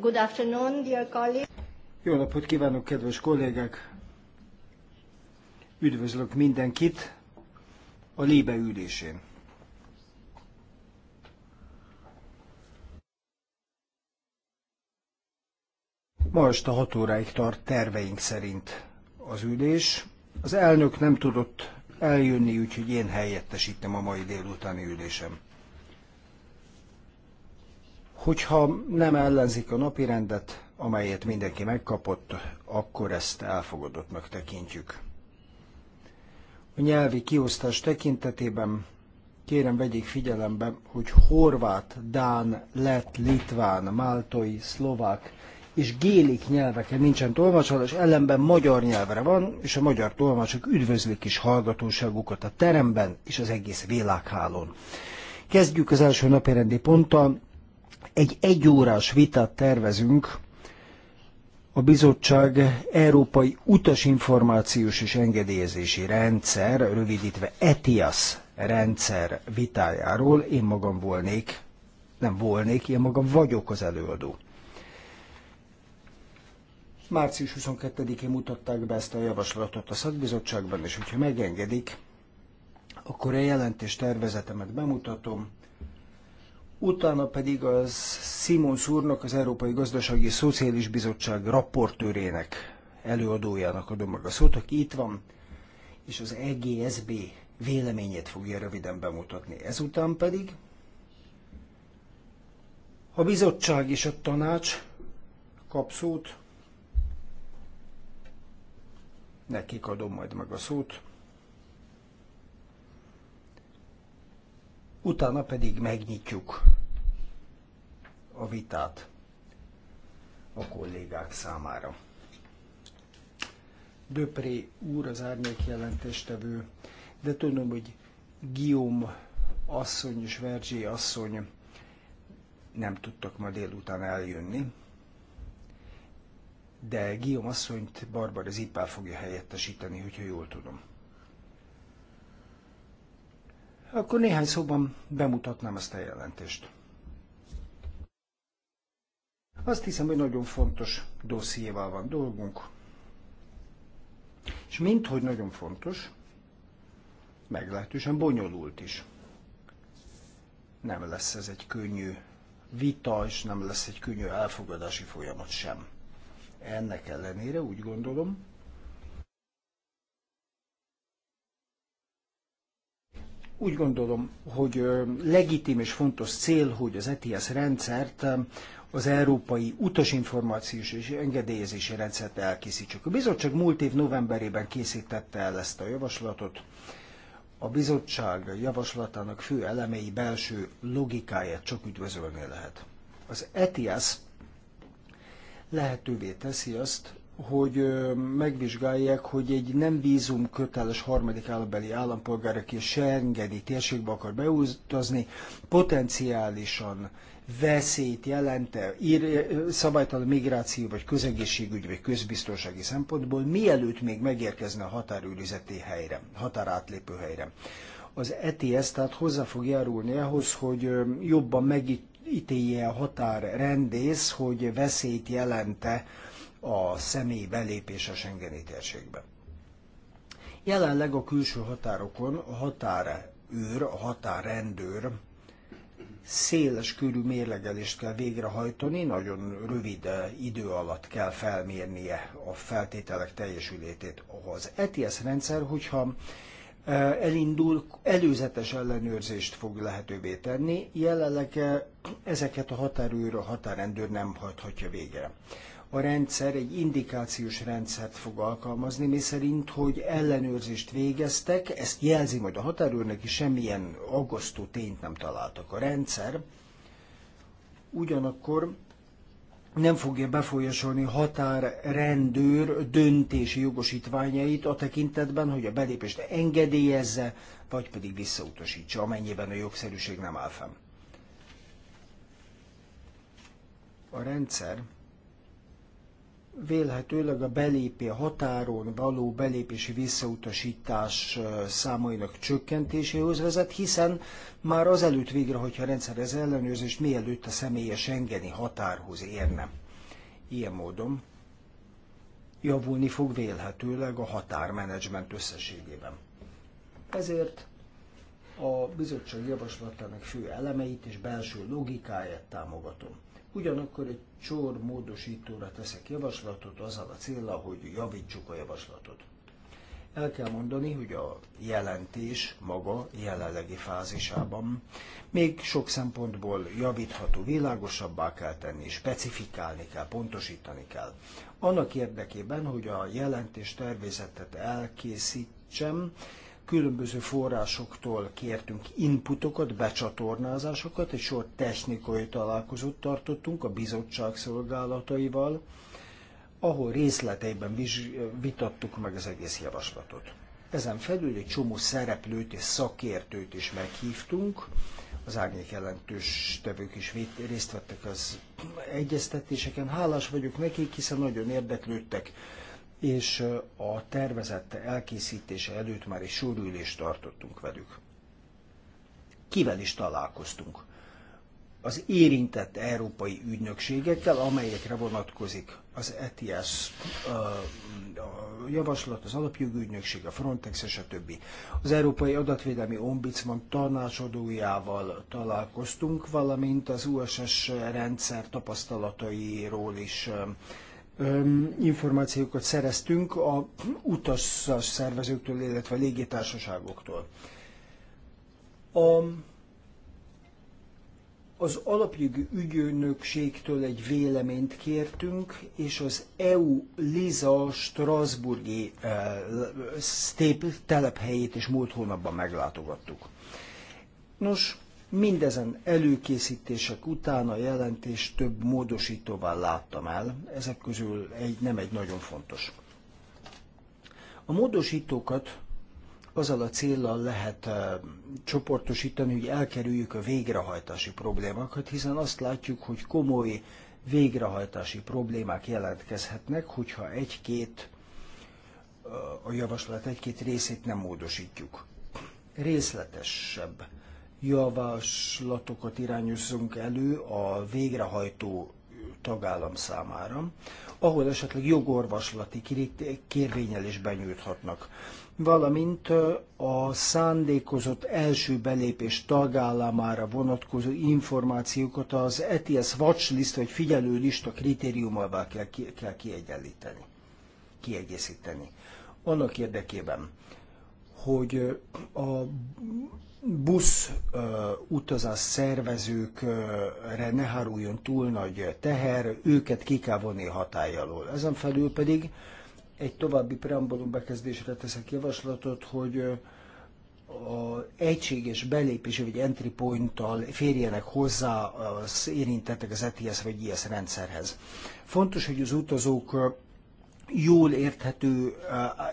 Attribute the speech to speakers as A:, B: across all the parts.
A: Good afternoon, dear colleagues.
B: Jó napot kívánok, kedves kollégák! Üdvözlök mindenkit a Lébe ülésén. Ma este 6 óráig tart terveink szerint az ülés. Az elnök nem tudott eljönni, úgyhogy én helyettesítem a mai délutáni ülésem. Hogyha nem ellenzik a rendet, amelyet mindenki megkapott, akkor ezt elfogadottnak tekintjük. A nyelvi kiosztás tekintetében kérem vegyék figyelembe, hogy horvát, dán, lett, litván, máltai, szlovák és gélik nyelveken nincsen tolmácsolás, ellenben magyar nyelvre van, és a magyar tolmácsok üdvözlik is hallgatóságukat a teremben és az egész világhálón. Kezdjük az első napirendi ponttal, egy egyórás vitát tervezünk a bizottság Európai Utasinformációs és Engedélyezési Rendszer, rövidítve ETIAS rendszer vitájáról. Én magam volnék, nem volnék, én magam vagyok az előadó. Március 22-én mutatták be ezt a javaslatot a szakbizottságban, és hogyha megengedik, akkor a jelentés tervezetemet bemutatom, utána pedig az Simon úrnak, az Európai Gazdasági Szociális Bizottság raportőrének, előadójának adom meg a szót, aki itt van, és az EGSB véleményét fogja röviden bemutatni. Ezután pedig a bizottság és a tanács kap szót, nekik adom majd meg a szót, utána pedig megnyitjuk a vitát a kollégák számára. Döpré úr az árnyék jelentéstevő, de tudom, hogy Guillaume asszony és Verzsé asszony nem tudtak ma délután eljönni, de Guillaume asszonyt Barbara Zippel fogja helyettesíteni, hogyha jól tudom. Akkor néhány szóban bemutatnám ezt a jelentést. Azt hiszem, hogy nagyon fontos dossziéval van dolgunk. És minthogy nagyon fontos, meglehetősen bonyolult is. Nem lesz ez egy könnyű vita, és nem lesz egy könnyű elfogadási folyamat sem. Ennek ellenére úgy gondolom, Úgy gondolom, hogy legitim és fontos cél, hogy az ETS rendszert az európai utasinformációs és engedélyezési rendszert elkészítsük. A bizottság múlt év novemberében készítette el ezt a javaslatot. A bizottság javaslatának fő elemei belső logikáját csak üdvözölni lehet. Az ETS lehetővé teszi azt, hogy megvizsgálják, hogy egy nem vízum köteles harmadik állambeli állampolgár, aki a Schengeni térségbe akar beutazni, potenciálisan veszélyt jelente szabálytalan migráció, vagy közegészségügyi vagy közbiztonsági szempontból, mielőtt még megérkezne a határőrizeti helyre, határátlépő helyre. Az ETS tehát hozzá fog járulni ahhoz, hogy jobban megítélje a határrendész, hogy veszélyt jelente a személy belépés a Schengeni térségbe. Jelenleg a külső határokon a határőr, a határrendőr széles körű mérlegelést kell végrehajtani, nagyon rövid eh, idő alatt kell felmérnie a feltételek teljesülétét. Az ETS rendszer, hogyha eh, elindul, előzetes ellenőrzést fog lehetővé tenni, jelenleg eh, ezeket a határőr, a határrendőr nem hajthatja végre a rendszer egy indikációs rendszert fog alkalmazni, mi szerint, hogy ellenőrzést végeztek, ezt jelzi majd a határőrnek, és semmilyen aggasztó tényt nem találtak. A rendszer ugyanakkor nem fogja befolyásolni határrendőr döntési jogosítványait a tekintetben, hogy a belépést engedélyezze, vagy pedig visszautasítsa, amennyiben a jogszerűség nem áll fenn. A rendszer vélhetőleg a belépés a határon való belépési visszautasítás számainak csökkentéséhoz vezet, hiszen már azelőtt végrehajtja a rendszer ellenőrzést, mielőtt a személyes engeni határhoz érne. Ilyen módon javulni fog vélhetőleg a határmenedzsment összességében. Ezért a bizottság javaslatának fő elemeit és belső logikáját támogatom. Ugyanakkor egy sor módosítóra teszek javaslatot, azzal a célra, hogy javítsuk a javaslatot. El kell mondani, hogy a jelentés maga jelenlegi fázisában még sok szempontból javítható, világosabbá kell tenni, specifikálni kell, pontosítani kell. Annak érdekében, hogy a jelentés tervezetet elkészítsem, különböző forrásoktól kértünk inputokat, becsatornázásokat, egy sor technikai találkozót tartottunk a bizottság szolgálataival, ahol részleteiben vitattuk meg az egész javaslatot. Ezen felül egy csomó szereplőt és szakértőt is meghívtunk, az árnyék jelentős tevők is részt vettek az egyeztetéseken. Hálás vagyok nekik, hiszen nagyon érdeklődtek és a tervezette elkészítése előtt már egy sorülést tartottunk velük. Kivel is találkoztunk? Az érintett európai ügynökségekkel, amelyekre vonatkozik az ETS a javaslat, az alapjogi ügynökség, a Frontex és a többi. Az Európai Adatvédelmi Ombudsman tanácsadójával találkoztunk, valamint az USS rendszer tapasztalatairól is információkat szereztünk a utasszas szervezőktől, illetve a légitársaságoktól. A, az alapjogi ügyőnökségtől egy véleményt kértünk, és az EU Liza Strasburgi eh, telephelyét is múlt hónapban meglátogattuk. Nos, Mindezen előkészítések után a jelentés több módosítóval láttam el, ezek közül egy, nem egy nagyon fontos. A módosítókat azzal a céllal lehet uh, csoportosítani, hogy elkerüljük a végrehajtási problémákat, hiszen azt látjuk, hogy komoly végrehajtási problémák jelentkezhetnek, hogyha egy-két uh, a javaslat egy-két részét nem módosítjuk. Részletesebb javaslatokat irányozzunk elő a végrehajtó tagállam számára, ahol esetleg jogorvaslati kérvényelésben nyújthatnak. Valamint a szándékozott első belépés tagállamára vonatkozó információkat az ETS watchlist vagy figyelőlista kritériumával kell, kell kiegyenlíteni, kiegészíteni. Annak érdekében, hogy a busz utazás szervezőkre ne háruljon túl nagy teher, őket ki kell vonni hatály alól. Ezen felül pedig egy további preambulum bekezdésre teszek javaslatot, hogy a egységes belépési vagy entry point-tal férjenek hozzá az érintettek az ETS vagy IS rendszerhez. Fontos, hogy az utazók jól érthető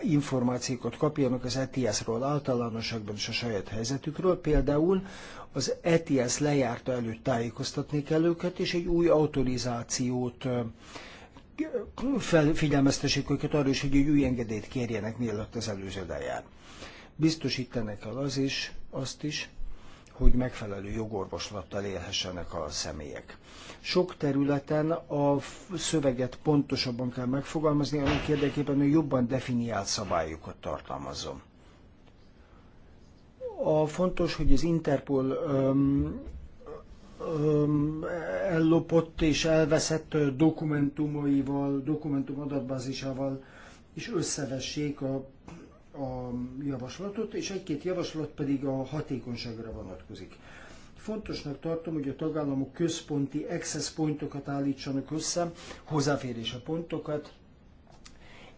B: információkat kapjanak az ETS-ről általánosságban és a saját helyzetükről. Például az ETS lejárta előtt tájékoztatni kell őket, és egy új autorizációt figyelmeztessék őket arra is, hogy egy új engedélyt kérjenek, mielőtt az előző lejár. Biztosítanak el az is, azt is, hogy megfelelő jogorvoslattal élhessenek a személyek. Sok területen a szöveget pontosabban kell megfogalmazni, annak érdekében, hogy jobban definiált szabályokat tartalmazom. A fontos, hogy az Interpol öm, öm, ellopott és elveszett dokumentumaival, dokumentum adatbázisával is összevessék a a javaslatot, és egy-két javaslat pedig a hatékonyságra vonatkozik. Fontosnak tartom, hogy a tagállamok központi access pontokat állítsanak össze, hozzáférés a pontokat,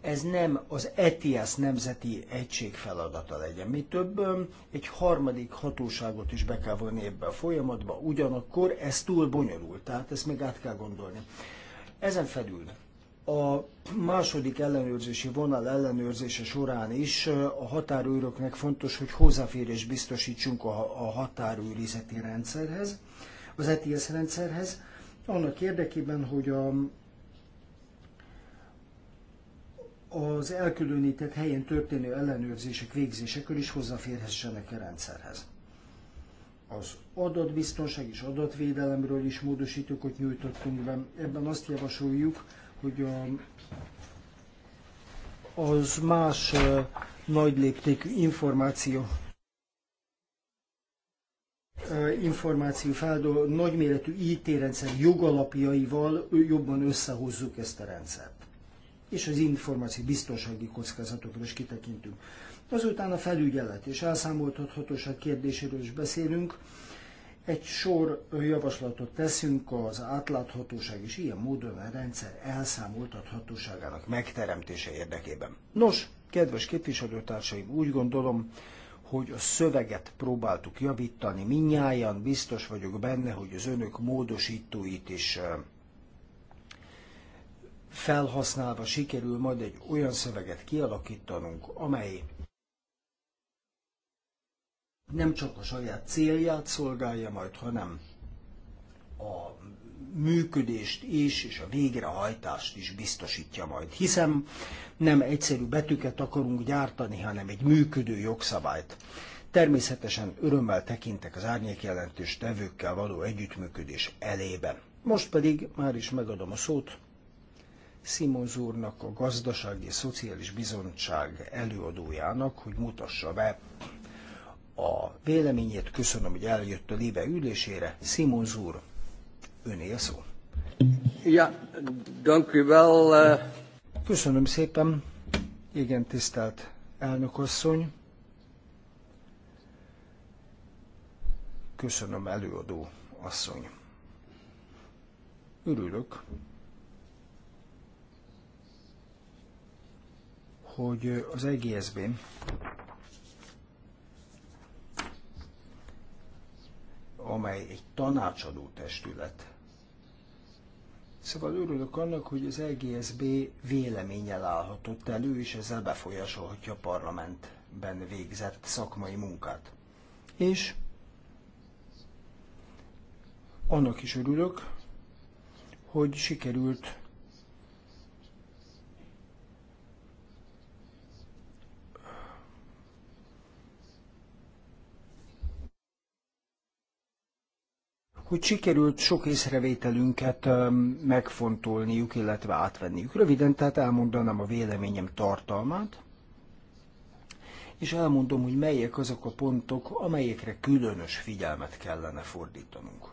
B: ez nem az ETIAS nemzeti egység feladata legyen. Mi több, egy harmadik hatóságot is be kell vonni ebbe a folyamatba, ugyanakkor ez túl bonyolult, tehát ezt meg át kell gondolni. Ezen felül a második ellenőrzési vonal ellenőrzése során is a határőröknek fontos, hogy hozzáférés biztosítsunk a, határőrizeti rendszerhez, az ETS rendszerhez, annak érdekében, hogy a, az elkülönített helyen történő ellenőrzések végzésekor is hozzáférhessenek a rendszerhez. Az adatbiztonság és adatvédelemről is módosítókat nyújtottunk be. Ebben azt javasoljuk, hogy a, az más nagy léptékű információ információ feldol, nagyméretű IT-rendszer jogalapjaival jobban összehozzuk ezt a rendszert. És az információ biztonsági kockázatokra is kitekintünk. Azután a felügyelet és elszámoltathatóság kérdéséről is beszélünk egy sor javaslatot teszünk az átláthatóság és ilyen módon a rendszer elszámoltathatóságának megteremtése érdekében. Nos, kedves képviselőtársaim, úgy gondolom, hogy a szöveget próbáltuk javítani. Minnyáján biztos vagyok benne, hogy az önök módosítóit is felhasználva sikerül majd egy olyan szöveget kialakítanunk, amely nem csak a saját célját szolgálja majd, hanem a működést is, és a végrehajtást is biztosítja majd. Hiszen nem egyszerű betűket akarunk gyártani, hanem egy működő jogszabályt. Természetesen örömmel tekintek az árnyékjelentős jelentős tevőkkel való együttműködés elében. Most pedig már is megadom a szót Simons úrnak, a Gazdasági és Szociális Bizottság előadójának, hogy mutassa be a véleményét, köszönöm, hogy eljött a Libe ülésére. Simon Zúr, öné a szó. Ja, well. Eh. Köszönöm szépen. Igen, tisztelt elnökasszony. Köszönöm, előadó asszony. Örülök, hogy az egsb amely egy tanácsadó testület. Szóval örülök annak, hogy az LGSB e véleménye állhatott elő, és ezzel befolyásolhatja a parlamentben végzett szakmai munkát. És annak is örülök, hogy sikerült hogy sikerült sok észrevételünket megfontolniuk, illetve átvenniük. Röviden tehát elmondanám a véleményem tartalmát, és elmondom, hogy melyek azok a pontok, amelyekre különös figyelmet kellene fordítanunk.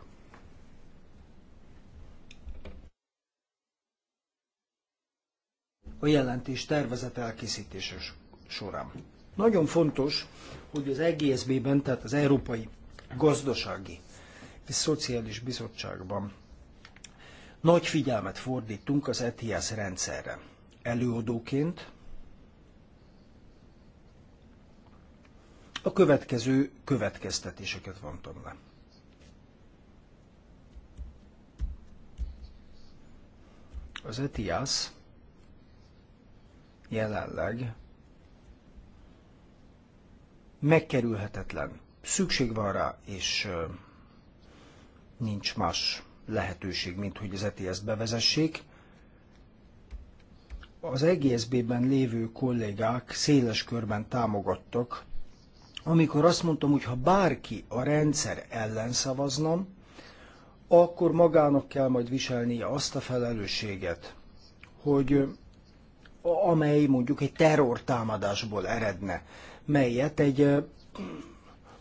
B: A jelentés tervezet elkészítése során. Nagyon fontos, hogy az EGSB-ben, tehát az Európai Gazdasági és Szociális Bizottságban nagy figyelmet fordítunk az ETS rendszerre. Előadóként a következő következtetéseket vontam le. Az ETIAS jelenleg megkerülhetetlen. Szükség van rá, és nincs más lehetőség, mint hogy az ETS-t bevezessék. Az EGSB-ben lévő kollégák széles körben támogattak, amikor azt mondtam, hogy ha bárki a rendszer ellen szavazna, akkor magának kell majd viselnie azt a felelősséget, hogy amely mondjuk egy terrortámadásból eredne, melyet egy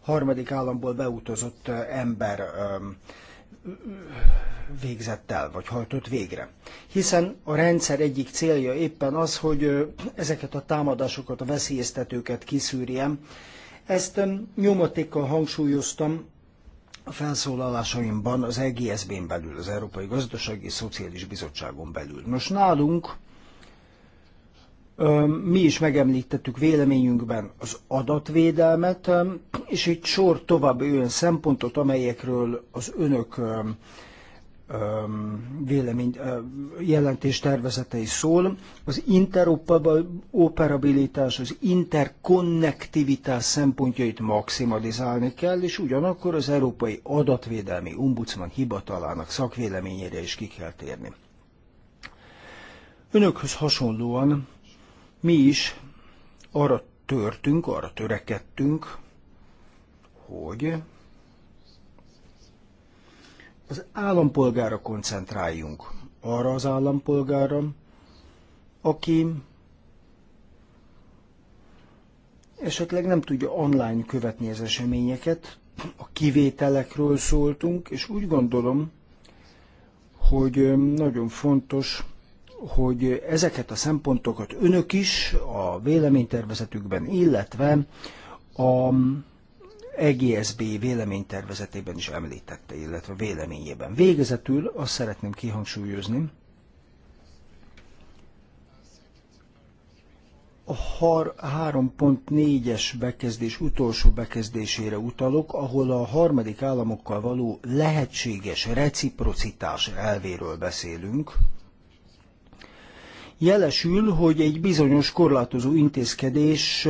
B: harmadik államból beutazott ember végzett el, vagy hajtott végre. Hiszen a rendszer egyik célja éppen az, hogy ezeket a támadásokat, a veszélyeztetőket kiszűrjem. Ezt nyomatékkal hangsúlyoztam a felszólalásaimban az EGSB-n belül, az Európai Gazdasági Szociális Bizottságon belül. Nos, nálunk mi is megemlítettük véleményünkben az adatvédelmet, és egy sor további olyan szempontot, amelyekről az önök vélemény, jelentés tervezetei szól. Az interoperabilitás, az interkonnektivitás szempontjait maximalizálni kell, és ugyanakkor az Európai Adatvédelmi Ombudsman hivatalának szakvéleményére is ki kell térni. Önökhöz hasonlóan mi is arra törtünk, arra törekedtünk, hogy az állampolgára koncentráljunk. Arra az állampolgára, aki esetleg nem tudja online követni az eseményeket, a kivételekről szóltunk, és úgy gondolom, hogy nagyon fontos hogy ezeket a szempontokat önök is a véleménytervezetükben, illetve a EGSB véleménytervezetében is említette, illetve véleményében. Végezetül azt szeretném kihangsúlyozni, a 3.4-es bekezdés utolsó bekezdésére utalok, ahol a harmadik államokkal való lehetséges reciprocitás elvéről beszélünk, jelesül, hogy egy bizonyos korlátozó intézkedés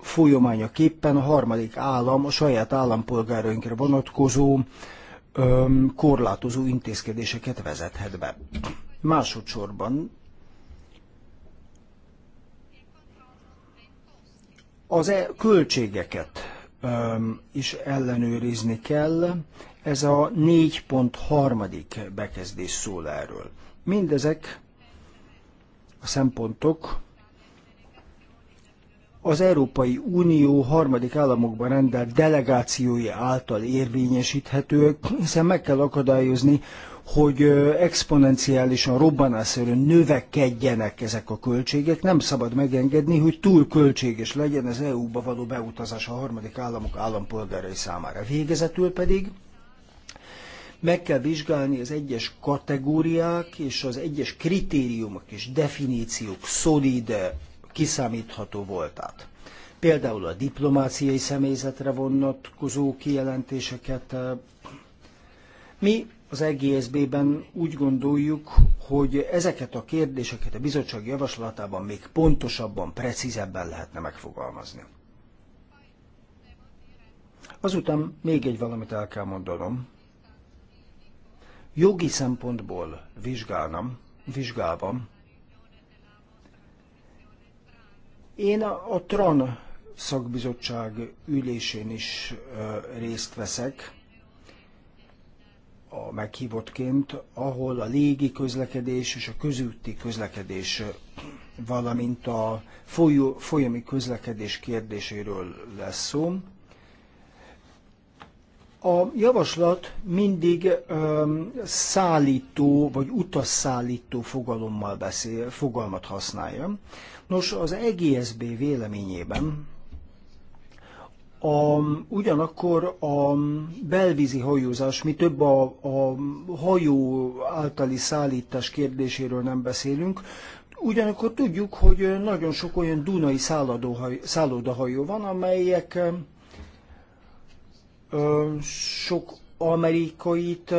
B: folyamányaképpen a harmadik állam a saját állampolgárainkra vonatkozó korlátozó intézkedéseket vezethet be. Másodszorban az e költségeket is ellenőrizni kell. Ez a 4.3. bekezdés szól erről. Mindezek a szempontok, az Európai Unió harmadik államokban rendelt delegációja által érvényesíthetőek, hiszen meg kell akadályozni, hogy exponenciálisan, robbanásszerűen növekedjenek ezek a költségek. Nem szabad megengedni, hogy túl költséges legyen az EU-ba való beutazás a harmadik államok állampolgárai számára. Végezetül pedig meg kell vizsgálni az egyes kategóriák és az egyes kritériumok és definíciók szolid, kiszámítható voltát. Például a diplomáciai személyzetre vonatkozó kijelentéseket. Mi az EGSB-ben úgy gondoljuk, hogy ezeket a kérdéseket a bizottság javaslatában még pontosabban, precízebben lehetne megfogalmazni. Azután még egy valamit el kell mondanom jogi szempontból vizsgálnám, vizsgálva, én a, a TRAN szakbizottság ülésén is uh, részt veszek, a meghívottként, ahol a légi közlekedés és a közúti közlekedés, valamint a folyó, folyami közlekedés kérdéséről lesz szó. A javaslat mindig um, szállító vagy utasszállító fogalommal beszél, fogalmat használja. Nos, az EGSB véleményében a, ugyanakkor a belvízi hajózás, mi több a, a hajó általi szállítás kérdéséről nem beszélünk, ugyanakkor tudjuk, hogy nagyon sok olyan dunai szállodahajó van, amelyek sok amerikait,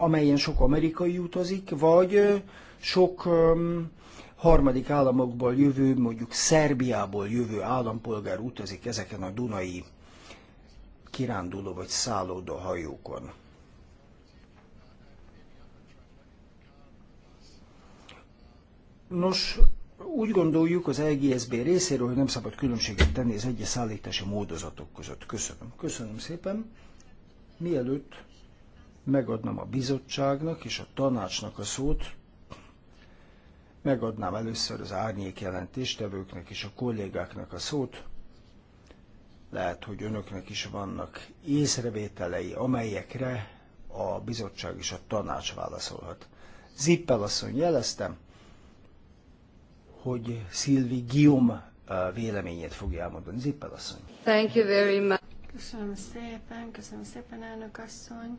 B: amelyen sok amerikai utazik, vagy sok harmadik államokból jövő, mondjuk Szerbiából jövő állampolgár utazik ezeken a Dunai kiránduló vagy szállódó hajókon. Nos, úgy gondoljuk az LGSB e részéről, hogy nem szabad különbséget tenni az egyes szállítási módozatok között. Köszönöm. Köszönöm szépen. Mielőtt megadnám a bizottságnak és a tanácsnak a szót, megadnám először az árnyék jelentéstevőknek és a kollégáknak a szót. Lehet, hogy önöknek is vannak észrevételei, amelyekre a bizottság és a tanács válaszolhat. Zippel asszony jeleztem, hogy Szilvi Gium eh, véleményét fogja elmondani. Zippel asszony.
A: Thank you very much. Köszönöm szépen, köszönöm szépen, elnök asszony.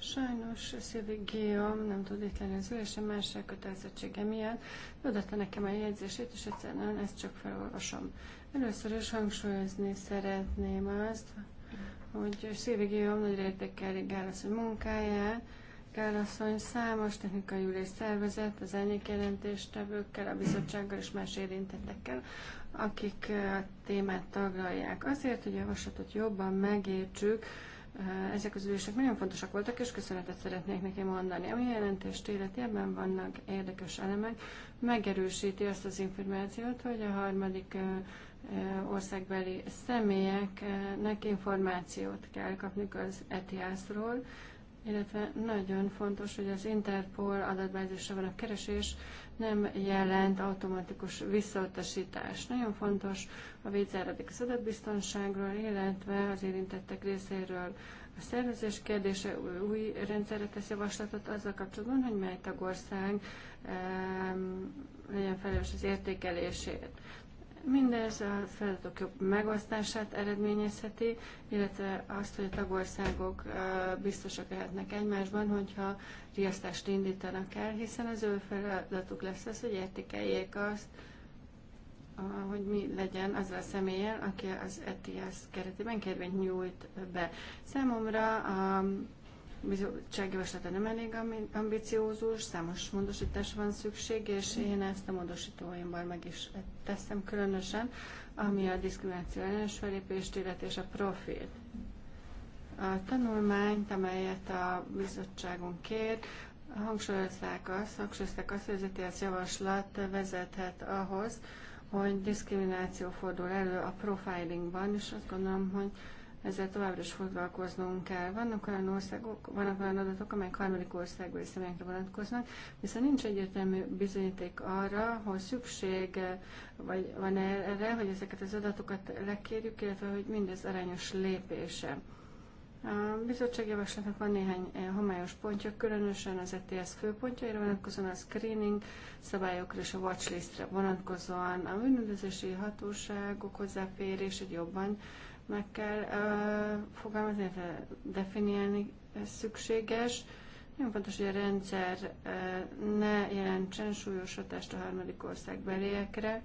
A: Sajnos Szilvi Gium nem tud itt lenni az ülésen más elkötelezettsége miatt. Adatta nekem a jegyzését, és egyszerűen ezt csak felolvasom. Először is hangsúlyozni szeretném azt, hogy Szilvi Guillaume nagyra értékeli hogy munkáját, Kálasszony számos technikai ülés szervezett az jelentéstevőkkel, a bizottsággal és más érintettekkel, akik a témát taglalják. Azért, hogy a javaslatot jobban megértsük, ezek az ülések nagyon fontosak voltak, és köszönetet szeretnék neki mondani. Ami jelentést életében ebben vannak érdekes elemek, megerősíti azt az információt, hogy a harmadik országbeli személyeknek információt kell kapni az ETIAS-ról, illetve nagyon fontos, hogy az Interpol adatbázisra van a keresés, nem jelent automatikus visszautasítás. Nagyon fontos a védzáradék az adatbiztonságról, illetve az érintettek részéről a szervezés kérdése új rendszerre tesz javaslatot azzal kapcsolatban, hogy mely tagország um, legyen felelős az értékelését. Mindez a feladatok jobb megosztását eredményezheti, illetve azt, hogy a tagországok biztosak lehetnek egymásban, hogyha riasztást indítanak el, hiszen az ő feladatuk lesz az, hogy értékeljék azt, hogy mi legyen az a személyen, aki az ETIAS keretében kérvényt nyújt be. Számomra a bizottságjavaslata nem elég ambiciózus, számos módosítás van szükség, és én ezt a módosítóimban meg is teszem különösen, ami a diszkrimináció ellenes felépést illeti és a profilt. A tanulmányt, amelyet a bizottságunk kér, hangsúlyozták azt, hangsúlyozták azt, hogy az e javaslat vezethet ahhoz, hogy diszkrimináció fordul elő a profilingban, és azt gondolom, hogy ezzel továbbra is foglalkoznunk kell. Vannak olyan országok, vannak olyan adatok, amelyek harmadik országbeli személyekre vonatkoznak, viszont nincs egyértelmű bizonyíték arra, hogy szükség vagy van erre, hogy ezeket az adatokat lekérjük, illetve hogy mindez arányos lépése. A bizottság javaslatnak van néhány eh, homályos pontja, különösen az ETS főpontjaira vonatkozóan, a screening szabályokra és a watchlistre vonatkozóan. A bűnözési hatóságok hozzáférés egy jobban meg kell uh, fogalmazni, illetve definiálni szükséges. Nagyon fontos, hogy a rendszer uh, ne jelentsen súlyos hatást a harmadik ország beliekre,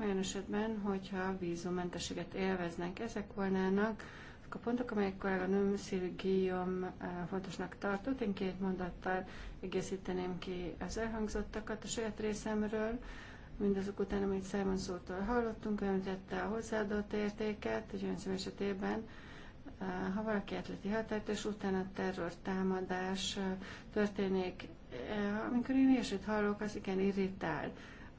A: olyan esetben, hogyha vízummentességet élveznek. Ezek volnának a pontok, amelyek kolléganőm Szil Guillaume fontosnak tartott. Én két mondattal egészíteném ki az elhangzottakat a saját részemről mindazok után, amit Simon szótól hallottunk, említette a hozzáadott értéket, egy olyan esetében, ha valaki átleti hatályt, és utána terror támadás történik. Amikor én ilyesmit hallok, az igen irritál.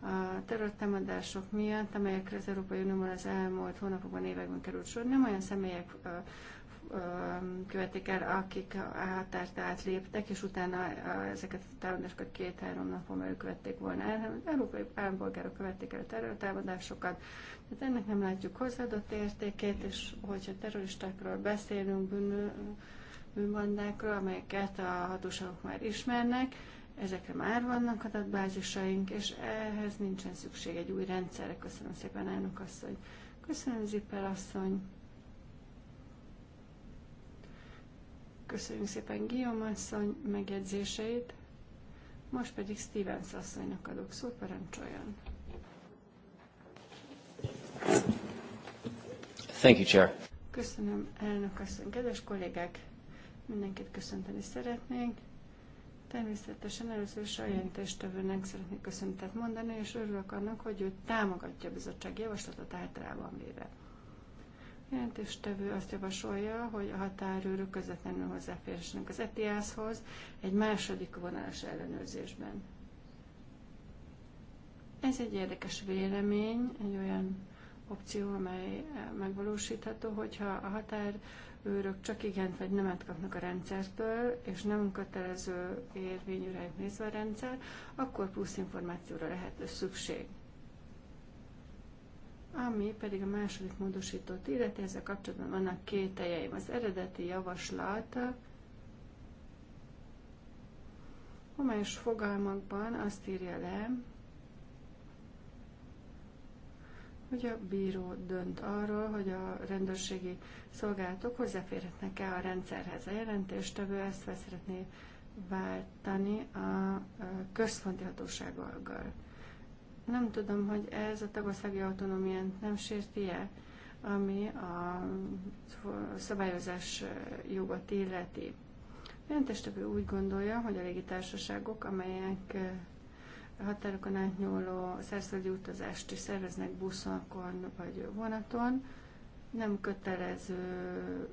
A: A támadások miatt, amelyekre az Európai Unióban az elmúlt hónapokban, években került sor, nem olyan személyek követik el, akik a határt átléptek, és utána ezeket a támadásokat két-három napon belül követték volna el, hanem az európai állampolgárok követték el a terrortámadásokat. Tehát ennek nem látjuk hozzáadott értékét, és hogyha terroristákról beszélünk, bűnő, bűnbandákról, amelyeket a hatóságok már ismernek, ezekre már vannak adatbázisaink, és ehhez nincsen szükség egy új rendszerre. Köszönöm szépen, elnök asszony. Köszönöm, Zippel asszony. Köszönjük szépen Guillaume asszony megjegyzéseit. Most pedig Stevens asszonynak adok szó, parancsoljon. Thank you, Chair. Köszönöm, elnök asszony. Kedves kollégák, mindenkit köszönteni szeretnénk. Természetesen először is a jelentéstevőnek szeretnék köszöntet mondani, és örülök annak, hogy ő támogatja a bizottság javaslatot általában véve. Jelentéstevő azt javasolja, hogy a határőrök közvetlenül hozzáférhessenek az ETIAS-hoz egy második vonalas ellenőrzésben. Ez egy érdekes vélemény, egy olyan opció, amely megvalósítható, hogyha a határőrök csak igen vagy nemet kapnak a rendszertől, és nem kötelező érvényűre nézve a rendszer, akkor plusz információra lehet szükség. Ami pedig a második módosított illeti, ezzel kapcsolatban vannak kételjeim. Az eredeti javaslat homályos fogalmakban azt írja le, hogy a bíró dönt arról, hogy a rendőrségi szolgálatok hozzáférhetnek-e a rendszerhez. A jelentéstevő ezt fel szeretné váltani a központi hatósággal. Nem tudom, hogy ez a tagországi autonómián nem sérti -e, ami a szabályozás jogot illeti. Jelentéstevő úgy gondolja, hogy a légitársaságok, amelyek határokon átnyúló szerszöldi utazást is szerveznek buszon vagy vonaton, nem kötelező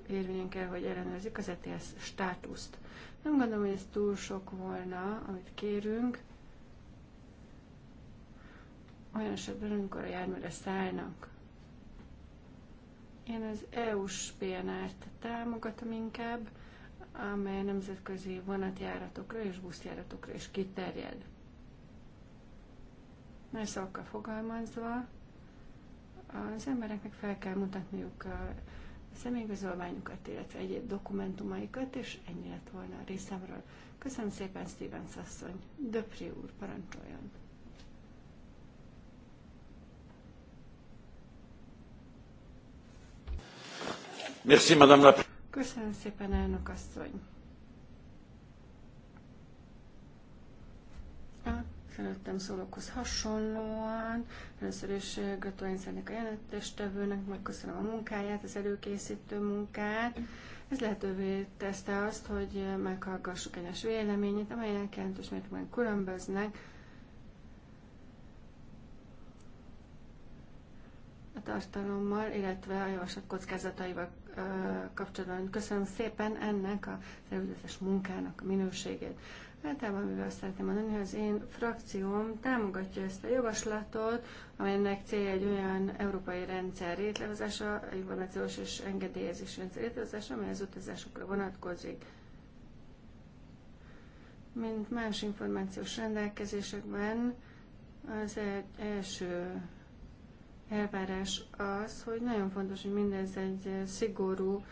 A: érvényen kell, hogy ellenőrzik az ETS státuszt. Nem gondolom, hogy ez túl sok volna, amit kérünk, olyan esetben, amikor a járműre szállnak. Én az EU-s PNR-t támogatom inkább, amely nemzetközi vonatjáratokra és buszjáratokra is kiterjed. Más szavakkal fogalmazva, az embereknek fel kell mutatniuk a személyigazolványukat, illetve egyéb dokumentumaikat, és ennyi lett volna a részemről. Köszönöm szépen, Stevens asszony. Döpri úr, parancsoljon. Merci, Madame la... Köszönöm szépen, elnök asszony. A előttem szólókhoz hasonlóan először is eh, gratulálni szeretnék a jelentéstevőnek, majd köszönöm a munkáját, az előkészítő munkát. Ez lehetővé tette azt, hogy eh, meghallgassuk egyes véleményét, amelyek jelentős mértékben különböznek, a tartalommal, illetve a javaslat kockázataival kapcsolatban. Köszönöm szépen ennek a szervezetes munkának a minőségét. Általában mivel szeretném mondani, hogy az én frakcióm támogatja ezt a javaslatot, amelynek célja egy olyan európai rendszer rétlehozása, információs és engedélyezés rendszer rétlehozása, amely az utazásokra vonatkozik. Mint más információs rendelkezésekben, az első elvárás az, hogy nagyon fontos, hogy mindez egy eh, szigorú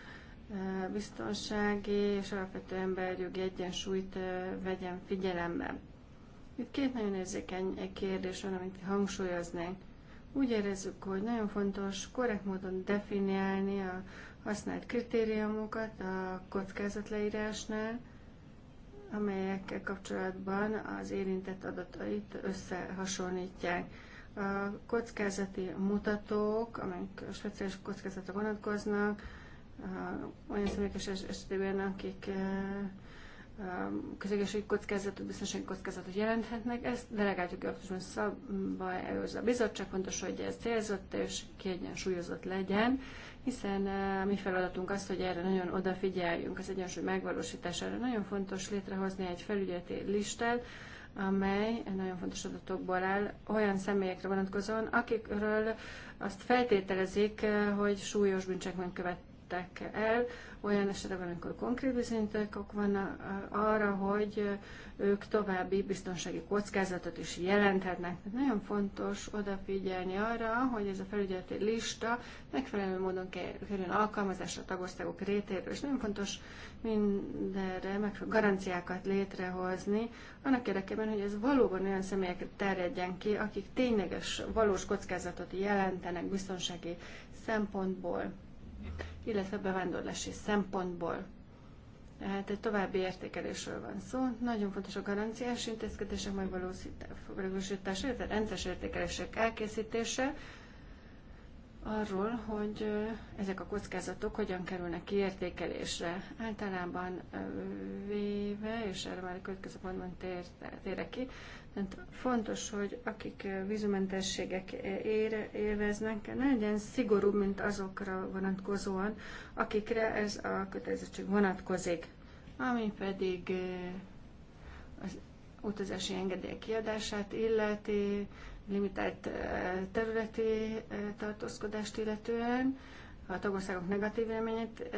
A: eh, biztonsági és alapvető emberjogi egyensúlyt eh, vegyen figyelembe. Itt két nagyon érzékeny kérdés van, amit hangsúlyoznék. Úgy érezzük, hogy nagyon fontos korrekt módon definiálni a használt kritériumokat a kockázatleírásnál, amelyekkel kapcsolatban az érintett adatait összehasonlítják. A kockázati mutatók, amelyek a speciális kockázatra vonatkoznak, olyan személyek esetében, akik e, közegészségügyi kockázatot, biztonsági kockázatot jelenthetnek, ezt delegáltjuk jogosban szabba előző a bizottság, fontos, hogy ez célzott és kiegyensúlyozott legyen, hiszen e, a mi feladatunk az, hogy erre nagyon odafigyeljünk, az egyensúly megvalósítására. Nagyon fontos létrehozni egy felügyeleti listát, amely nagyon fontos adatokból áll, olyan személyekre vonatkozóan, akikről azt feltételezik, eh, hogy súlyos bűncselekményt követ, fogadták el, olyan esetben, amikor konkrét bizonyítékok vannak arra, hogy ők további biztonsági kockázatot is jelenthetnek. Tehát nagyon fontos odafigyelni arra, hogy ez a felügyeleti lista megfelelő módon kerüljön alkalmazásra a tagországok rétéről, és nagyon fontos mindenre megfelelő garanciákat létrehozni, annak érdekében, hogy ez valóban olyan személyekre terjedjen ki, akik tényleges, valós kockázatot jelentenek biztonsági szempontból illetve bevándorlási szempontból. Tehát egy további értékelésről van szó. Nagyon fontos a garanciás intézkedések megvalósítása, illetve rendszeres értékelések elkészítése arról, hogy ezek a kockázatok hogyan kerülnek értékelésre, Általában véve, és erre már a következő pontban térek ki, tehát fontos, hogy akik vízumentességek élveznek, ne legyen szigorú, mint azokra vonatkozóan, akikre ez a kötelezettség vonatkozik. Ami pedig az utazási engedély kiadását illeti, limitált területi tartózkodást illetően, a tagországok negatív véleményét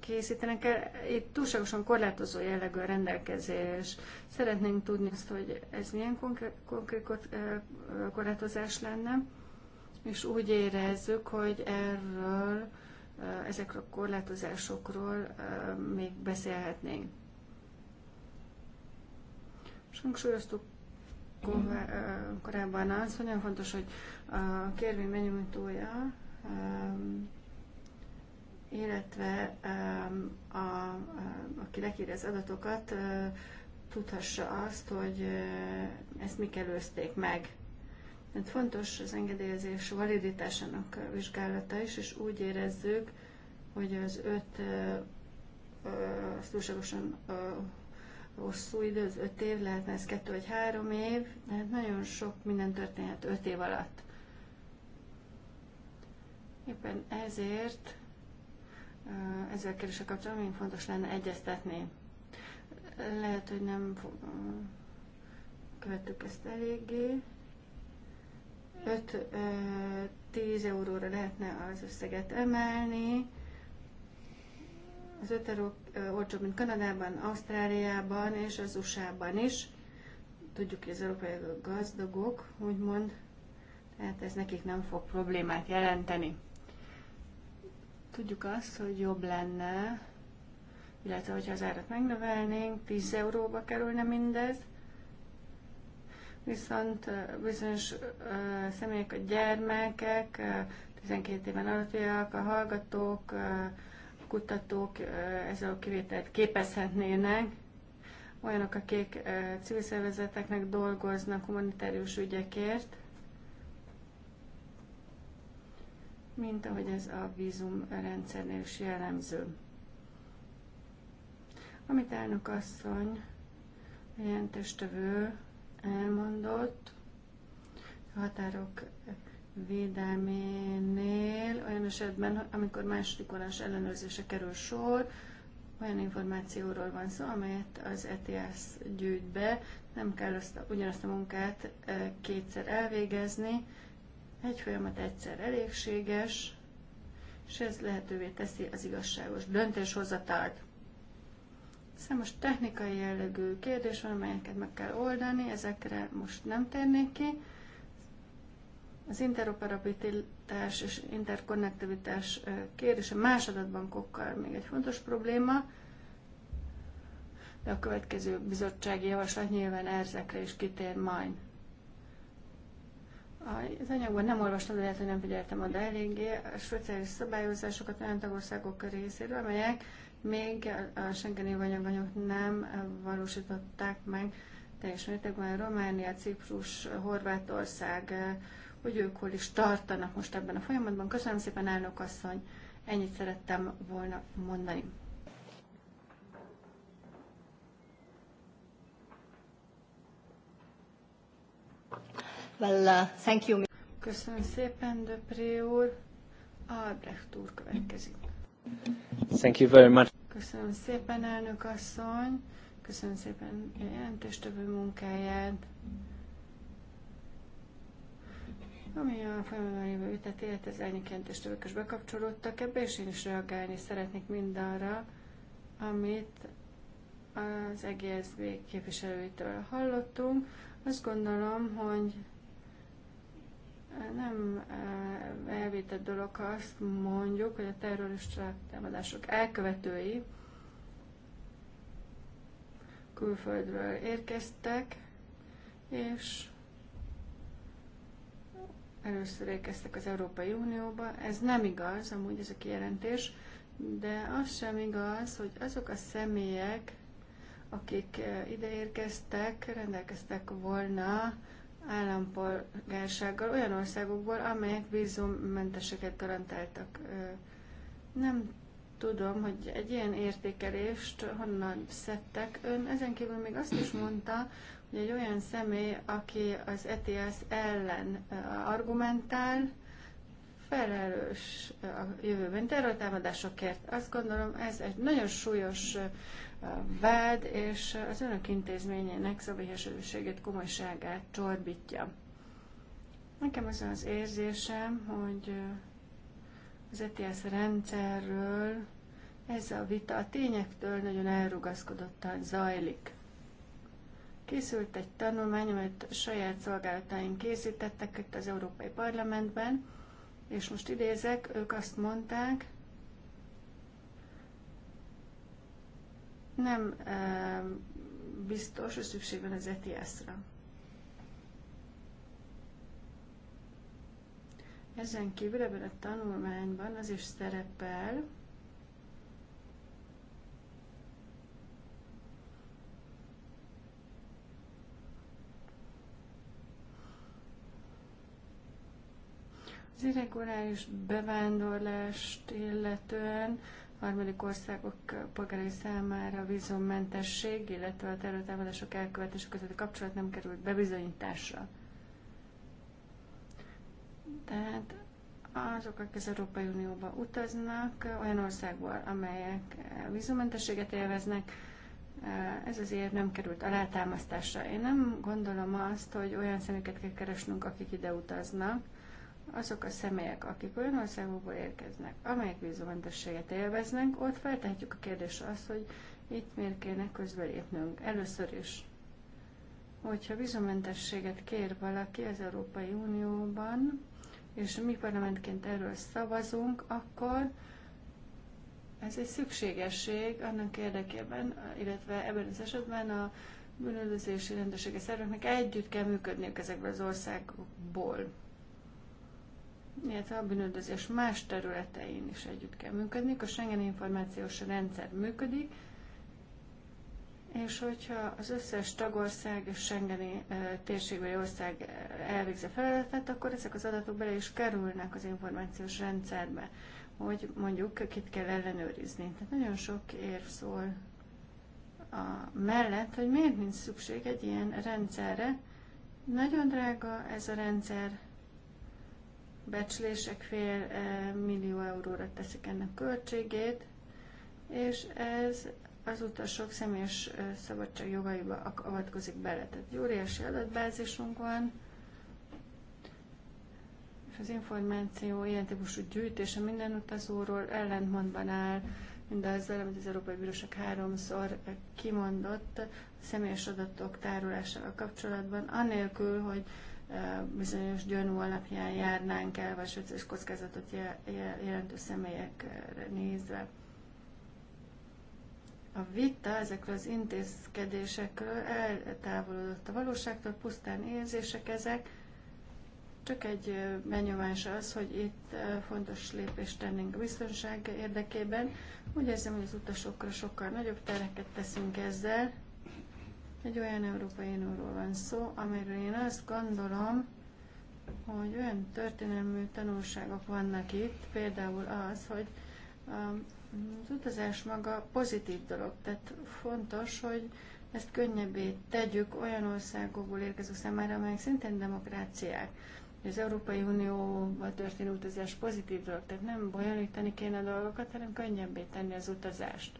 A: készítenek el. Itt túlságosan korlátozó jellegű a rendelkezés. Szeretnénk tudni azt, hogy ez milyen konkrét korlátozás lenne, és úgy érezzük, hogy erről, ezekről a korlátozásokról még beszélhetnénk. Hangsúlyoztuk mhm. korábban az, hogy nagyon fontos, hogy a kérvény benyújtója illetve a, aki lekéri az adatokat, tudhassa azt, hogy ezt mik előzték meg. Tehát fontos az engedélyezés validitásának vizsgálata is, és úgy érezzük, hogy az öt az túlságosan hosszú idő, az öt év, lehetne ez kettő vagy három év, de hát nagyon sok minden történhet öt év alatt. Éppen ezért ezzel kérdése kapcsolatban még fontos lenne egyeztetni. Lehet, hogy nem követtük ezt eléggé. 5-10 euróra lehetne az összeget emelni. Az 5 euró olcsóbb, mint Kanadában, Ausztráliában és az USA-ban is. Tudjuk, hogy az európai gazdagok, úgymond, tehát ez nekik nem fog problémát jelenteni. Tudjuk azt, hogy jobb lenne, illetve hogyha az árat megnövelnénk, 10 euróba kerülne mindez, viszont bizonyos személyek, a gyermekek, 12 éven alattiak, a hallgatók, a kutatók ezzel a kivételt képezhetnének, olyanok, akik civil szervezeteknek dolgoznak humanitárius ügyekért, mint ahogy ez a vízumrendszernél is jellemző. Amit elnök asszony, testövő elmondott, a határok védelménél olyan esetben, amikor második vonás ellenőrzése kerül sor, olyan információról van szó, amelyet az ETS gyűjt be, nem kell azt, ugyanazt a munkát eh, kétszer elvégezni, egy folyamat egyszer elégséges, és ez lehetővé teszi az igazságos döntéshozatalt. Számos szóval technikai jellegű kérdés van, amelyeket meg kell oldani, ezekre most nem térnék ki. Az interoperabilitás és interkonnektivitás kérdése más adatbankokkal még egy fontos probléma, de a következő bizottsági javaslat nyilván erzekre is kitér majd. Az anyagban nem olvastam, lehet, hogy nem figyeltem oda eléggé. A speciális szabályozásokat olyan tagországok részéről, amelyek még a Schengeni anyaganyag nem valósították meg teljes mértékben. Románia, Ciprus, Horvátország, hogy eh, ők hol is tartanak most ebben a folyamatban. Köszönöm szépen, elnök asszony, ennyit szerettem volna mondani. Well, uh, thank you. Köszönöm szépen, Döpré úr. Albrecht úr következik. Thank you very much. Köszönöm szépen, elnök asszony. Köszönöm szépen a jelentéstevő munkáját. Ami a folyamatban lévő ütet élet, az elnök jelentéstevők is bekapcsolódtak ebbe, és én is reagálni szeretnék mindarra, amit az EGSB képviselőitől hallottunk. Azt gondolom, hogy nem eh, elvétett dolog, ha azt mondjuk, hogy a terrorista támadások elkövetői külföldről érkeztek, és először érkeztek az Európai Unióba. Ez nem igaz, amúgy ez a kijelentés, de az sem igaz, hogy azok a személyek, akik eh, ide érkeztek, rendelkeztek volna állampolgársággal olyan országokból, amelyek vízummenteseket garantáltak. Nem tudom, hogy egy ilyen értékelést honnan szedtek. Ön ezen kívül még azt is mondta, hogy egy olyan személy, aki az ETS ellen argumentál, felelős a jövőben terrortámadásokért. Azt gondolom, ez egy nagyon súlyos vád, és az önök intézményének szabályosőségét, komolyságát csorbítja. Nekem az az érzésem, hogy az ETS rendszerről ez a vita a tényektől nagyon elrugaszkodottan zajlik. Készült egy tanulmány, amit saját szolgálataink készítettek itt az Európai Parlamentben, és most idézek, ők azt mondták, nem biztos, hogy szükség van az ets re Ezen kívül ebben a tanulmányban az is szerepel, az irreguláris bevándorlást illetően harmadik országok polgárai számára vízummentesség, illetve a területelvadások elkövetése közötti kapcsolat nem került bebizonyításra. Tehát azok, akik az Európai Unióba utaznak, olyan országból, amelyek vízummentességet élveznek, ez az év nem került alátámasztásra. Én nem gondolom azt, hogy olyan személyeket kell keresnünk, akik ide utaznak, azok a személyek, akik olyan országokból érkeznek, amelyek vízumentességet élveznek, ott feltehetjük a kérdést, azt, hogy itt miért kéne közbelépnünk. Először is, hogyha vízumentességet kér valaki az Európai Unióban, és mi parlamentként erről szavazunk, akkor ez egy szükségesség annak érdekében, illetve ebben az esetben a bűnözési rendőrségi szerveknek együtt kell működniük ezekből az országokból illetve a bűnöldözés más területein is együtt kell működni. A Schengen információs rendszer működik, és hogyha az összes tagország és Schengeni térségbeli ország elvégzi feladatot, akkor ezek az adatok bele is kerülnek az információs rendszerbe, hogy mondjuk kit kell ellenőrizni. Tehát nagyon sok érv szól a mellett, hogy miért nincs szükség egy ilyen rendszerre. Nagyon drága ez a rendszer, becslések fél eh, millió euróra teszik ennek költségét, és ez az utasok személyes eh, szabadság jogaiba avatkozik bele. Tehát egy óriási adatbázisunk van, és az információ ilyen típusú gyűjtése minden utazóról ellentmondban áll mindazzal, amit az Európai Bíróság háromszor eh, kimondott a személyes adatok tárolásával kapcsolatban, anélkül, hogy bizonyos gyanú alapján járnánk el, vagy és kockázatot jelentő személyekre nézve. A vita ezekről az intézkedésekről eltávolodott a valóságtól, pusztán érzések ezek, csak egy benyomás az, hogy itt fontos lépést tennénk a biztonság érdekében. Úgy érzem, hogy az utasokra sokkal nagyobb tereket teszünk ezzel, egy olyan Európai Unióról van szó, amiről én azt gondolom, hogy olyan történelmű tanulságok vannak itt, például az, hogy um, az utazás maga pozitív dolog, tehát fontos, hogy ezt könnyebbé tegyük olyan országokból érkező számára, amelyek szintén demokráciák. Az Európai Unióba történő utazás pozitív dolog, tehát nem bonyolítani kéne a dolgokat, hanem könnyebbé tenni az utazást.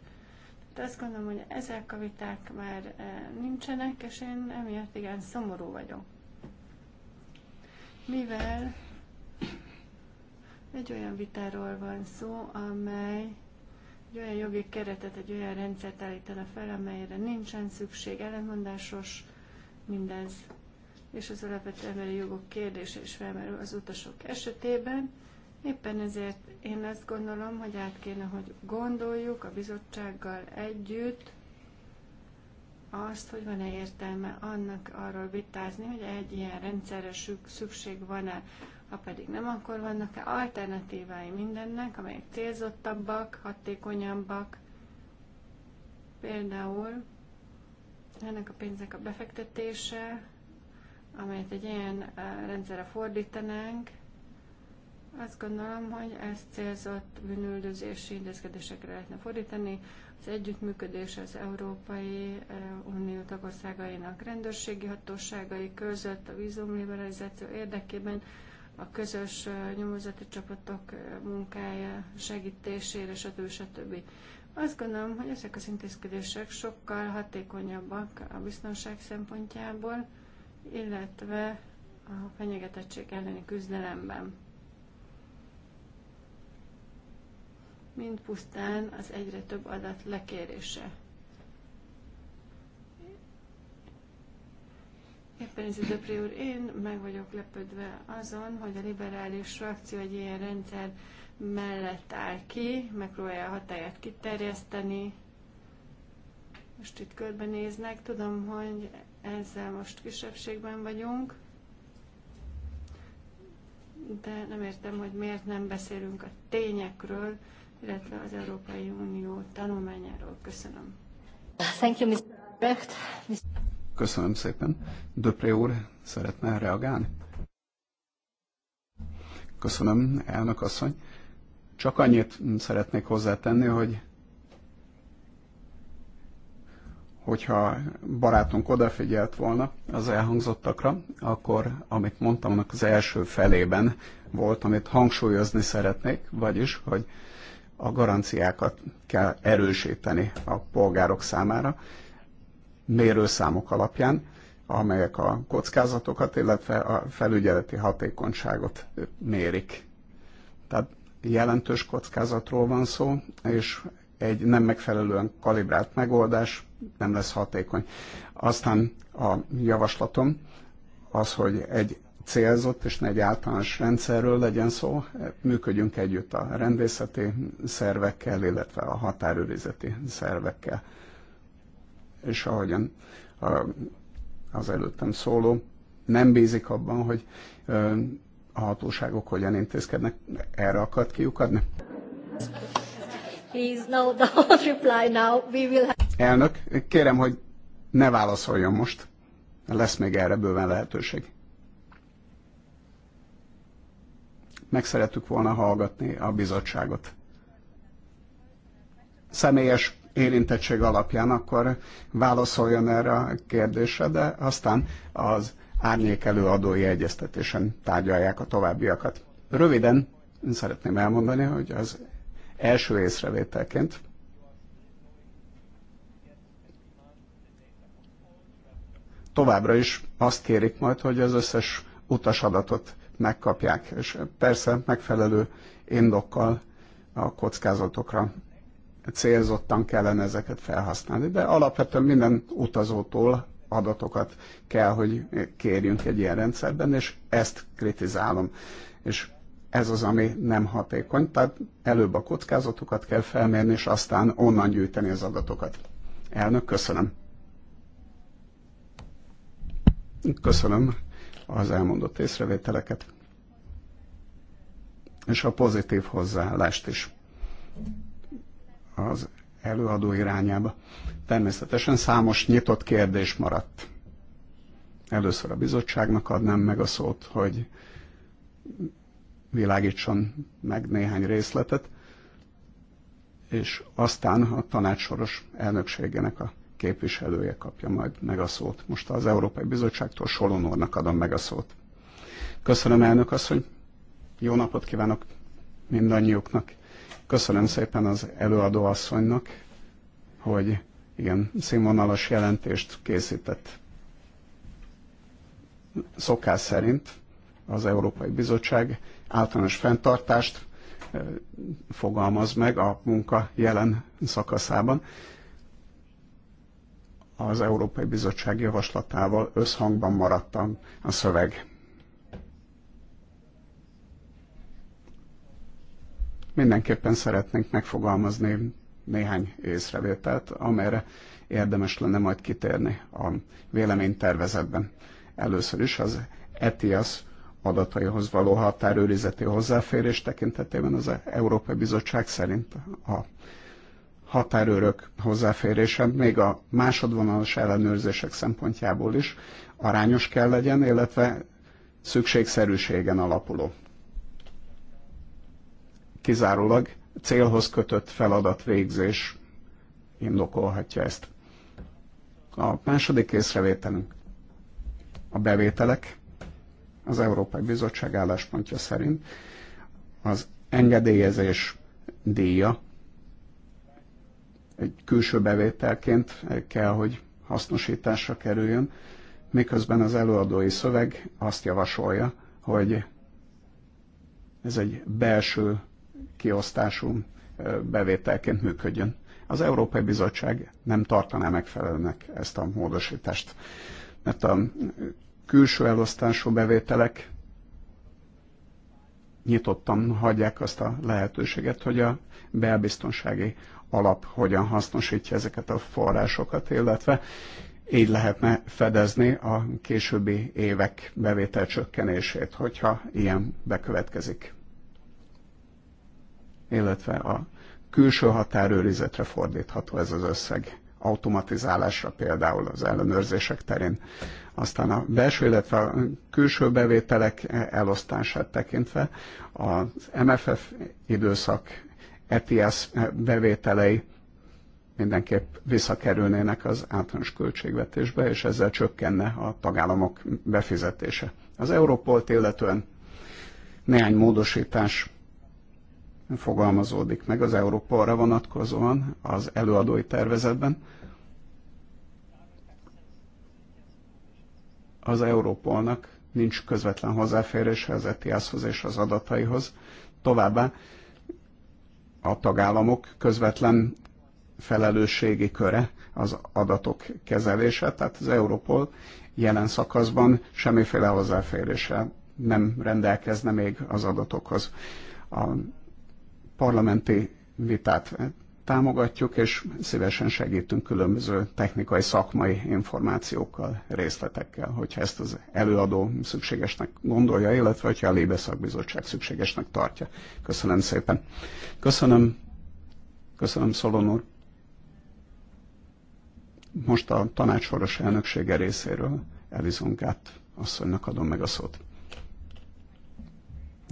A: De hát azt gondolom, hogy ezek a viták már eh, nincsenek, és én emiatt igen szomorú vagyok. Mivel egy olyan vitáról van szó, amely egy olyan jogi keretet, egy olyan rendszert állítana fel, amelyre nincsen szükség, ellentmondásos mindez, és az alapvető emberi jogok kérdése is felmerül az utasok esetében. Éppen ezért én azt gondolom, hogy át kéne, hogy gondoljuk a bizottsággal együtt azt, hogy van-e értelme annak arról vitázni, hogy egy ilyen rendszerre szükség van-e, ha pedig nem, akkor vannak-e alternatívái mindennek, amelyek célzottabbak, hatékonyabbak, például ennek a pénznek a befektetése, amelyet egy ilyen eh, rendszerre fordítanánk, azt gondolom, hogy ezt célzott bűnüldözési intézkedésekre lehetne fordítani. Az együttműködés az Európai eh, Unió tagországainak rendőrségi hatóságai között a vízumliberalizáció érdekében a közös eh, nyomozati csapatok eh, munkája segítésére, stb. stb. Azt gondolom, hogy ezek az intézkedések sokkal hatékonyabbak a biztonság szempontjából, illetve a fenyegetettség elleni küzdelemben. mint pusztán az egyre több adat lekérése. Éppen ez a úr, én meg vagyok lepődve azon, hogy a liberális frakció egy ilyen rendszer mellett áll ki, megpróbálja a hatáját kiterjeszteni, most itt körbenéznek, tudom, hogy ezzel most kisebbségben vagyunk, de nem értem, hogy miért nem beszélünk a tényekről, illetve az Európai Unió tanulmányáról. Köszönöm. Thank you, Mr. Brecht.
C: Köszönöm szépen. Döpré úr szeretne reagálni? Köszönöm, elnök asszony. Csak annyit szeretnék hozzátenni, hogy hogyha barátunk odafigyelt volna az elhangzottakra, akkor amit mondtam, annak az első felében volt, amit hangsúlyozni szeretnék, vagyis, hogy a garanciákat kell erősíteni a polgárok számára mérőszámok alapján, amelyek a kockázatokat, illetve a felügyeleti hatékonyságot mérik. Tehát jelentős kockázatról van szó, és egy nem megfelelően kalibrált megoldás nem lesz hatékony. Aztán a javaslatom az, hogy egy célzott és ne egy általános rendszerről legyen szó, működjünk együtt a rendészeti szervekkel, illetve a határőrizeti szervekkel. És ahogyan az előttem szóló nem bízik abban, hogy a hatóságok hogyan intézkednek, erre akart kiukadni? Elnök, kérem, hogy ne válaszoljon most. Lesz még erre bőven lehetőség. meg szerettük volna hallgatni a bizottságot. Személyes érintettség alapján akkor válaszoljon erre a kérdésre, de aztán az árnyék előadói egyeztetésen tárgyalják a továbbiakat. Röviden szeretném elmondani, hogy az első észrevételként továbbra is azt kérik majd, hogy az összes utasadatot megkapják, és persze megfelelő indokkal a kockázatokra célzottan kellene ezeket felhasználni, de alapvetően minden utazótól adatokat kell, hogy kérjünk egy ilyen rendszerben, és ezt kritizálom. És ez az, ami nem hatékony, tehát előbb a kockázatokat kell felmérni, és aztán onnan gyűjteni az adatokat. Elnök, köszönöm. Köszönöm az elmondott észrevételeket, és a pozitív hozzáállást is az előadó irányába. Természetesen számos nyitott kérdés maradt. Először a bizottságnak adnám meg a szót, hogy világítson meg néhány részletet, és aztán a tanácsoros elnökségének a képviselője kapja majd meg a szót. Most az Európai Bizottságtól Solonornak adom meg a szót. Köszönöm, elnök asszony. Jó napot kívánok mindannyiuknak. Köszönöm szépen az előadó asszonynak, hogy igen, színvonalas jelentést készített. Szokás szerint az Európai Bizottság általános fenntartást eh, fogalmaz meg a munka jelen szakaszában, az Európai Bizottság javaslatával összhangban maradtam a szöveg. Mindenképpen szeretnénk megfogalmazni néhány észrevételt, amelyre érdemes lenne majd kitérni a véleménytervezetben. Először is az ETIAS adataihoz való határőrizeti hozzáférés tekintetében az Európai Bizottság szerint a határőrök hozzáférése még a másodvonalas ellenőrzések szempontjából is arányos kell legyen, illetve szükségszerűségen alapuló. Kizárólag célhoz kötött feladat végzés indokolhatja ezt. A második észrevételünk a bevételek az Európai Bizottság álláspontja szerint az engedélyezés díja egy külső bevételként kell, hogy hasznosításra kerüljön, miközben az előadói szöveg azt javasolja, hogy ez egy belső kiosztású bevételként működjön. Az Európai Bizottság nem tartaná megfelelőnek ezt a módosítást, mert a külső elosztású bevételek nyitottan hagyják azt a lehetőséget, hogy a belbiztonsági alap hogyan hasznosítja ezeket a forrásokat, illetve így lehetne fedezni a későbbi évek csökkenését, hogyha ilyen bekövetkezik. Illetve a külső határőrizetre fordítható ez az összeg automatizálásra például az ellenőrzések terén. Aztán a belső, illetve a külső bevételek elosztását tekintve az MFF időszak ETS bevételei mindenképp visszakerülnének az általános költségvetésbe, és ezzel csökkenne a tagállamok befizetése. Az Európolt illetően néhány módosítás fogalmazódik meg az Európolra vonatkozóan az előadói tervezetben. Az Európolnak nincs közvetlen hozzáférése az ETIAS-hoz és az adataihoz. Továbbá a tagállamok közvetlen felelősségi köre az adatok kezelése, tehát az Europol jelen szakaszban semmiféle hozzáférése nem rendelkezne még az adatokhoz. A parlamenti vitát támogatjuk, és szívesen segítünk különböző technikai, szakmai információkkal, részletekkel, hogyha ezt az előadó szükségesnek gondolja, illetve hogyha a Lébe Szakbizottság szükségesnek tartja. Köszönöm szépen. Köszönöm, köszönöm Szolon úr. Most a tanácsoros elnöksége részéről Elizonkát asszonynak adom meg a szót.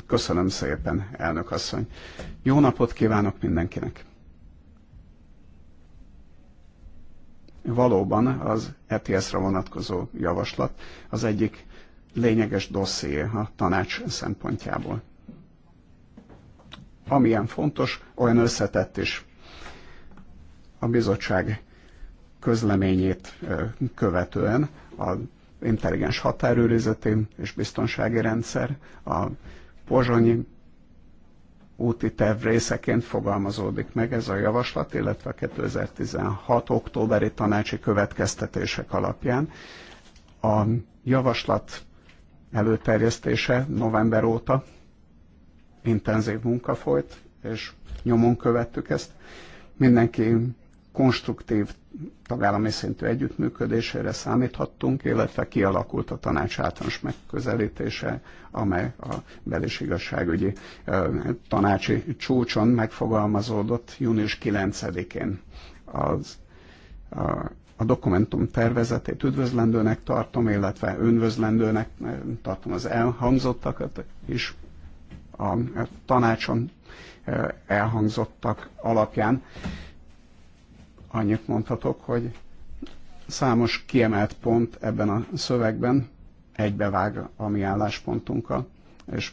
C: Köszönöm szépen, elnök asszony. Jó napot kívánok mindenkinek! Valóban az ETS-re vonatkozó javaslat az egyik lényeges dosszié a tanács szempontjából. Amilyen fontos, olyan összetett is. A bizottság közleményét követően a intelligens határőrizeti és biztonsági rendszer, a pozsonyi úti terv részeként fogalmazódik meg ez a javaslat, illetve a 2016. októberi tanácsi következtetések alapján. A javaslat előterjesztése november óta intenzív munka folyt, és nyomon követtük ezt. Mindenki konstruktív tagállami szintű együttműködésére számíthattunk, illetve kialakult a tanács általános megközelítése, amely a belés igazságügyi tanácsi csúcson megfogalmazódott június 9-én. Az, a, a dokumentum tervezetét üdvözlendőnek tartom, illetve önvözlendőnek tartom az elhangzottakat is a tanácson elhangzottak alapján annyit mondhatok, hogy számos kiemelt pont ebben a szövegben egybevág a mi álláspontunkkal, és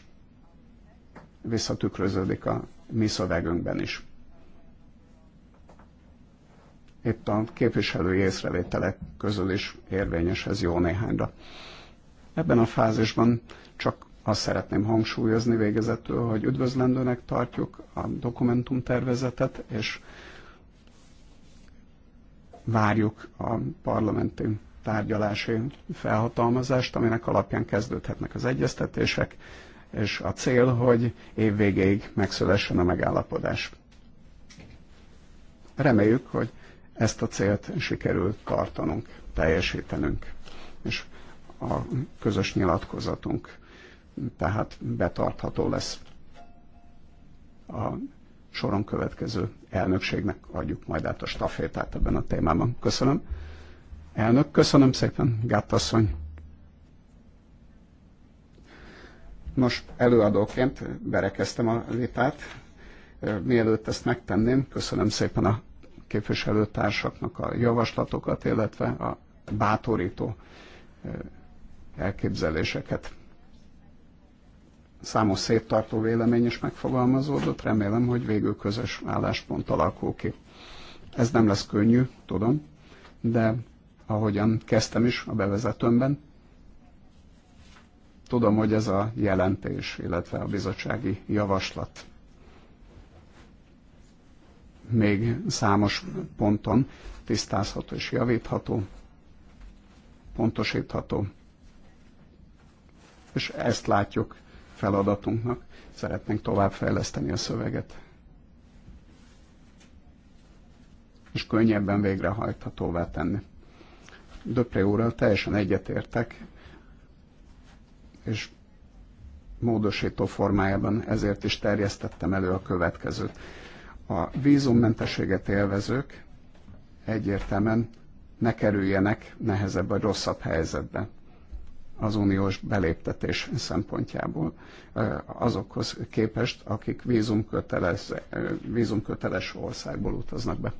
C: visszatükröződik a mi szövegünkben is. Itt a képviselői észrevételek közül is érvényes ez jó néhányra. Ebben a fázisban csak azt szeretném hangsúlyozni végezetül, hogy üdvözlendőnek tartjuk a dokumentumtervezetet, és várjuk a parlamenti tárgyalási felhatalmazást, aminek alapján kezdődhetnek az egyeztetések, és a cél, hogy végéig megszülessen a megállapodás. Reméljük, hogy ezt a célt sikerül tartanunk, teljesítenünk, és a közös nyilatkozatunk tehát betartható lesz. A soron következő elnökségnek adjuk majd át a stafétát ebben a témában. Köszönöm. Elnök, köszönöm szépen, Gátasszony. Nos, előadóként berekeztem a vitát. Mielőtt ezt megtenném, köszönöm szépen a képviselőtársaknak a javaslatokat, illetve a bátorító elképzeléseket számos széttartó vélemény is megfogalmazódott, remélem, hogy végül közös álláspont alakul ki. Ez nem lesz könnyű, tudom, de ahogyan kezdtem is a bevezetőmben, tudom, hogy ez a jelentés, illetve a bizottsági javaslat még számos ponton tisztázható és javítható, pontosítható. És ezt látjuk feladatunknak. Szeretnénk továbbfejleszteni a szöveget. És könnyebben végrehajthatóvá tenni. Döpré úrral teljesen egyetértek, és módosító formájában ezért is terjesztettem elő a következőt. A vízummentességet élvezők egyértelműen ne kerüljenek nehezebb vagy rosszabb helyzetbe az uniós beléptetés szempontjából azokhoz képest, akik vízumköteles, vízumköteles országból utaznak be.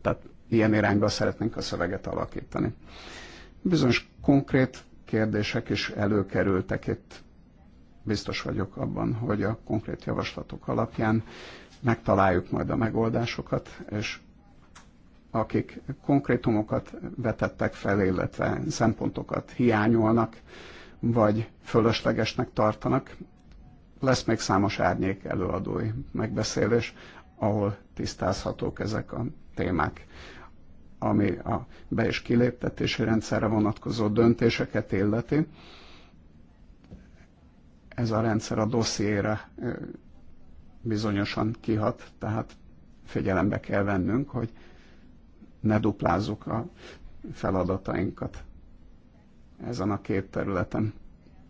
C: Tehát ilyen irányba szeretnénk a szöveget alakítani. Bizonyos konkrét kérdések is előkerültek itt. Biztos vagyok abban, hogy a konkrét javaslatok alapján megtaláljuk majd a megoldásokat, és akik konkrétumokat vetettek fel, illetve szempontokat hiányolnak, vagy fölöslegesnek tartanak. Lesz még számos árnyék előadói megbeszélés, ahol tisztázhatók ezek a témák ami a be- és kiléptetési rendszerre vonatkozó döntéseket illeti. Ez a rendszer a dossziére bizonyosan kihat, tehát figyelembe kell vennünk, hogy ne duplázzuk a feladatainkat ezen a két területen.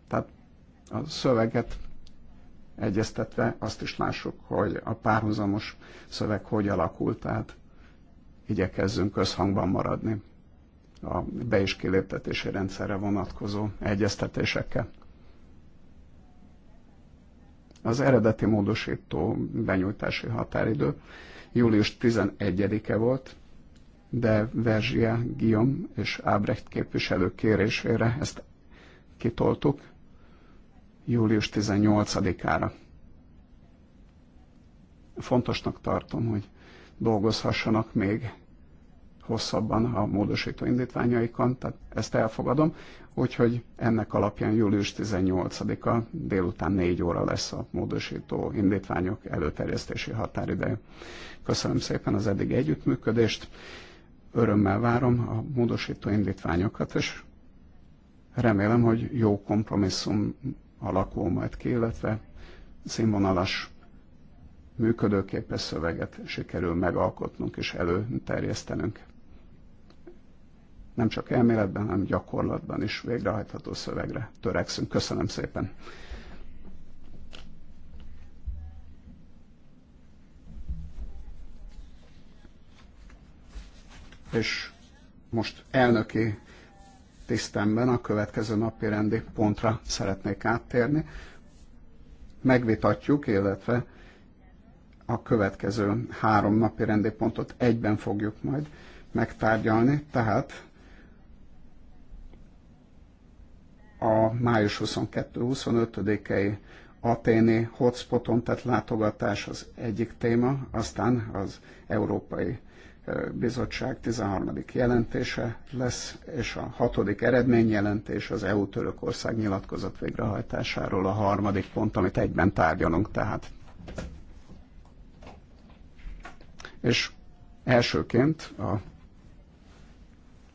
C: Tehát a szöveget egyeztetve azt is lássuk, hogy a párhuzamos szöveg hogy alakult, tehát igyekezzünk összhangban maradni a be- és kiléptetési rendszerre vonatkozó egyeztetésekkel. Az eredeti módosító benyújtási határidő július 11-e volt, de Verzsia, Guillaume és Ábrecht képviselők kérésére ezt kitoltuk július 18-ára. Fontosnak tartom, hogy dolgozhassanak még hosszabban a módosító indítványaikon, tehát ezt elfogadom, úgyhogy ennek alapján július 18-a délután 4 óra lesz a módosító indítványok előterjesztési határideje. Köszönöm szépen az eddig együttműködést. Örömmel várom a módosító indítványokat, és remélem, hogy jó kompromisszum alakul majd ki, illetve színvonalas működőképes szöveget sikerül megalkotnunk és előterjesztenünk. Nem csak elméletben, hanem gyakorlatban is végrehajtható szövegre törekszünk. Köszönöm szépen! és most elnöki tisztemben a következő napi rendi pontra szeretnék áttérni. Megvitatjuk, illetve a következő három napi rendi pontot egyben fogjuk majd megtárgyalni, tehát a május 22-25-i aténi hotspoton tett látogatás az egyik téma, aztán az európai Bizottság 13. jelentése lesz, és a hatodik eredményjelentés az EU-Törökország nyilatkozat végrehajtásáról a harmadik pont, amit egyben tárgyalunk tehát. És elsőként a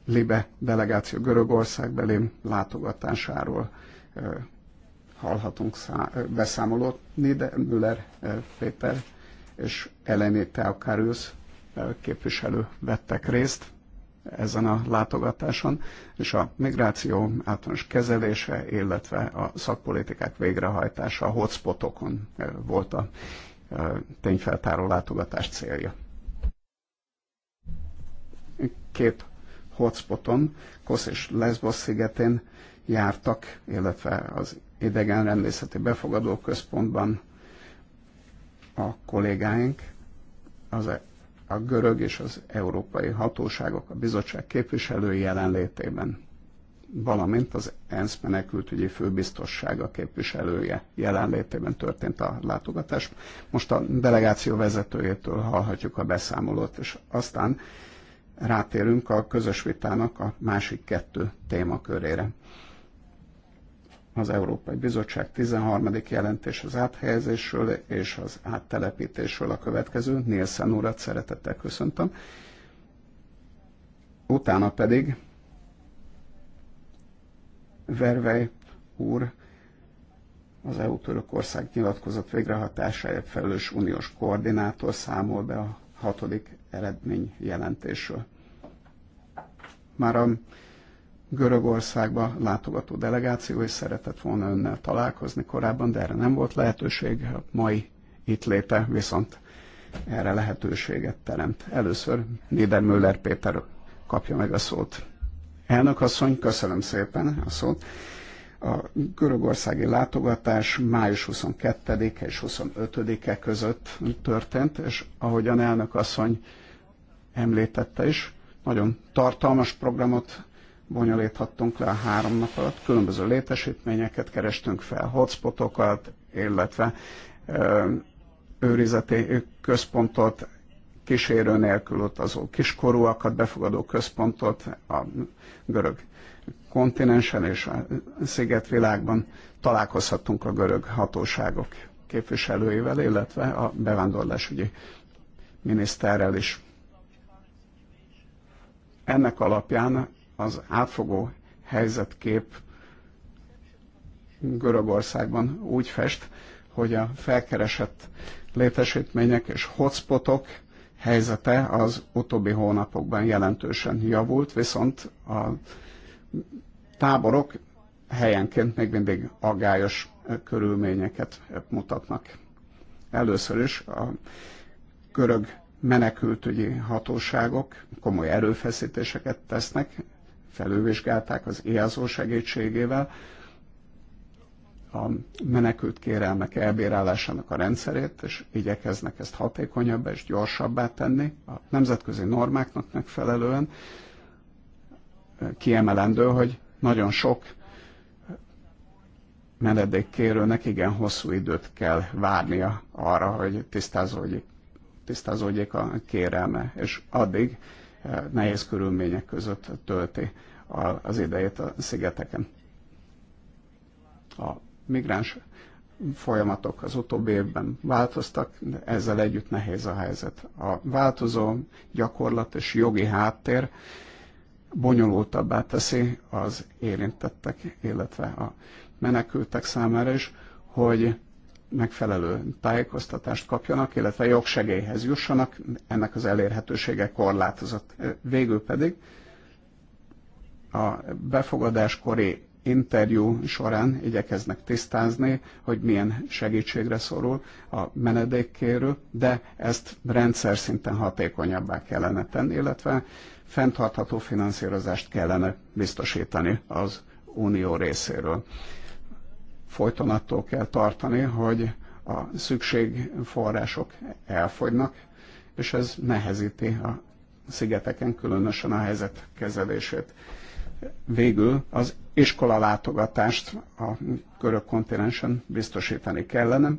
C: Libe delegáció Görögország belém látogatásáról hallhatunk szá- beszámolót. Müller Péter és Eleni Teokarius képviselő vettek részt ezen a látogatáson, és a migráció általános kezelése, illetve a szakpolitikák végrehajtása a hotspotokon eh, volt a eh, tényfeltáró látogatás célja. Két hotspoton, Kosz és Lesbos szigetén jártak, illetve az idegenrendészeti befogadó központban a kollégáink az a görög és az európai hatóságok, a bizottság képviselői jelenlétében, valamint az ENSZ menekültügyi főbiztossága képviselője jelenlétében történt a látogatás. Most a delegáció vezetőjétől hallhatjuk a beszámolót, és aztán rátérünk a közös vitának a másik kettő témakörére az Európai Bizottság 13. jelentés az áthelyezésről és az áttelepítésről a következő. Nielsen urat szeretettel köszöntöm. Utána pedig Vervej úr az EU-Törökország nyilatkozat végrehatásáért felelős uniós koordinátor számol be a hatodik eredmény jelentésről. Már a Görögországba látogató delegáció és szeretett volna önnel találkozni korábban, de erre nem volt lehetőség. A mai itt léte viszont erre lehetőséget teremt. Először Niedermüller Péter kapja meg a szót. Elnök asszony, köszönöm szépen a szót. A görögországi látogatás május 22-e és 25-e között történt, és ahogyan elnök asszony említette is, nagyon tartalmas programot bonyolíthattunk le a három nap alatt. Különböző létesítményeket kerestünk fel, hotspotokat, illetve őrizeti központot, kísérő nélkül utazó kiskorúakat befogadó központot a görög kontinensen és a szigetvilágban találkozhattunk a görög hatóságok képviselőivel, illetve a bevándorlásügyi miniszterrel is. Ennek alapján az átfogó helyzetkép Görögországban úgy fest, hogy a felkeresett létesítmények és hotspotok helyzete az utóbbi hónapokban jelentősen javult, viszont a táborok helyenként még mindig aggályos körülményeket mutatnak. Először is a görög menekültügyi hatóságok komoly erőfeszítéseket tesznek felülvizsgálták az EASO segítségével a menekült kérelmek elbírálásának a rendszerét, és igyekeznek ezt hatékonyabbá és gyorsabbá tenni a nemzetközi normáknak megfelelően. Kiemelendő, hogy nagyon sok menedékkérőnek igen hosszú időt kell várnia arra, hogy tisztázódjék, tisztázódjék a kérelme, és addig nehéz körülmények között tölti az idejét a szigeteken. A migráns folyamatok az utóbbi évben változtak, de ezzel együtt nehéz a helyzet. A változó gyakorlat és jogi háttér bonyolultabbá teszi az érintettek, illetve a menekültek számára is, hogy megfelelő tájékoztatást kapjanak, illetve jogsegélyhez jussanak, ennek az elérhetősége korlátozott. Végül pedig a befogadáskori interjú során igyekeznek tisztázni, hogy milyen segítségre szorul a menedékkérő, de ezt rendszer szinten hatékonyabbá kellene tenni, illetve fenntartható finanszírozást kellene biztosítani az unió részéről folyton attól kell tartani, hogy a szükségforrások elfogynak, és ez nehezíti a szigeteken különösen a helyzet kezelését. Végül az iskola látogatást a körök kontinensen biztosítani kellene.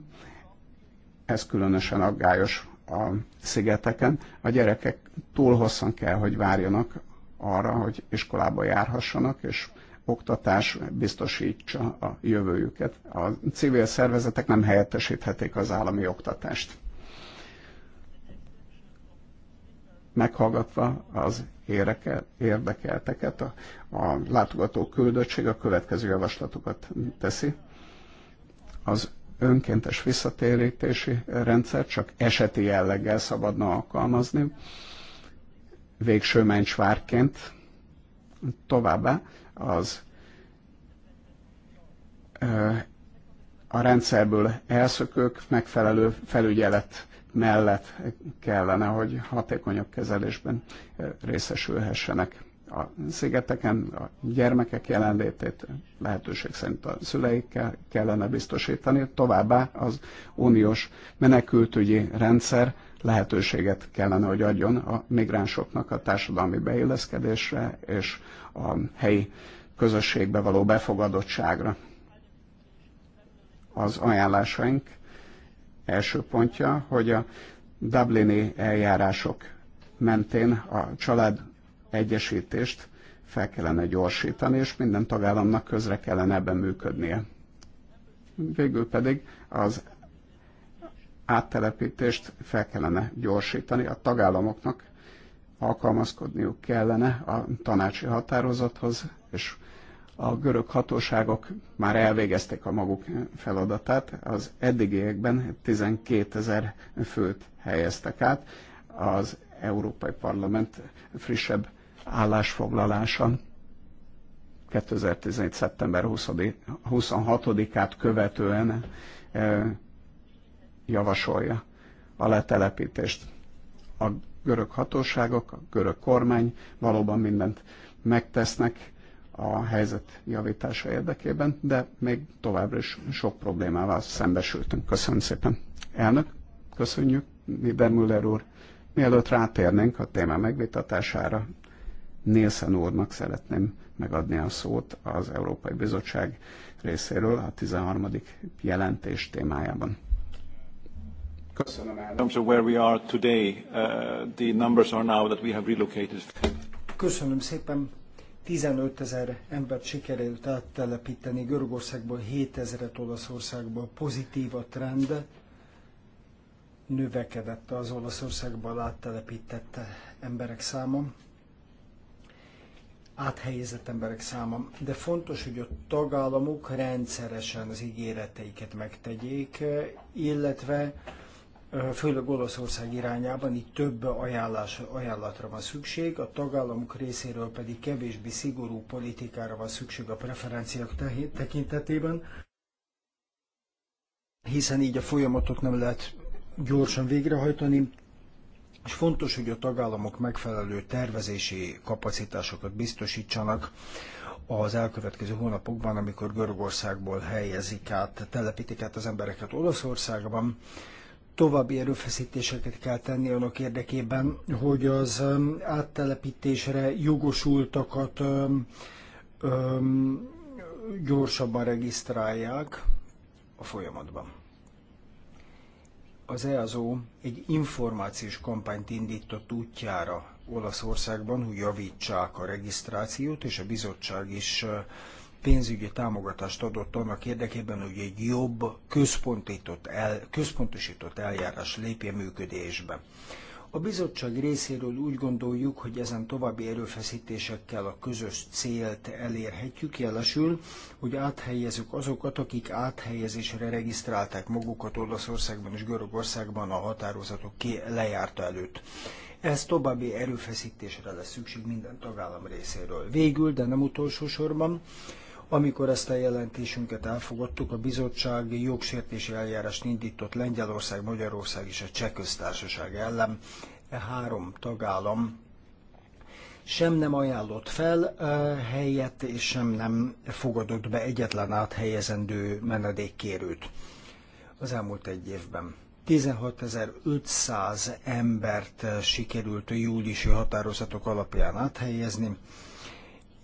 C: Ez különösen aggályos a szigeteken. A gyerekek túl hosszan kell, hogy várjanak arra, hogy iskolába járhassanak, és oktatás biztosítsa a jövőjüket. A civil szervezetek nem helyettesíthetik az állami oktatást. Meghallgatva az éreke, érdekelteket, a, a látogató küldöttség a következő javaslatokat teszi. Az önkéntes visszatérítési rendszer csak eseti jelleggel szabadna alkalmazni, végső mencsvárként Továbbá az a rendszerből elszökők megfelelő felügyelet mellett kellene, hogy hatékonyabb kezelésben részesülhessenek a szigeteken, a gyermekek jelenlétét lehetőség szerint a szüleikkel kellene biztosítani. Továbbá az uniós menekültügyi rendszer lehetőséget kellene, hogy adjon a migránsoknak a társadalmi beilleszkedésre és a helyi közösségbe való befogadottságra. Az ajánlásaink első pontja, hogy a Dublini eljárások mentén a család egyesítést fel kellene gyorsítani, és minden tagállamnak közre kellene ebben működnie. Végül pedig az áttelepítést fel kellene gyorsítani, a tagállamoknak alkalmazkodniuk kellene a tanácsi határozathoz, és a görög hatóságok már elvégezték a maguk feladatát, az eddigiekben 12 ezer főt helyeztek át, az Európai Parlament frissebb állásfoglalása 2017. szeptember 26-át követően eh, javasolja a letelepítést. A görög hatóságok, a görög kormány valóban mindent megtesznek a helyzet javítása érdekében, de még továbbra is sok problémával szembesültünk. Köszönöm szépen. Elnök, köszönjük, Niedermüller úr. Mielőtt rátérnénk a téma megvitatására, Nielsen úrnak szeretném megadni a szót az Európai Bizottság részéről a 13. jelentés témájában. Köszönöm
B: elnök. Where we are today, uh, the numbers are now that we have relocated. Köszönöm szépen. 15 ezer embert sikerült áttelepíteni Görögországból, 7 ezeret Olaszországból. Pozitív a trend, növekedett az Olaszországból áttelepített emberek száma, áthelyezett emberek száma. De fontos, hogy a tagállamok rendszeresen az ígéreteiket megtegyék, illetve főleg Olaszország irányában itt több ajánlás, ajánlatra van szükség, a tagállamok részéről pedig kevésbé szigorú politikára van szükség a preferenciák tekintetében, hiszen így a folyamatot nem lehet gyorsan végrehajtani, és fontos, hogy a tagállamok megfelelő tervezési kapacitásokat biztosítsanak az elkövetkező hónapokban, amikor Görögországból helyezik át, telepítik át az embereket Olaszországban további erőfeszítéseket kell tenni annak érdekében, hogy az um, áttelepítésre jogosultakat um, um, gyorsabban regisztrálják a folyamatban. Az EASO egy információs kampányt indított útjára Olaszországban, hogy javítsák a regisztrációt, és a bizottság is uh, pénzügyi támogatást adott annak érdekében, hogy egy jobb, központított el, központosított eljárás lépjen működésbe. A bizottság részéről úgy gondoljuk, hogy ezen további erőfeszítésekkel a közös célt elérhetjük, jelesül, hogy áthelyezzük azokat, akik áthelyezésre regisztrálták magukat Olaszországban és Görögországban a határozatok ki lejárta előtt. Ez további erőfeszítésre lesz szükség minden tagállam részéről. Végül, de nem utolsó sorban, amikor ezt a jelentésünket elfogadtuk, a bizottság jogsértési eljárást indított Lengyelország, Magyarország és a Cseh köztársaság ellen. E három tagállam sem nem ajánlott fel e, helyet, és sem nem fogadott be egyetlen áthelyezendő menedékkérőt az elmúlt egy évben. 16.500 embert sikerült a júliusi határozatok alapján áthelyezni,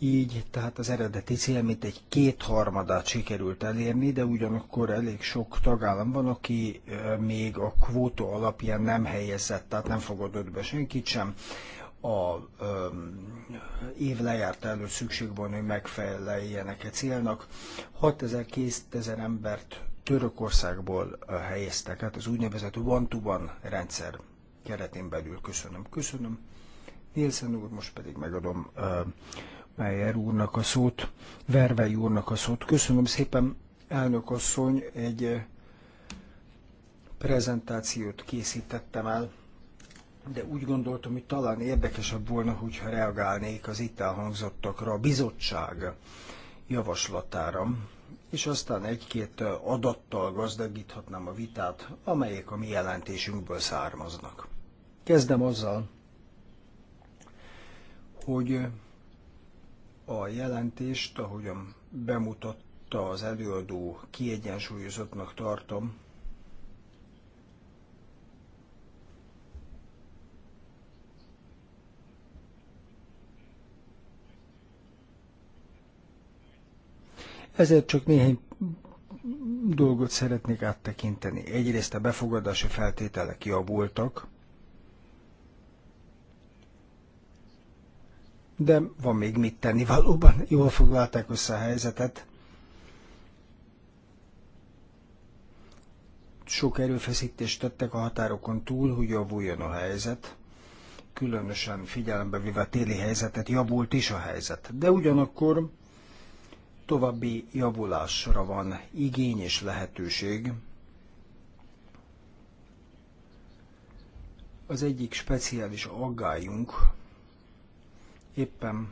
B: így tehát az eredeti cél mint egy kétharmadát sikerült elérni, de ugyanakkor elég sok tagállam van, aki még a kvóta alapján nem helyezett, tehát nem fogadott be senkit sem. A um, év lejárt előtt szükség van, hogy megfeleljenek a e célnak. 6000-2000 embert Törökországból helyeztek, hát az úgynevezett one-to-one rendszer keretén belül. Köszönöm, köszönöm. Nielsen úr, most pedig megadom uh, Meyer úrnak a szót, Vervei úrnak a szót. Köszönöm szépen, elnök asszony, egy eh, prezentációt készítettem el, de úgy gondoltam, hogy talán érdekesebb volna, hogyha reagálnék az itt elhangzottakra a bizottság javaslatára, és aztán egy-két eh, adattal gazdagíthatnám a vitát, amelyek a mi jelentésünkből származnak. Kezdem azzal, hogy eh, a jelentést, ahogyan bemutatta az előadó, kiegyensúlyozottnak tartom. Ezért csak néhány dolgot szeretnék áttekinteni. Egyrészt a befogadási feltételek javultak, de van még mit tenni valóban. Jól foglalták össze a helyzetet. Sok erőfeszítést tettek a határokon túl, hogy javuljon a helyzet. Különösen figyelembe véve a téli helyzetet, javult is a helyzet. De ugyanakkor további javulásra van igény és lehetőség. Az egyik speciális aggályunk, éppen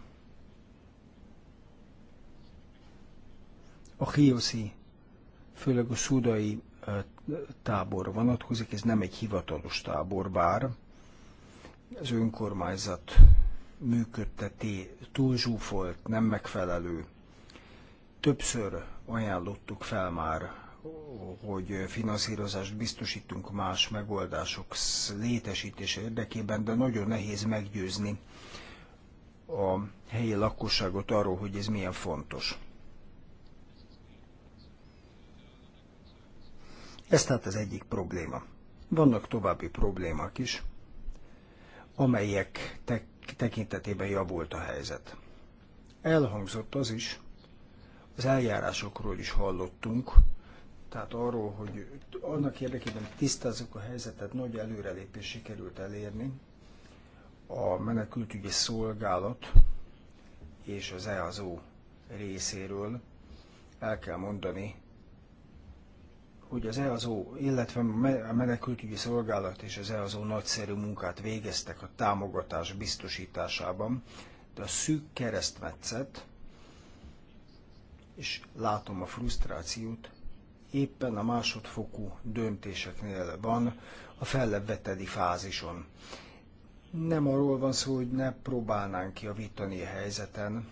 B: a hioszi, főleg a szudai tábor vonatkozik, ez nem egy hivatalos tábor, bár az önkormányzat működteti túlzsúfolt, nem megfelelő. Többször ajánlottuk fel már, hogy finanszírozást biztosítunk más megoldások létesítése érdekében, de nagyon nehéz meggyőzni a helyi lakosságot arról, hogy ez milyen fontos. Ez tehát az egyik probléma. Vannak további problémák is, amelyek tek tekintetében javult a helyzet. Elhangzott az is, az eljárásokról is hallottunk, tehát arról, hogy annak érdekében tisztázzuk a helyzetet, nagy előrelépés sikerült elérni, a menekültügyi szolgálat és az EAZO részéről el kell mondani, hogy az EAZO, illetve a menekültügyi szolgálat és az EAZO nagyszerű munkát végeztek a támogatás biztosításában, de a szűk keresztmetszet, és látom a frusztrációt, éppen a másodfokú döntéseknél van, a fellebbetedi fázison. Nem arról van szó, hogy ne próbálnánk javítani a helyzeten.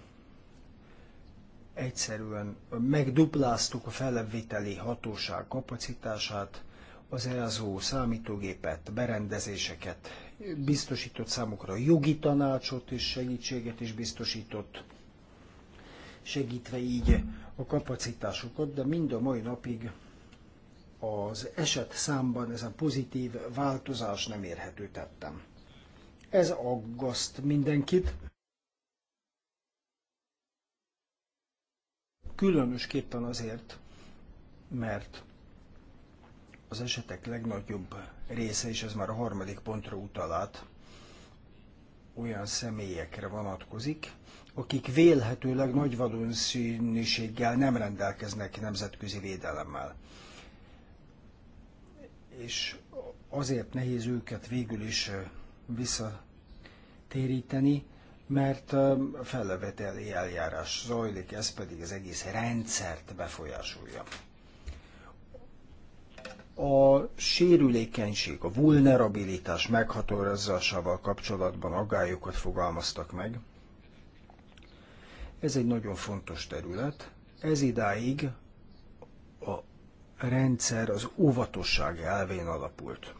B: Egyszerűen megdupláztuk a felevételi hatóság kapacitását, az EASO számítógépet, berendezéseket biztosított számukra, jogi tanácsot és segítséget is biztosított, segítve így a kapacitásukat, de mind a mai napig az eset számban ez a pozitív változás nem érhető tettem. Ez aggaszt mindenkit. Különösképpen azért, mert az esetek legnagyobb része, és ez már a harmadik pontra utalát, olyan személyekre vonatkozik, akik vélhetőleg nagy valószínűséggel nem rendelkeznek nemzetközi védelemmel. És azért nehéz őket végül is vissza téríteni, mert felleveteli eljárás zajlik, ez pedig az egész rendszert befolyásolja. A sérülékenység, a vulnerabilitás meghatározásával kapcsolatban aggályokat fogalmaztak meg. Ez egy nagyon fontos terület. Ez idáig a rendszer az óvatosság elvén alapult.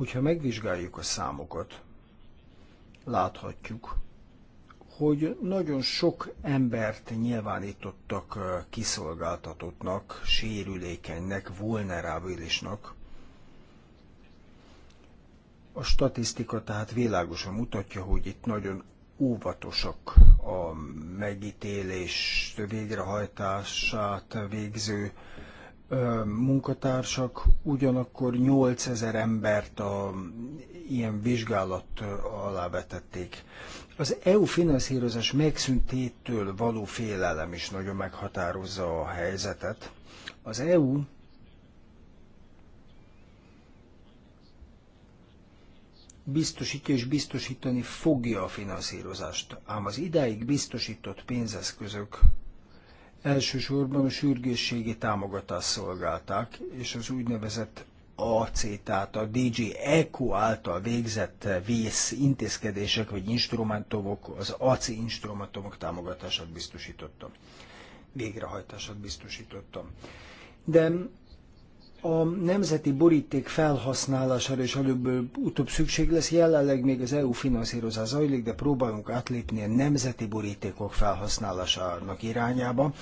B: Hogyha megvizsgáljuk a számokat, láthatjuk, hogy nagyon sok embert nyilvánítottak kiszolgáltatottnak, sérülékenynek, vulnerábilisnak. A statisztika tehát világosan mutatja, hogy itt nagyon óvatosak a megítélés végrehajtását végző munkatársak, ugyanakkor 8000 embert a ilyen vizsgálat alá vetették. Az EU finanszírozás megszüntétől való félelem is nagyon meghatározza a helyzetet. Az EU biztosítja és biztosítani fogja a finanszírozást, ám az idáig biztosított pénzeszközök elsősorban a sürgősségi támogatás szolgálták, és az úgynevezett AC, tehát a DJ Eco által végzett vész intézkedések vagy instrumentumok, az AC instrumentumok támogatását biztosítottam, végrehajtását biztosítottam. De a nemzeti boríték felhasználására is előbb-utóbb szükség lesz. Jelenleg még az EU finanszírozás zajlik, de próbálunk átlépni a nemzeti borítékok felhasználásának irányába.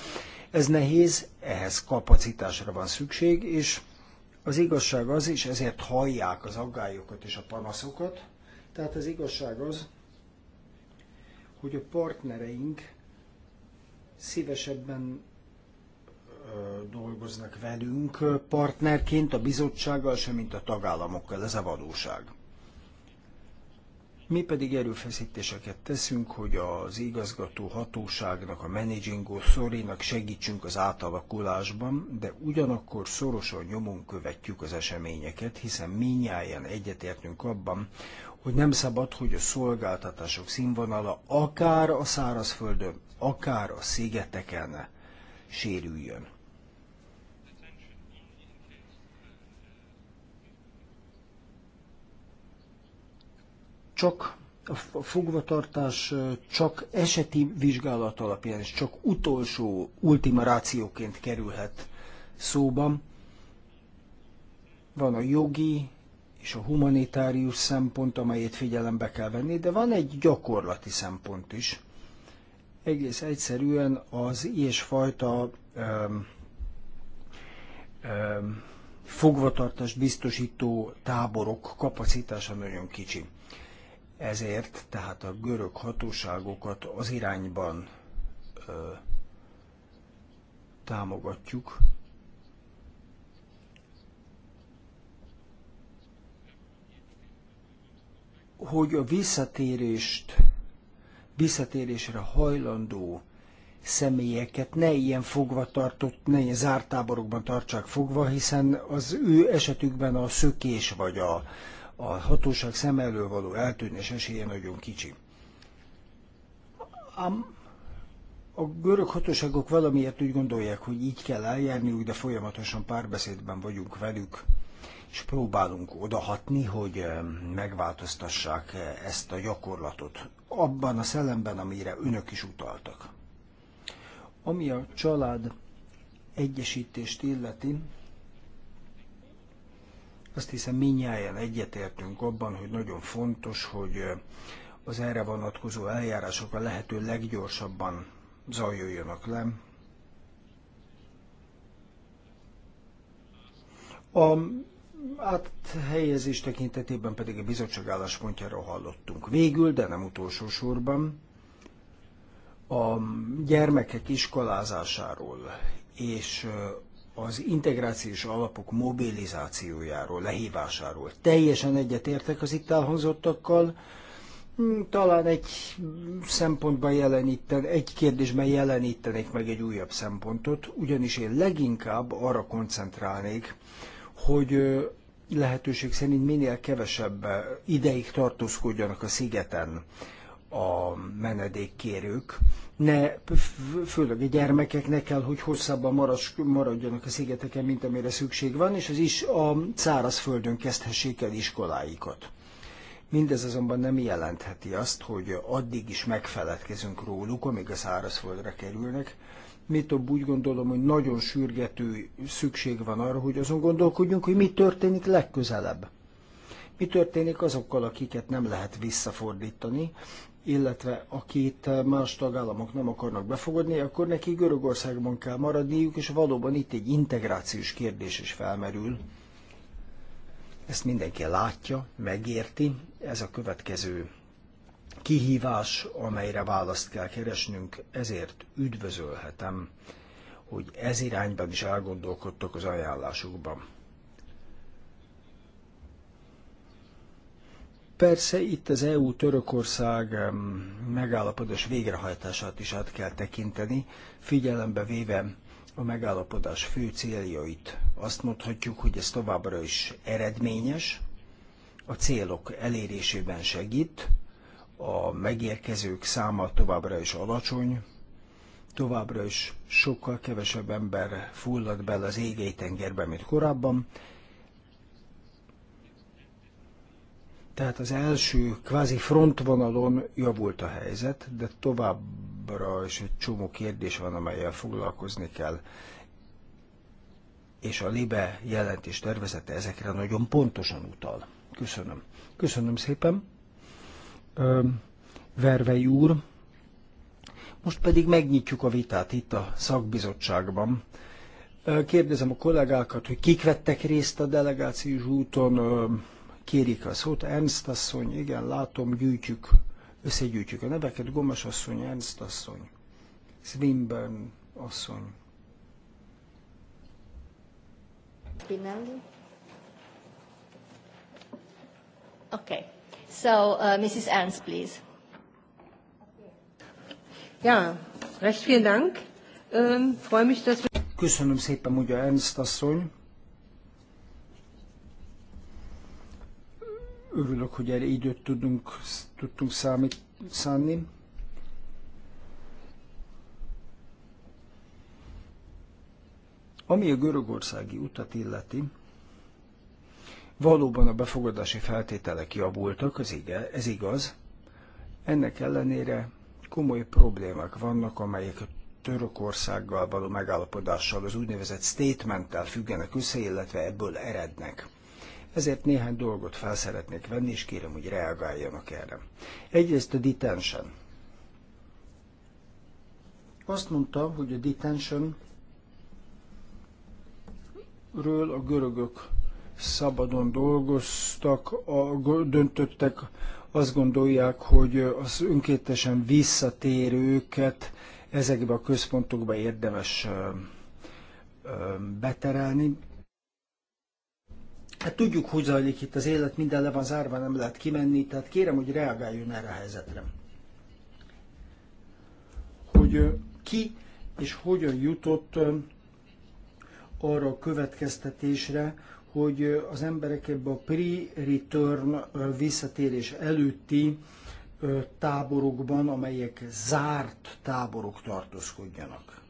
B: Ez nehéz, ehhez kapacitásra van szükség, és az igazság az, és ezért hallják az aggályokat és a panaszokat. Tehát az igazság az, hogy a partnereink szívesebben dolgoznak velünk partnerként, a bizottsággal, semmint a tagállamokkal. Ez a valóság. Mi pedig erőfeszítéseket teszünk, hogy az igazgató hatóságnak, a managing authority-nak segítsünk az átalakulásban, de ugyanakkor szorosan nyomon követjük az eseményeket, hiszen minnyáján egyetértünk abban, hogy nem szabad, hogy a szolgáltatások színvonala akár a szárazföldön, akár a szigeteken sérüljön. csak a fogvatartás csak eseti vizsgálat alapján, és csak utolsó ultima rációként kerülhet szóban. Van a jogi és a humanitárius szempont, amelyet figyelembe kell venni, de van egy gyakorlati szempont is. Egész egyszerűen az ilyesfajta öm, öm, fogvatartást biztosító táborok kapacitása nagyon kicsi. Ezért tehát a görög hatóságokat az irányban ö, támogatjuk, hogy a visszatérést, visszatérésre hajlandó személyeket ne ilyen fogva tartott, ne ilyen zárt táborokban tartsák fogva, hiszen az ő esetükben a szökés vagy a a hatóság szem elől való eltűnés esélye nagyon kicsi. Ám a görög hatóságok valamiért úgy gondolják, hogy így kell eljárniuk, de folyamatosan párbeszédben vagyunk velük, és próbálunk odahatni, hogy eh, megváltoztassák eh, ezt a gyakorlatot, abban a szellemben, amire önök is utaltak. Ami a család egyesítést illeti, azt hiszem minnyáján egyetértünk abban, hogy nagyon fontos, hogy az erre vonatkozó eljárások a lehető leggyorsabban zajoljanak le. A áthelyezés tekintetében pedig a bizottság álláspontjáról hallottunk. Végül, de nem utolsó sorban, a gyermekek iskolázásáról és az integrációs alapok mobilizációjáról, lehívásáról. Teljesen egyetértek az itt elhangzottakkal. Hmm, talán egy szempontban jeleníten, egy kérdésben jelenítenék meg egy újabb szempontot, ugyanis én leginkább arra koncentrálnék, hogy lehetőség szerint minél kevesebb ideig tartózkodjanak a szigeten a menedékkérők, ne, főleg a ne kell, hogy hosszabban maras, maradjanak a szigeteken, mint amire szükség van, és az is a szárazföldön kezdhessék el iskoláikat. Mindez azonban nem jelentheti azt, hogy addig is megfeledkezünk róluk, amíg a szárazföldre kerülnek. Mi több úgy gondolom, hogy nagyon sürgető szükség van arra, hogy azon gondolkodjunk, hogy mi történik legközelebb. Mi történik azokkal, akiket nem lehet visszafordítani, illetve akit más tagállamok nem akarnak befogadni, akkor neki Görögországban kell maradniuk, és valóban itt egy integrációs kérdés is felmerül. Ezt mindenki látja, megérti. Ez a következő kihívás, amelyre választ kell keresnünk, ezért üdvözölhetem, hogy ez irányban is elgondolkodtok az ajánlásukban. Persze itt az EU-Törökország megállapodás végrehajtását is át kell tekinteni, figyelembe véve a megállapodás fő céljait. Azt mondhatjuk, hogy ez továbbra is eredményes, a célok elérésében segít, a megérkezők száma továbbra is alacsony, továbbra is sokkal kevesebb ember fullad bele az égei tengerbe, mint korábban, Tehát az első kvázi frontvonalon javult a helyzet, de továbbra is egy csomó kérdés van, amelyel foglalkozni kell. És a LIBE jelentés tervezete ezekre nagyon pontosan utal. Köszönöm. Köszönöm szépen. Vervei úr, most pedig megnyitjuk a vitát itt a szakbizottságban. Kérdezem a kollégákat, hogy kik vettek részt a delegációs úton, kérik a szót. Ernst asszony, igen, látom, gyűjtjük, összegyűjtjük a neveket. Gomes asszony, Ernst asszony, Swinburne asszony.
A: Spinelli? Okay. So, uh, Mrs. Ernst, please. Ja, recht vielen Dank. Um, freue mich, dass wir...
B: Köszönöm szépen, ugye Ernst asszony Örülök, hogy erre időt tudunk, tudtunk számít, szánni. Ami a görögországi utat illeti, valóban a befogadási feltételek javultak, az igaz, ez igaz. Ennek ellenére komoly problémák vannak, amelyek a Törökországgal való megállapodással, az úgynevezett statementtel függenek össze, illetve ebből erednek. Ezért néhány dolgot fel szeretnék venni, és kérem, hogy reagáljanak erre. Egyrészt a detention. Azt mondta, hogy a detention ről a görögök szabadon dolgoztak, a, döntöttek, azt gondolják, hogy az önkéntesen visszatérőket ezekbe a központokba érdemes beterelni. Hát tudjuk, hogy zajlik itt az élet, minden le van zárva, nem lehet kimenni, tehát kérem, hogy reagáljon erre a helyzetre. Hogy ki és hogyan jutott arra a következtetésre, hogy az emberek ebbe a pre-return visszatérés előtti táborokban, amelyek zárt táborok tartózkodjanak.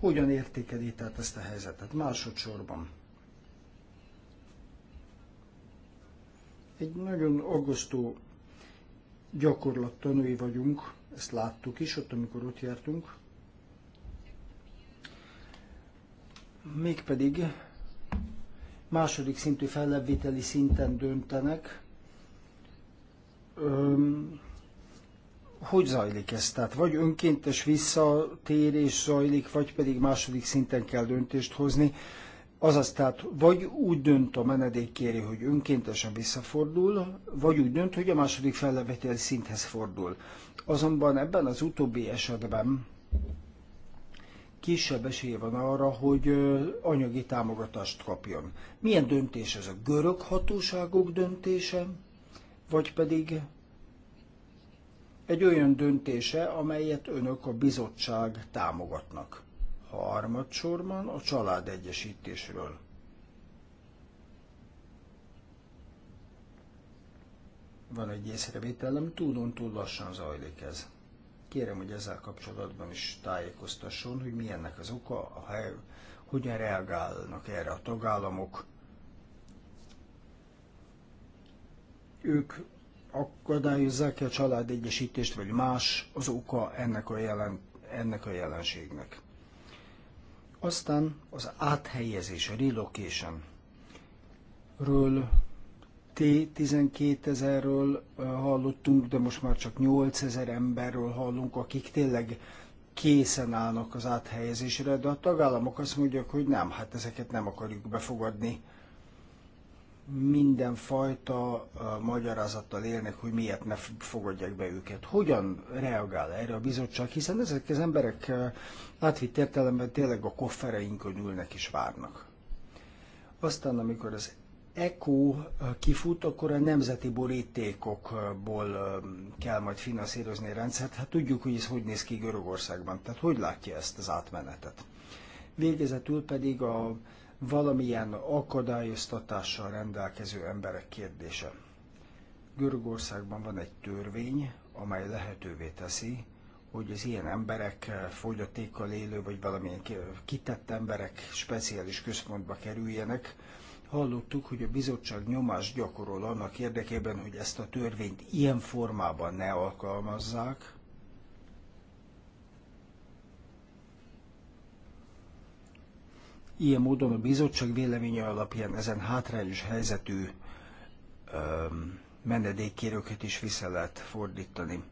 B: Hogyan értékeli tehát ezt a helyzetet? Másodszorban egy nagyon aggasztó gyakorlat tanúi vagyunk, ezt láttuk is ott, amikor ott jártunk. Mégpedig második szintű fellebbviteli szinten döntenek. Öm, hogy zajlik ez? Tehát vagy önkéntes visszatérés zajlik, vagy pedig második szinten kell döntést hozni. Azaz tehát vagy úgy dönt a menedékkérő, hogy önkéntesen visszafordul, vagy úgy dönt, hogy a második felleveteli szinthez fordul. Azonban ebben az utóbbi esetben kisebb esélye van arra, hogy anyagi támogatást kapjon. Milyen döntés ez a görög hatóságok döntése, vagy pedig egy olyan döntése, amelyet önök a bizottság támogatnak? harmadsorban a családegyesítésről. Van egy észrevételem, tudom túl lassan zajlik ez. Kérem, hogy ezzel kapcsolatban is tájékoztasson, hogy milyennek az oka, a hely, hogyan reagálnak erre a tagállamok. Ők akadályozzák-e a családegyesítést, vagy más az oka ennek a, jelen, ennek a jelenségnek. Aztán az áthelyezés, a relocation ről T-12 ezerről hallottunk, de most már csak 8 ezer emberről hallunk, akik tényleg készen állnak az áthelyezésre, de a tagállamok azt mondják, hogy nem, hát ezeket nem akarjuk befogadni mindenfajta magyarázattal élnek, hogy miért ne fogadják be őket. Hogyan reagál erre a bizottság, hiszen ezek az emberek átvitt értelemben tényleg a koffereinkön ülnek és várnak. Aztán, amikor az ECO kifut, akkor a nemzeti borítékokból kell majd finanszírozni a rendszert. Hát tudjuk, hogy ez hogy néz ki Görögországban. Tehát hogy látja ezt az átmenetet? Végezetül pedig a valamilyen akadályoztatással rendelkező emberek kérdése. Görögországban van egy törvény, amely lehetővé teszi, hogy az ilyen emberek, eh, fogyatékkal élő vagy valamilyen kitett emberek speciális központba kerüljenek. Hallottuk, hogy a bizottság nyomás gyakorol annak érdekében, hogy ezt a törvényt ilyen formában ne alkalmazzák, Ilyen módon a bizottság véleménye alapján ezen hátrányos helyzetű menedékkérőket is vissza lehet fordítani.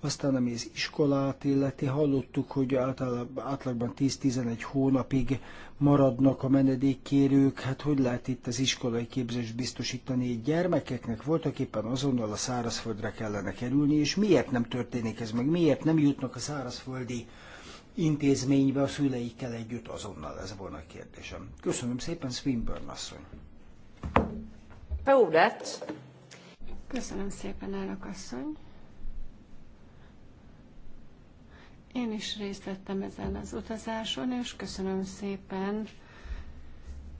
B: Aztán, ami az iskolát illeti, hallottuk, hogy általában, átlagban 10-11 hónapig maradnak a menedékkérők. Hát hogy lehet itt az iskolai képzést biztosítani egy gyermekeknek? Voltak éppen azonnal a szárazföldre kellene kerülni, és miért nem történik ez meg? Miért nem jutnak a szárazföldi uh, intézménybe a szüleikkel együtt azonnal. Ez volna a kérdésem. Köszönöm szépen, Swinburne asszony.
A: Peudet. Köszönöm szépen, elnök asszony. Én is részt vettem ezen az utazáson, és köszönöm szépen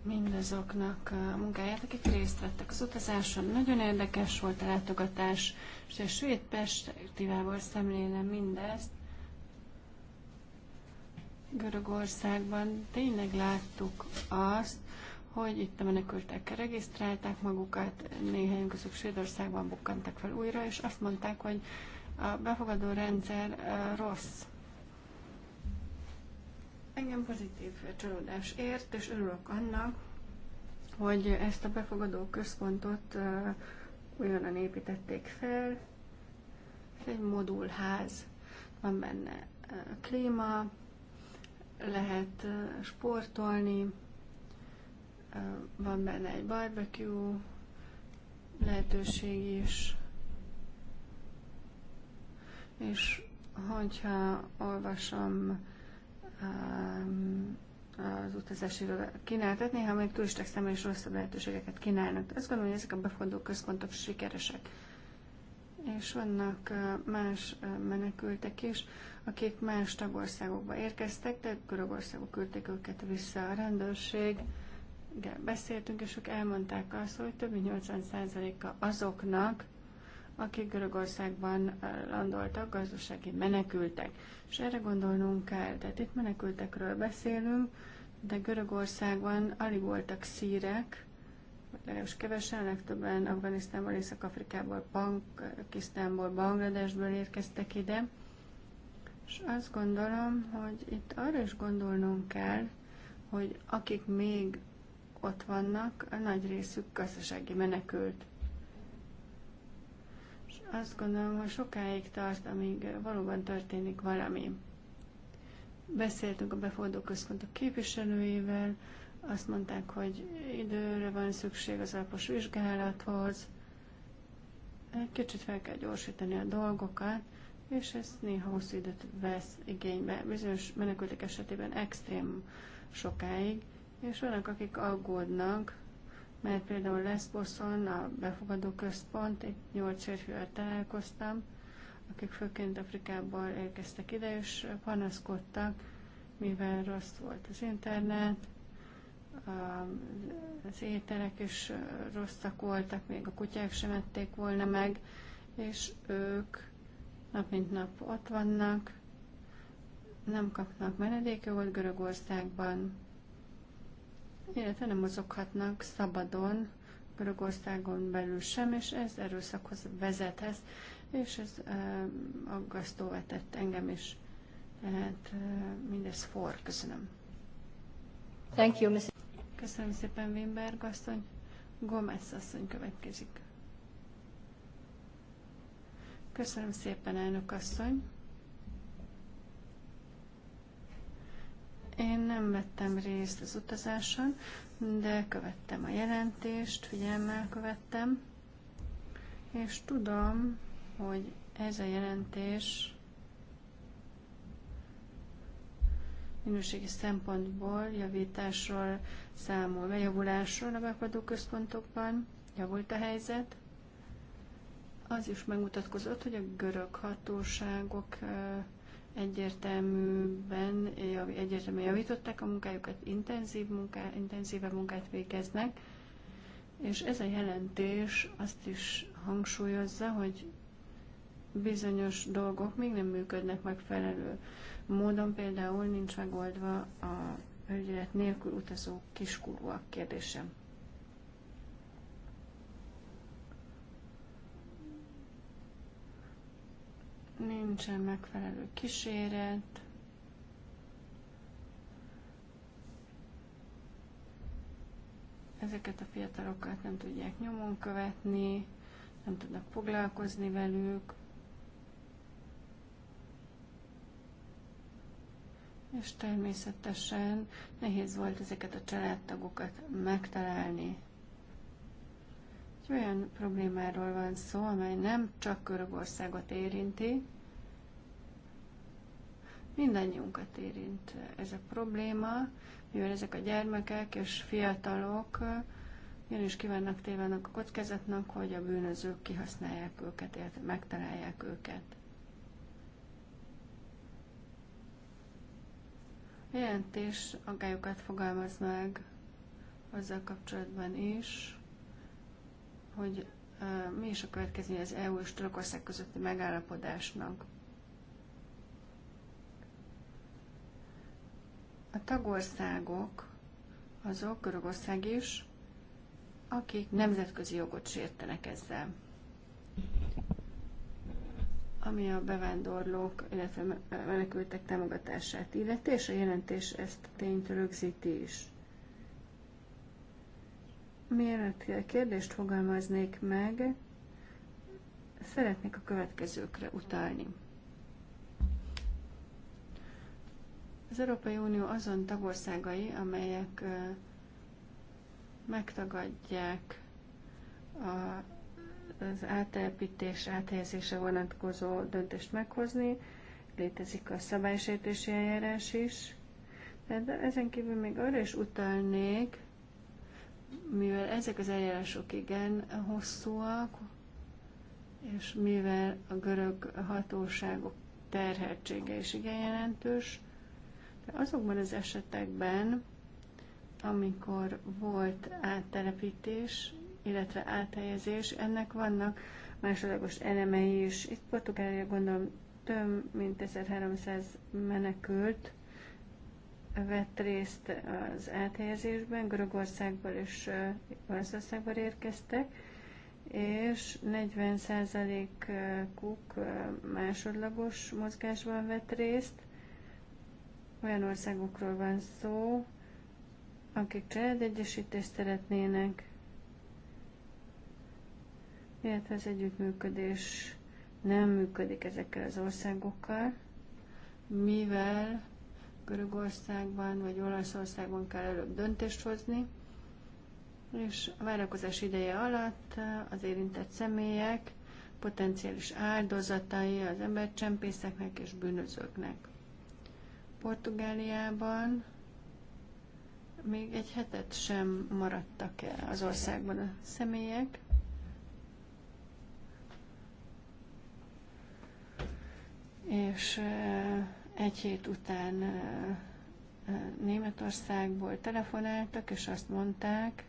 A: mindazoknak a munkáját, akik részt vettek az utazáson. Nagyon érdekes volt a látogatás, és a svéd perspektívából szemlélem mindezt. Görögországban tényleg láttuk azt, hogy itt a menekültek regisztrálták magukat, néhány közük Svédországban bukkantak fel újra, és azt mondták, hogy a befogadó rendszer rossz. Engem pozitív csalódás ért, és örülök annak, hogy ezt a befogadó központot újonnan építették fel. Ez egy modulház, van benne klíma, lehet sportolni, van benne egy barbecue lehetőség is, és hogyha olvasom az utazási kínálatot, néha még turisták személyes rosszabb lehetőségeket kínálnak. Azt gondolom, hogy ezek a befogadó központok sikeresek és vannak más menekültek is, akik más tagországokba érkeztek, de Görögországba küldték őket vissza a rendőrség. De beszéltünk, és ők elmondták azt, hogy több mint 80%-a azoknak, akik Görögországban landoltak, gazdasági menekültek. És erre gondolnunk kell, tehát itt menekültekről beszélünk, de Görögországban alig voltak szírek, legalábbis kevesen, legtöbben Afganisztánból, Észak-Afrikából, Pakisztánból, Bangladesből érkeztek ide. És azt gondolom, hogy itt arra is gondolnunk kell, hogy akik még ott vannak, a nagy részük gazdasági menekült. És azt gondolom, hogy sokáig tart, amíg valóban történik valami. Beszéltünk a befordó központok képviselőjével, azt mondták, hogy időre van szükség az alapos vizsgálathoz, kicsit fel kell gyorsítani a dolgokat, és ez néha hosszú időt vesz igénybe. Bizonyos menekültek esetében extrém sokáig, és vannak, akik aggódnak, mert például Leszboszon a befogadó központ, itt nyolc férfival találkoztam, akik főként Afrikából érkeztek ide, és panaszkodtak, mivel rossz volt az internet, az ételek is rosszak voltak, még a kutyák sem ették volna meg, és ők nap mint nap ott vannak, nem kapnak menedékjogot Görögországban, illetve nem mozoghatnak szabadon Görögországon belül sem, és ez erőszakhoz vezethez, és ez uh, aggasztó vetett engem is. Tehát uh, mindez for. Köszönöm. Thank you, Mr. Köszönöm szépen, Wimberg asszony. Gomez asszony következik. Köszönöm szépen, elnök asszony. Én nem vettem részt az utazáson, de követtem a jelentést, figyelmmel követtem, és tudom, hogy ez a jelentés minőségi szempontból javításról számol, bejavulásról a megadó központokban, javult a helyzet. Az is megmutatkozott, hogy a görög hatóságok egyértelműben, egyértelműen javították a munkájukat, intenzív munká, intenzívebb munkát végeznek, és ez a jelentés azt is hangsúlyozza, hogy bizonyos dolgok még nem működnek megfelelő módon, például nincs megoldva a felügyelet nélkül utazó kiskorúak kérdése. Nincsen megfelelő kíséret. Ezeket a fiatalokat nem tudják nyomon követni, nem tudnak foglalkozni velük. és természetesen nehéz volt ezeket a családtagokat megtalálni. Egy olyan problémáról van szó, amely nem csak Görögországot érinti, mindannyiunkat érint ez a probléma, mivel ezek a gyermekek és fiatalok jön is kívánnak tévának a kockázatnak, hogy a bűnözők kihasználják őket, illetve megtalálják őket. A jelentés aggályokat fogalmaz meg azzal kapcsolatban is, hogy uh, mi is a következő az EU és Törökország közötti megállapodásnak. A tagországok azok, Görögország is, akik nemzetközi jogot sértenek ezzel ami a bevándorlók, illetve menekültek támogatását illeti, és a jelentés ezt a tényt rögzíti is. Mielőtt kérdést fogalmaznék meg, szeretnék a következőkre utalni. Az Európai Unió azon tagországai, amelyek megtagadják a az átelepítés, áthelyezése vonatkozó döntést meghozni, létezik a szabálysértési eljárás is. De ezen kívül még arra is utalnék, mivel ezek az eljárások igen hosszúak, és mivel a görög hatóságok terheltsége is igen jelentős, de azokban az esetekben, amikor volt áttelepítés, illetve áthelyezés, ennek vannak másodlagos elemei is. Itt Portugália gondolom több mint 1300 menekült vett részt az áthelyezésben, Görögországból és Olaszországból érkeztek, és 40%-uk másodlagos mozgásban vett részt. Olyan országokról van szó, akik családegyesítést szeretnének, illetve az együttműködés nem működik ezekkel az országokkal, mivel Görögországban vagy Olaszországban kell előbb döntést hozni, és a várakozás ideje alatt az érintett személyek potenciális áldozatai az embercsempészeknek és bűnözőknek. Portugáliában még egy hetet sem maradtak el az országban a személyek, és egy hét után Németországból telefonáltak, és azt mondták,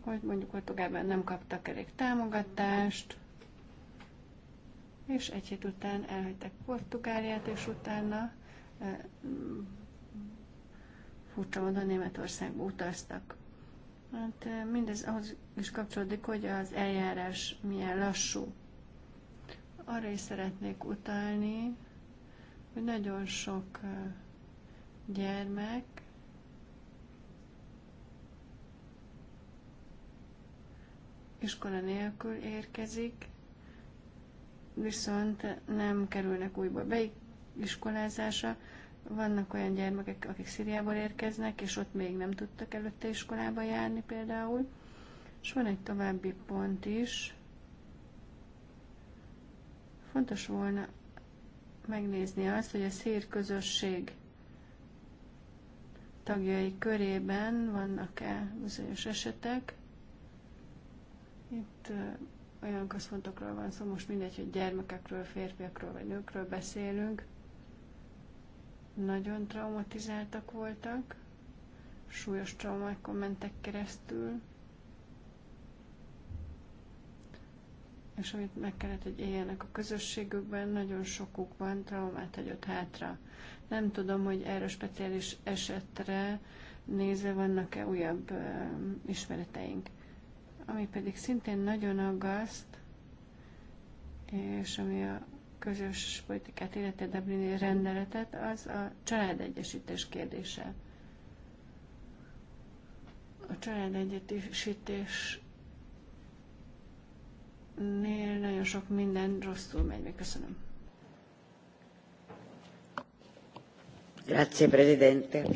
A: hogy mondjuk Portugálban nem kaptak elég támogatást, és egy hét után elhagytak Portugáliát, és utána furcsa módon Németországba utaztak. Hát mindez ahhoz is kapcsolódik, hogy az eljárás milyen lassú. Arra is szeretnék utalni, hogy nagyon sok gyermek iskola nélkül érkezik, viszont nem kerülnek újból beiskolázásra. Vannak olyan gyermekek, akik Szíriából érkeznek, és ott még nem tudtak előtte iskolába járni például. És van egy további pont is, Fontos volna megnézni azt, hogy a szír közösség tagjai körében vannak-e bizonyos esetek. Itt olyan központokról van szó, most mindegy, hogy gyermekekről, férfiakról vagy nőkről beszélünk. Nagyon traumatizáltak voltak, súlyos traumákon mentek keresztül. és amit meg kellett, hogy éljenek a közösségükben, nagyon sokukban traumát hagyott hátra. Nem tudom, hogy erre a speciális esetre nézve vannak-e újabb uh, ismereteink. Ami pedig szintén nagyon aggaszt, és ami a közös politikát, illetve Dublini rendeletet, az a családegyesítés kérdése. A családegyesítés nél nagyon sok minden rosszul megy. Még köszönöm. Grazie Presidente.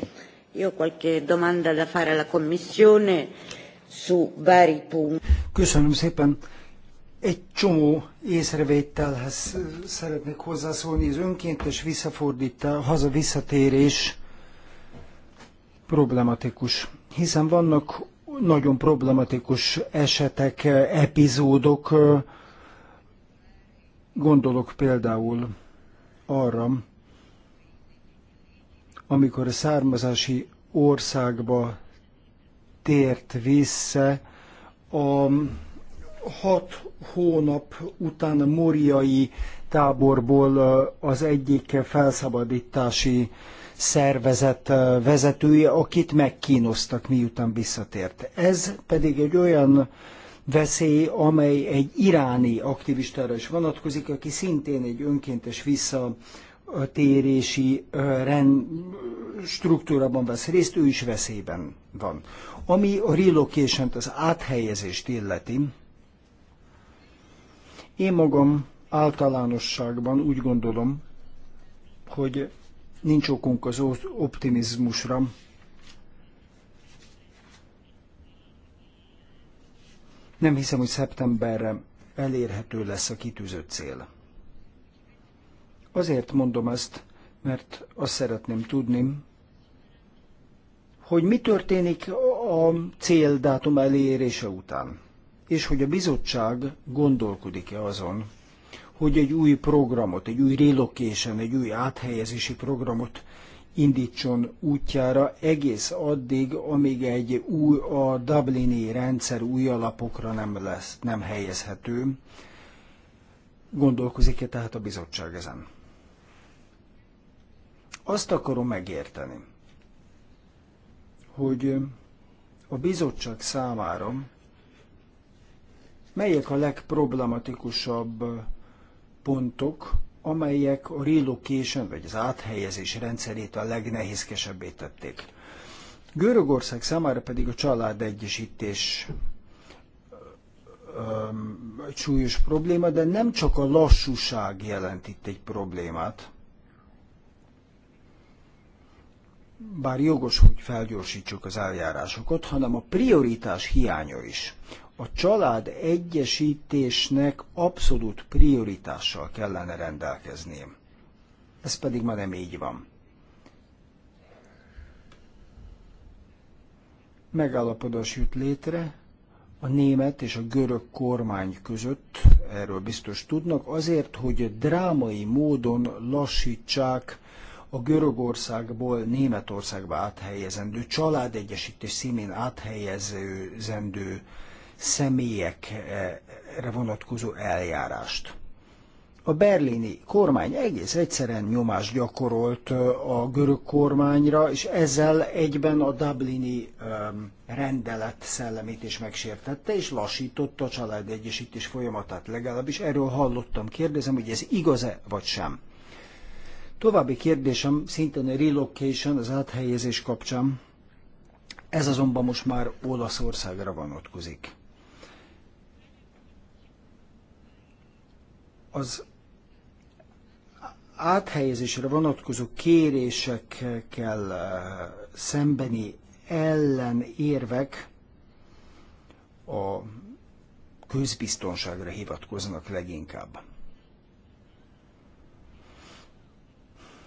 A: Io qualche domanda da fare alla Commissione su vari punti.
B: Köszönöm szépen. Egy csomó észrevételhez szeretnék hozzászólni. Az önkéntes visszafordítás, haza visszatérés problematikus, hiszen vannak nagyon problematikus esetek, epizódok. Gondolok például arra, amikor a származási országba tért vissza, a hat hónap után a moriai táborból az egyik felszabadítási szervezet vezetője, akit megkínoztak, miután visszatért. Ez pedig egy olyan veszély, amely egy iráni aktivistára is vonatkozik, aki szintén egy önkéntes visszatérési rend struktúrában vesz részt, ő is veszélyben van. Ami a relocation az áthelyezést illeti, én magam általánosságban úgy gondolom, hogy Nincs okunk az optimizmusra. Nem hiszem, hogy szeptemberre elérhető lesz a kitűzött cél. Azért mondom ezt, mert azt szeretném tudni, hogy mi történik a céldátum elérése után, és hogy a bizottság gondolkodik-e azon, hogy egy új programot, egy új relocation, egy új áthelyezési programot indítson útjára egész addig, amíg egy új, a Dublini rendszer új alapokra nem lesz, nem helyezhető. Gondolkozik-e tehát a bizottság ezen? Azt akarom megérteni, hogy a bizottság számára melyek a legproblematikusabb pontok, amelyek a relocation vagy az áthelyezés rendszerét a legnehézkesebbé tették. Görögország számára pedig a családegyesítés egy súlyos probléma, de nem csak a lassúság jelent itt egy problémát, bár jogos, hogy felgyorsítsuk az eljárásokat, hanem a prioritás hiánya is a család egyesítésnek abszolút prioritással kellene rendelkezni. Ez pedig már nem így van. Megállapodás jut létre a német és a görög kormány között, erről biztos tudnak, azért, hogy drámai módon lassítsák a Görögországból Németországba áthelyezendő, családegyesítés színén áthelyezendő személyekre vonatkozó eljárást. A berlini kormány egész egyszerűen nyomást gyakorolt a görög kormányra, és ezzel egyben a dublini rendelet szellemét is megsértette, és lassította a családegyesítés folyamatát legalábbis. Erről hallottam, kérdezem, hogy ez igaz-e vagy sem. További kérdésem szintén a relocation, az áthelyezés kapcsán. Ez azonban most már Olaszországra vonatkozik. Az áthelyezésre vonatkozó kérésekkel eh, szembeni ellenérvek a közbiztonságra hivatkoznak leginkább.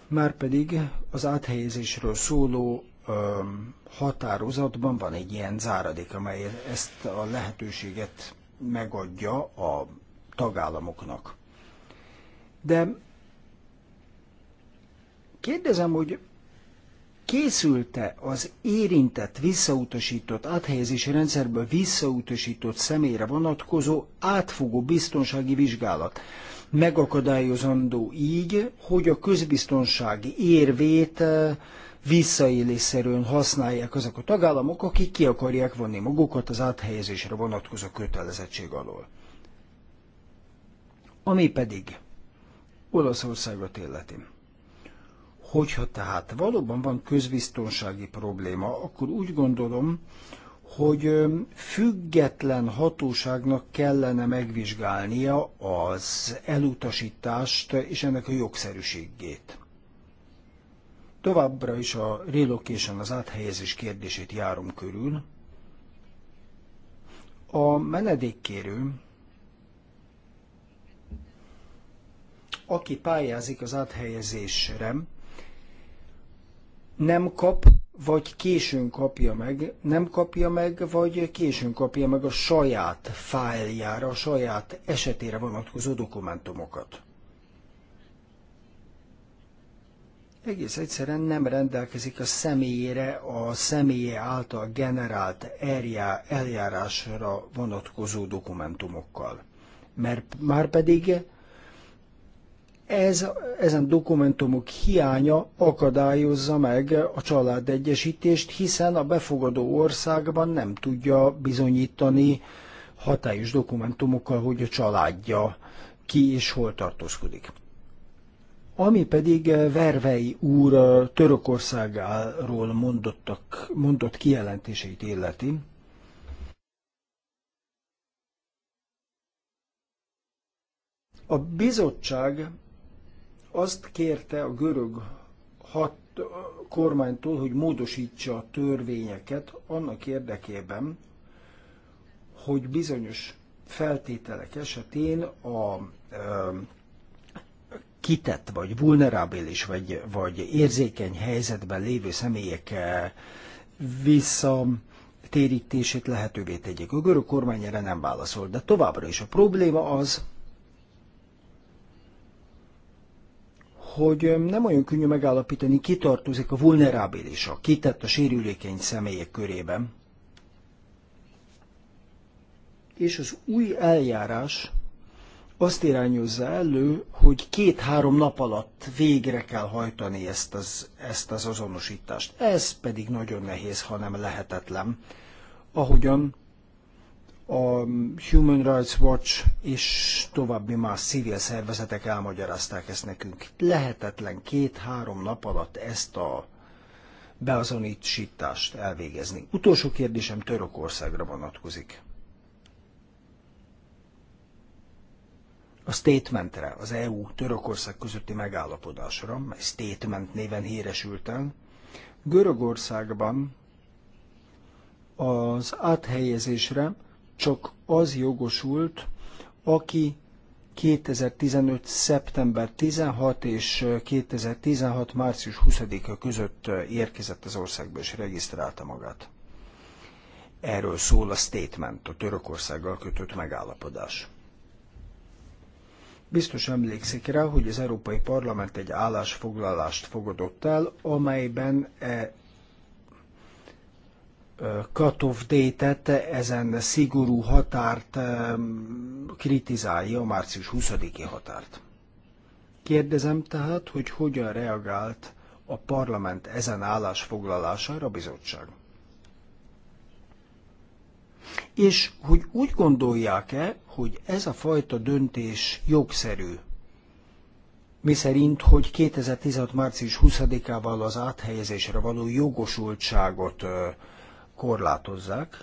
B: Márpedig az áthelyezésről szóló ö, eh, határozatban van egy ilyen záradék, amely ezt a lehetőséget megadja a tagállamoknak. De kérdezem, hogy készült-e az érintett, visszautasított, áthelyezési rendszerből visszautasított személyre vonatkozó átfogó biztonsági vizsgálat? Megakadályozandó így, hogy a közbiztonsági érvét eh, visszaélésszerűen használják azok a tagállamok, akik ki akarják vonni magukat az áthelyezésre vonatkozó kötelezettség alól. Ami pedig Olaszországot illeti. Hogyha tehát valóban van közbiztonsági probléma, akkor úgy gondolom, hogy független hatóságnak kellene megvizsgálnia az elutasítást és ennek a jogszerűségét. Továbbra is a relocation, az áthelyezés kérdését járom körül. A menedékkérő aki pályázik az áthelyezésre, nem kap, vagy későn kapja meg, nem kapja meg, vagy későn kapja meg a saját fájljára, a saját esetére vonatkozó dokumentumokat. egész egyszerűen nem rendelkezik a személyére, a személye által generált eljárásra vonatkozó dokumentumokkal. Mert már pedig ez, ezen dokumentumok hiánya akadályozza meg a család egyesítést, hiszen a befogadó országban nem tudja bizonyítani hatályos dokumentumokkal, hogy a családja ki és hol tartózkodik. Ami pedig eh, Vervei úr eh, Törökországáról mondottak, mondott kijelentéseit illeti, a bizottság azt kérte a görög hat kormánytól, hogy módosítsa a törvényeket annak érdekében, hogy bizonyos feltételek esetén a kitett, vagy vulnerábilis, vagy, vagy érzékeny helyzetben lévő személyek visszatérítését lehetővé tegyék. A görög kormány erre nem válaszol, de továbbra is a probléma az, hogy nem olyan könnyű megállapítani, ki tartozik a vulnerábilis, a kitett a sérülékeny személyek körében. És az új eljárás azt irányozza elő, hogy két-három nap alatt végre kell hajtani ezt az, ezt az azonosítást. Ez pedig nagyon nehéz, ha nem lehetetlen. Ahogyan a Human Rights Watch és további más civil szervezetek elmagyarázták ezt nekünk. Lehetetlen két-három nap alatt ezt a beazonítsítást elvégezni. Utolsó kérdésem Törökországra vonatkozik. A statementre, az EU-Törökország közötti megállapodásra, mely statement néven híresült el, Görögországban az áthelyezésre csak az jogosult, aki 2015. szeptember 16 és 2016. március 20-a között eh, érkezett az országba és regisztrálta magát. Erről szól a statement, a Törökországgal kötött megállapodás. Biztos emlékszik rá, hogy az Európai Parlament egy állásfoglalást fogadott el, amelyben e cut-off date-et, ezen szigorú határt kritizálja a március 20-i határt. Kérdezem tehát, hogy hogyan reagált a parlament ezen állásfoglalására a bizottság. És hogy úgy gondolják-e, hogy ez a fajta döntés jogszerű, miszerint, hogy 2016. március 20-ával az áthelyezésre való jogosultságot korlátozzák.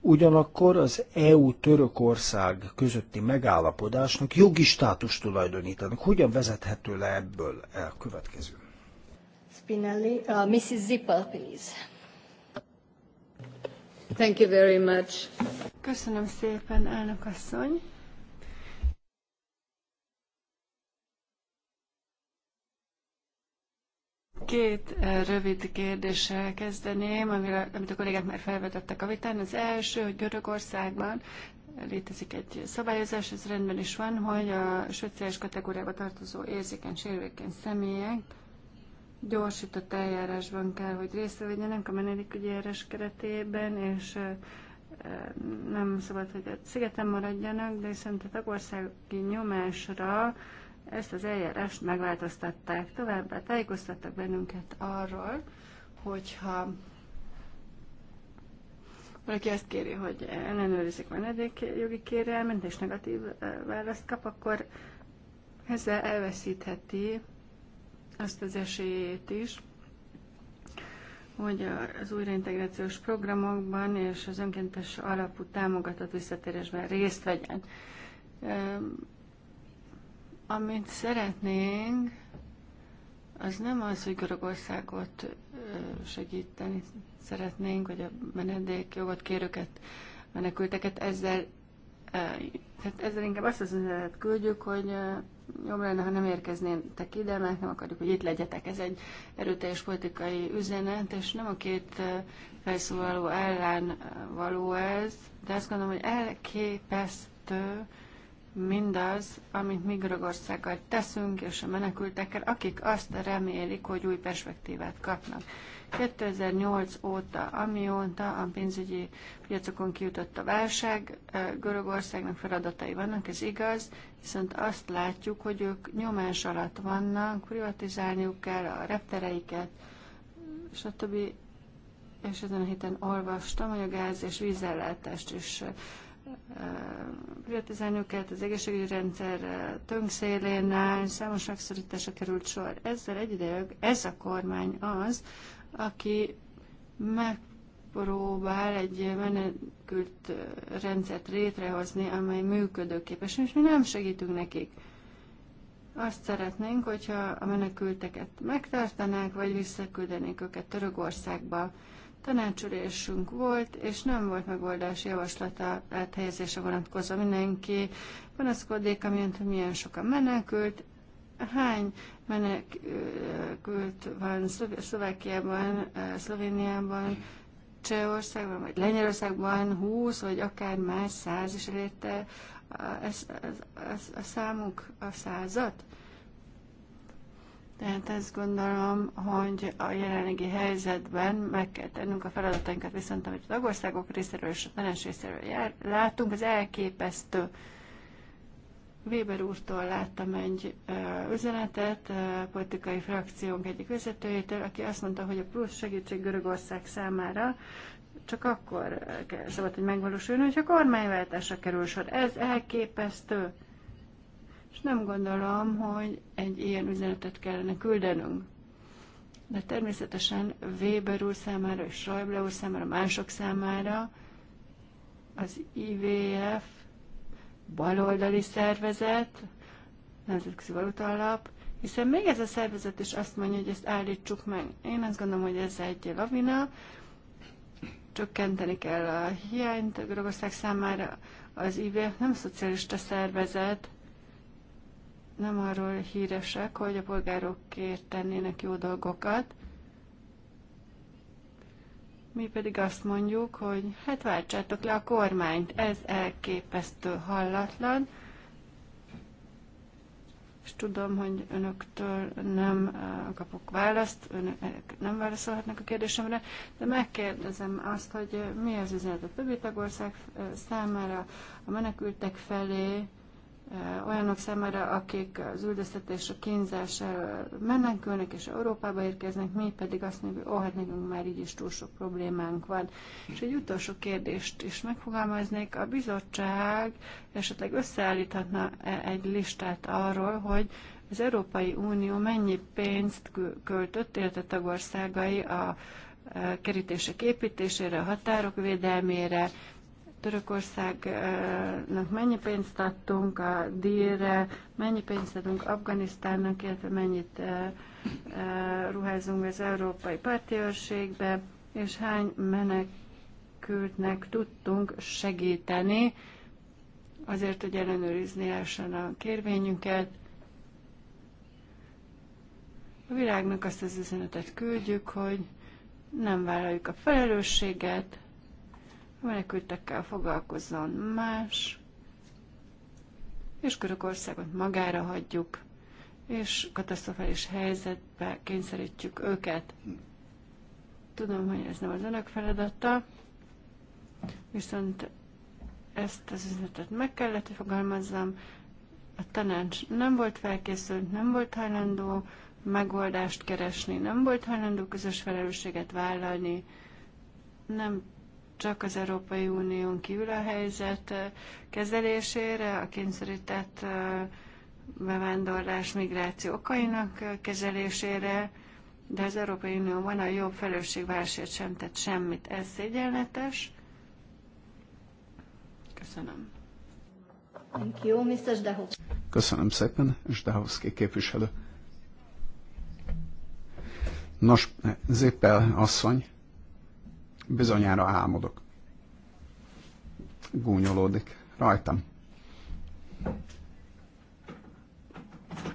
B: Ugyanakkor az EU-Törökország közötti megállapodásnak jogi státus tulajdonítanak. Hogyan vezethető le ebből a következő?
A: Spinelli, uh, Mrs. Zippel, please. Thank you very much. Köszönöm szépen, elnök asszony. Két eh, rövid kérdéssel kezdeném, amit a kollégák már felvetettek a vitán. Az első, hogy Görögországban létezik egy szabályozás, ez rendben is van, hogy a speciális kategóriába tartozó érzékeny, sérülékeny személyek gyorsított eljárásban kell, hogy részt vegyenek a menedékügyi eljárás keretében, és eh, nem szabad, hogy a szigeten maradjanak, de hiszen a tagországi nyomásra ezt az eljárást megváltoztatták. Továbbá tájékoztattak bennünket arról, hogyha valaki azt kéri, hogy ellenőrizik jogi kérelmet, és negatív választ kap, akkor ezzel elveszítheti azt az esélyét is, hogy az újraintegrációs programokban és az önkéntes alapú támogatott visszatérésben részt vegyen. Amit szeretnénk, az nem az, hogy Görögországot segíteni szeretnénk, vagy a menedékjogot kérőket, menekülteket ezzel tehát ezzel inkább azt az üzenetet küldjük, hogy jobb lenne, ha nem érkeznétek ide, mert nem akarjuk, hogy itt legyetek. Ez egy erőteljes politikai üzenet, és nem a két felszólaló ellen való ez, de azt gondolom, hogy elképesztő, mindaz, amit mi Görögországgal teszünk, és a menekültekkel, akik azt remélik, hogy új perspektívát kapnak. 2008 óta, amióta a pénzügyi piacokon kijutott a válság, Görögországnak feladatai vannak, ez igaz, viszont azt látjuk, hogy ők nyomás alatt vannak, privatizálniuk kell a reptereiket, stb. És ezen a héten olvastam, hogy a gáz és vízellátást is privatizálni őket, az egészségügyi rendszer tönkszélén áll, számos megszorításra került sor. Ezzel egyidejűleg ez a kormány az, aki megpróbál egy menekült rendszert létrehozni, amely működőképes, és mi nem segítünk nekik. Azt szeretnénk, hogyha a menekülteket megtartanák, vagy visszaküldenék őket Törökországba, tanácsülésünk volt, és nem volt megoldási javaslata áthelyezése vonatkozó. Mindenki panaszkodik, amiatt, hogy milyen sokan menekült, hány menekült van Szlovákiában, eh, Szlovéniában, Csehországban, vagy Lengyelországban 20, vagy akár más száz is elérte ez, ez, ez, a számuk, a százat. Tehát azt gondolom, hogy a jelenlegi helyzetben meg kell tennünk a feladatainkat, viszont amit a tagországok részéről és a tanács részéről jár, látunk, az elképesztő. Weber úrtól láttam egy ö, üzenetet, a politikai frakciónk egyik vezetőjétől, aki azt mondta, hogy a plusz segítség Görögország számára csak akkor kell, szabad, hogy megvalósuljon, hogyha kormányváltásra kerül sor. Ez elképesztő és nem gondolom, hogy egy ilyen üzenetet kellene küldenünk. De természetesen Weber úr számára és Schäuble úr számára, mások számára az IVF baloldali szervezet, Nemzetközi Valuta Alap, hiszen még ez a szervezet is azt mondja, hogy ezt állítsuk meg. Én azt gondolom, hogy ez egy lavina, csökkenteni kell a hiányt Görögország számára. Az IVF nem szocialista szervezet, nem arról híresek, hogy a polgárokért tennének jó dolgokat. Mi pedig azt mondjuk, hogy hát váltsátok le a kormányt, ez elképesztő hallatlan, és tudom, hogy önöktől nem eh, kapok választ, önök eh, nem válaszolhatnak a kérdésemre, de megkérdezem azt, hogy mi az üzenet a többi tagország eh, számára, a menekültek felé, Eh, olyanok számára, akik az üldöztetés, a kínzás menekülnek és Európába érkeznek, mi pedig azt mondjuk, hogy ó, hát nekünk már így is túl sok problémánk van. És egy utolsó kérdést is megfogalmaznék, a bizottság esetleg összeállíthatna e egy listát arról, hogy az Európai Unió mennyi pénzt költött, illetve tagországai a eh, kerítések építésére, a határok védelmére, Törökországnak mennyi pénzt adtunk a dílre, mennyi pénzt adunk Afganisztánnak, illetve mennyit ruházunk az európai partjőrségbe, és hány menekültnek tudtunk segíteni azért, hogy ellenőrizni lehessen a kérvényünket. A világnak azt az üzenetet küldjük, hogy nem vállaljuk a felelősséget, menekültekkel foglalkozzon más, és Görögországot magára hagyjuk, és katasztrofális helyzetbe kényszerítjük őket. Tudom, hogy ez nem az önök feladata, viszont ezt az üzletet meg kellett, hogy fogalmazzam. A tanács nem volt felkészült, nem volt hajlandó megoldást keresni, nem volt hajlandó közös felelősséget vállalni, nem csak az Európai Unión kívül a helyzet eh, kezelésére, a kényszerített eh, bevándorlás migráció okainak eh, kezelésére, de az Európai Unióban a jobb felelősségvállalásért sem tett semmit. Ez szégyenletes. Köszönöm. Thank you, Mr.
C: Köszönöm szépen, Zdehovszki képviselő. Nos, Zippel asszony Bizonyára álmodok. Gúnyolódik rajtam.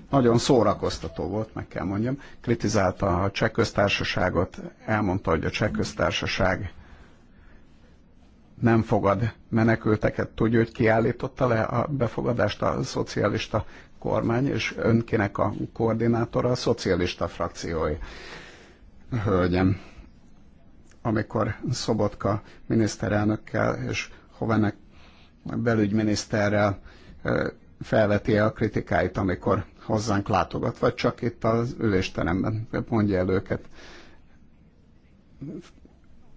C: Nagyon szórakoztató volt, meg kell mondjam. Kritizálta a cseh köztársaságot, elmondta, hogy a cseh köztársaság nem fogad menekülteket. Tudja, hogy kiállította le a befogadást a szocialista kormány, és önkinek a koordinátora a szocialista frakciói. Hölgyem, amikor Szobotka miniszterelnökkel és Hovenek belügyminiszterrel felveti a kritikáit, amikor hozzánk látogat, vagy csak itt az ülésteremben mondja el őket.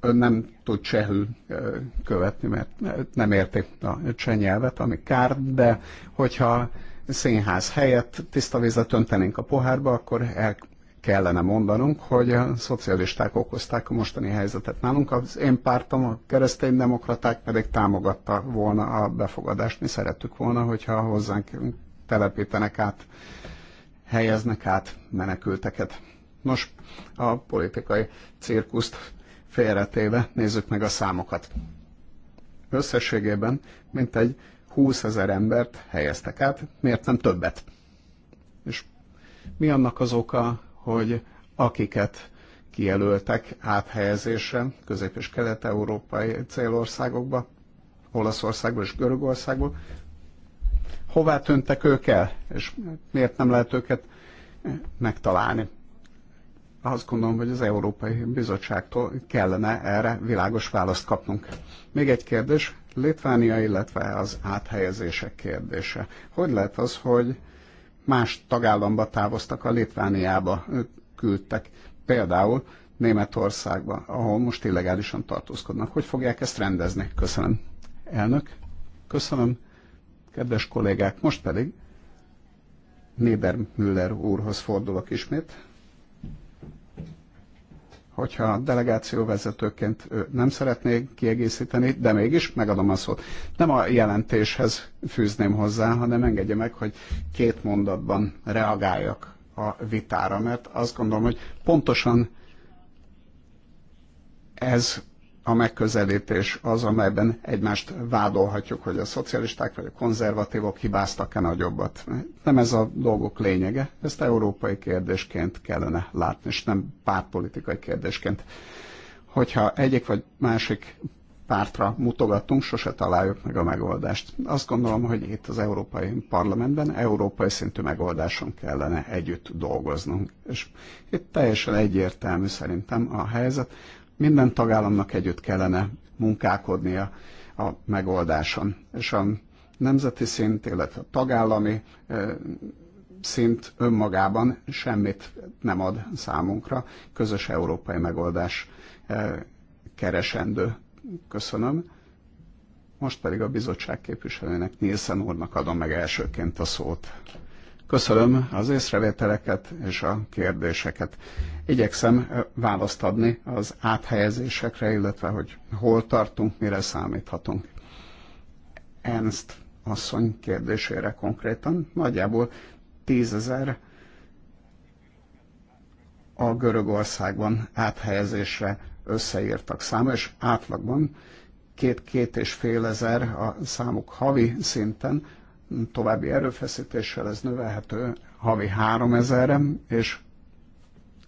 C: Ön nem tud csehül követni, mert nem érti a cseh nyelvet, ami kár, de hogyha színház helyett tiszta vizet öntenénk a pohárba, akkor el, kellene mondanunk, hogy a szocialisták okozták a mostani helyzetet nálunk. Az én pártom, a keresztény demokraták pedig támogatta volna a befogadást. Mi szerettük volna, hogyha hozzánk telepítenek át, helyeznek át menekülteket. Nos, a politikai cirkuszt félretéve nézzük meg a számokat. Összességében mintegy 20 ezer embert helyeztek át, miért nem többet? És mi annak az oka, hogy akiket kijelöltek áthelyezésre közép- és kelet-európai célországokba, Olaszországba és Görögországba, hová tűntek ők el, és miért nem lehet őket megtalálni. Azt gondolom, hogy az Európai Bizottságtól kellene erre világos választ kapnunk. Még egy kérdés, Litvánia, illetve az áthelyezések kérdése. Hogy lehet az, hogy más tagállamba távoztak, a Litvániába küldtek. Például Németországba, ahol most illegálisan tartózkodnak. Hogy fogják ezt rendezni? Köszönöm. Elnök, köszönöm. Kedves kollégák, most pedig Néder Müller úrhoz fordulok ismét hogyha delegációvezetőként nem szeretnék kiegészíteni, de mégis megadom a szót. Nem a jelentéshez fűzném hozzá, hanem engedje meg, hogy két mondatban reagáljak a vitára, mert azt gondolom, hogy pontosan ez a megközelítés az, amelyben egymást vádolhatjuk, hogy a szocialisták vagy a konzervatívok hibáztak-e nagyobbat. Nem ez a dolgok lényege, ezt európai kérdésként kellene látni, és nem pártpolitikai kérdésként. Hogyha egyik vagy másik pártra mutogatunk, sose találjuk meg a megoldást. Azt gondolom, hogy itt az Európai Parlamentben európai szintű megoldáson kellene együtt dolgoznunk. És itt teljesen egyértelmű szerintem a helyzet. Minden tagállamnak együtt kellene munkálkodnia a megoldáson. És a nemzeti szint, illetve a tagállami szint önmagában semmit nem ad számunkra. Közös európai megoldás keresendő. Köszönöm. Most pedig a bizottság képviselőnek, Nielsen úrnak adom meg elsőként a szót. Köszönöm az észrevételeket és a kérdéseket. Igyekszem választ adni az áthelyezésekre, illetve hogy hol tartunk, mire számíthatunk. Ernst asszony kérdésére konkrétan nagyjából tízezer a Görögországban áthelyezésre összeírtak száma, és átlagban két-két és fél ezer a számuk havi szinten további erőfeszítéssel ez növelhető havi 3000-re, és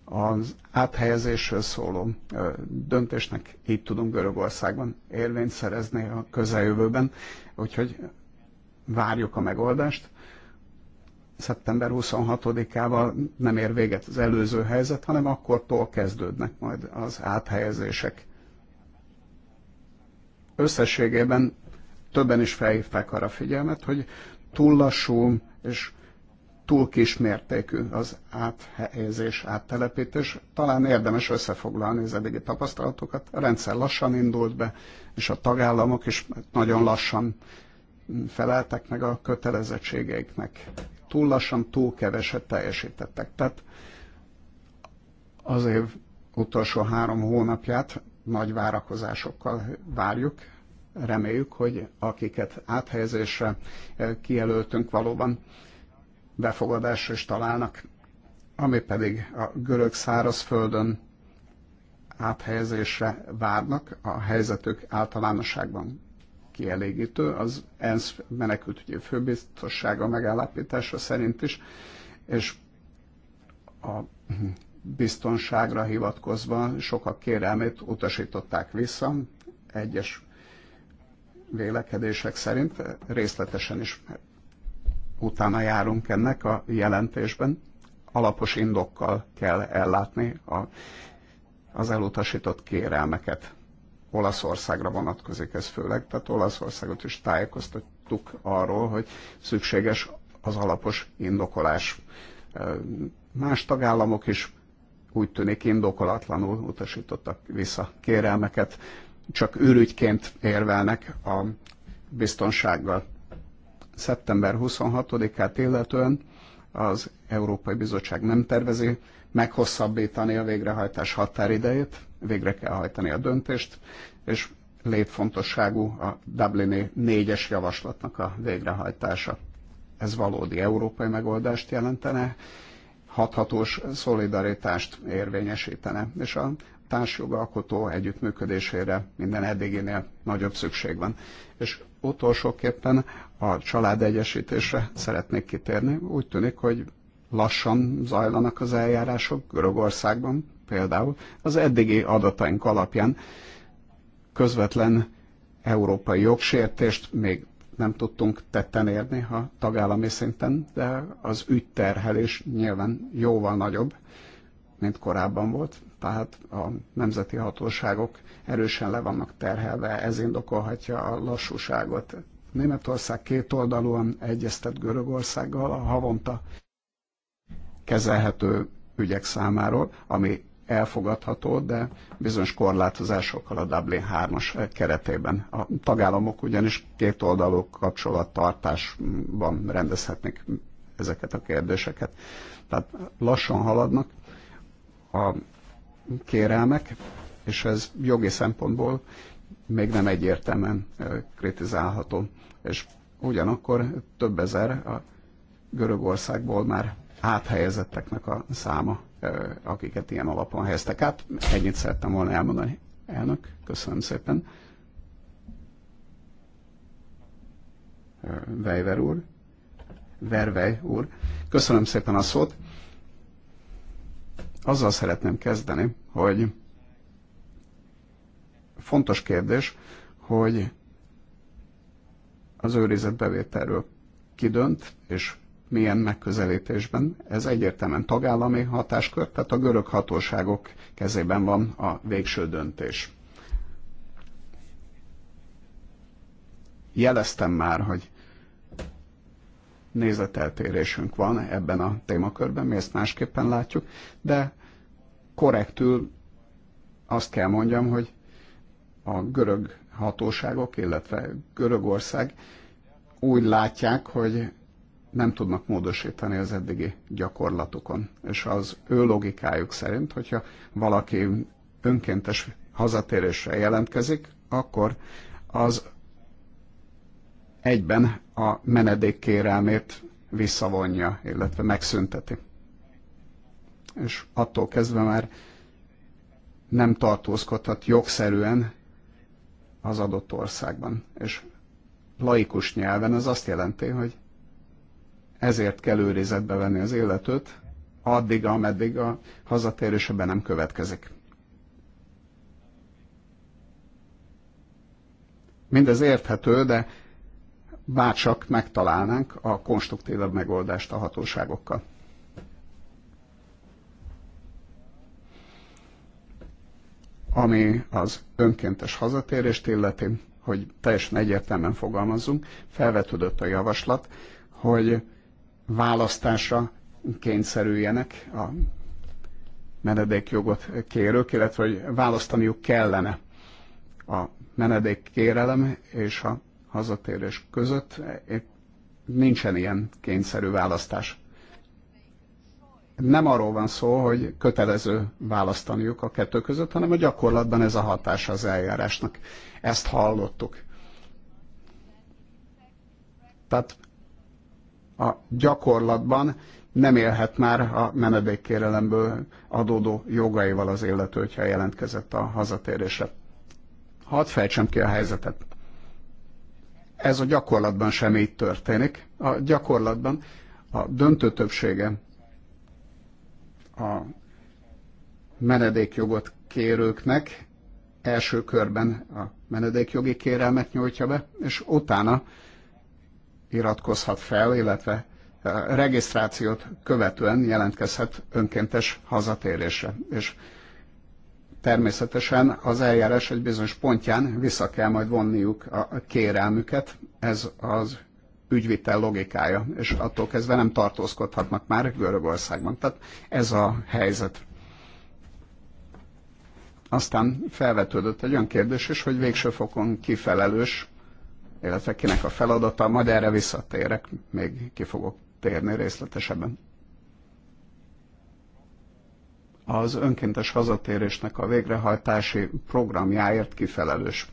C: az áthelyezésről szóló döntésnek így tudunk Görögországban érvényt szerezni a közeljövőben, úgyhogy várjuk a megoldást. Szeptember 26-ával nem ér véget az előző helyzet, hanem akkortól kezdődnek majd az áthelyezések. Összességében többen is felhívták arra figyelmet, hogy túl lassú és túl kis mértékű az áthelyezés, áttelepítés. Talán érdemes összefoglalni az eddigi tapasztalatokat. A rendszer lassan indult be, és a tagállamok is nagyon lassan feleltek meg a kötelezettségeiknek. Túl lassan, túl keveset teljesítettek. Tehát az év utolsó három hónapját nagy várakozásokkal várjuk, Reméljük, hogy akiket áthelyezésre eh, kijelöltünk valóban befogadásra is találnak, ami pedig a görög szárazföldön áthelyezésre várnak, a helyzetük általánosságban kielégítő, az ENSZ menekültügyi főbiztossága megállapítása szerint is, és a biztonságra hivatkozva sokak kérelmét utasították vissza, egyes vélekedések szerint részletesen is utána járunk ennek a jelentésben. Alapos indokkal kell ellátni a, az elutasított kérelmeket. Olaszországra vonatkozik ez főleg, tehát Olaszországot is tájékoztattuk arról, hogy szükséges az alapos indokolás. Más tagállamok is úgy tűnik indokolatlanul utasítottak vissza kérelmeket, csak ürügyként érvelnek a biztonsággal. Szeptember 26-át illetően az Európai Bizottság nem tervezi meghosszabbítani a végrehajtás határidejét, végre kell hajtani a döntést, és létfontosságú a Dublini négyes javaslatnak a végrehajtása. Ez valódi európai megoldást jelentene, hathatós szolidaritást érvényesítene, és a társjogalkotó együttműködésére minden eddiginél nagyobb szükség van. És utolsóképpen a családegyesítésre szeretnék kitérni. Úgy tűnik, hogy lassan zajlanak az eljárások Görögországban például. Az eddigi adataink alapján közvetlen európai jogsértést még nem tudtunk tetten érni a tagállami szinten, de az ügyterhelés nyilván jóval nagyobb, mint korábban volt, tehát a nemzeti hatóságok erősen le vannak terhelve, ez indokolhatja a lassúságot. Németország oldalúan egyeztet Görögországgal a havonta kezelhető ügyek számáról, ami elfogadható, de bizonyos korlátozásokkal a Dublin 3-as keretében. A tagállamok ugyanis két oldalú kapcsolattartásban rendezhetnek ezeket a kérdéseket. Tehát lassan haladnak, a kérelmek, és ez jogi szempontból még nem egyértelműen kritizálható. És ugyanakkor több ezer a Görögországból már áthelyezetteknek a száma, akiket ilyen alapon helyeztek át. Ennyit szerettem volna elmondani. Elnök, köszönöm szépen. Vejver úr, Vervej úr, köszönöm szépen a szót. Azzal szeretném kezdeni, hogy fontos kérdés, hogy az őrizet bevételről kidönt, és milyen megközelítésben. Ez egyértelműen tagállami hatáskör, tehát a görög hatóságok kezében van a végső döntés. Jeleztem már, hogy nézeteltérésünk van ebben a témakörben, mi ezt másképpen látjuk, de korrektül azt kell mondjam, hogy a görög hatóságok, illetve Görögország úgy látják, hogy nem tudnak módosítani az eddigi gyakorlatukon. És az ő logikájuk szerint, hogyha valaki önkéntes hazatérésre jelentkezik, akkor az egyben a menedék kérelmét visszavonja, illetve megszünteti. És attól kezdve már nem tartózkodhat jogszerűen az adott országban. És laikus nyelven ez azt jelenti, hogy ezért kell őrizetbe venni az életőt, addig, ameddig a hazatérésebe nem következik. Mindez érthető, de bárcsak megtalálnánk a konstruktívabb megoldást a hatóságokkal. Ami az önkéntes hazatérést illeti, hogy teljesen egyértelműen fogalmazzunk, felvetődött a javaslat, hogy választásra kényszerüljenek a menedékjogot kérők, illetve hogy választaniuk kellene a menedékkérelem és a hazatérés között eh, nincsen ilyen kényszerű választás. Nem arról van szó, hogy kötelező választaniuk a kettő között, hanem a gyakorlatban ez a hatása az eljárásnak. Ezt hallottuk. Tehát a gyakorlatban nem élhet már a menedékkérelemből adódó jogaival az illető, hogyha jelentkezett a hazatérésre. Hadd fejtsem ki a helyzetet. Ez a gyakorlatban sem így történik. A gyakorlatban a döntő többsége a menedékjogot kérőknek első körben a menedékjogi kérelmet nyújtja be, és utána iratkozhat fel, illetve eh, regisztrációt követően jelentkezhet önkéntes hazatérésre. És természetesen az eljárás egy bizonyos pontján vissza kell majd vonniuk a kérelmüket, ez az ügyvitel logikája, és attól kezdve nem tartózkodhatnak már Görögországban. Tehát ez a helyzet. Aztán felvetődött egy olyan kérdés is, hogy végső fokon kifelelős, illetve kinek a feladata, majd erre visszatérek, még ki fogok térni részletesebben az önkéntes hazatérésnek a végrehajtási programjáért kifelelős.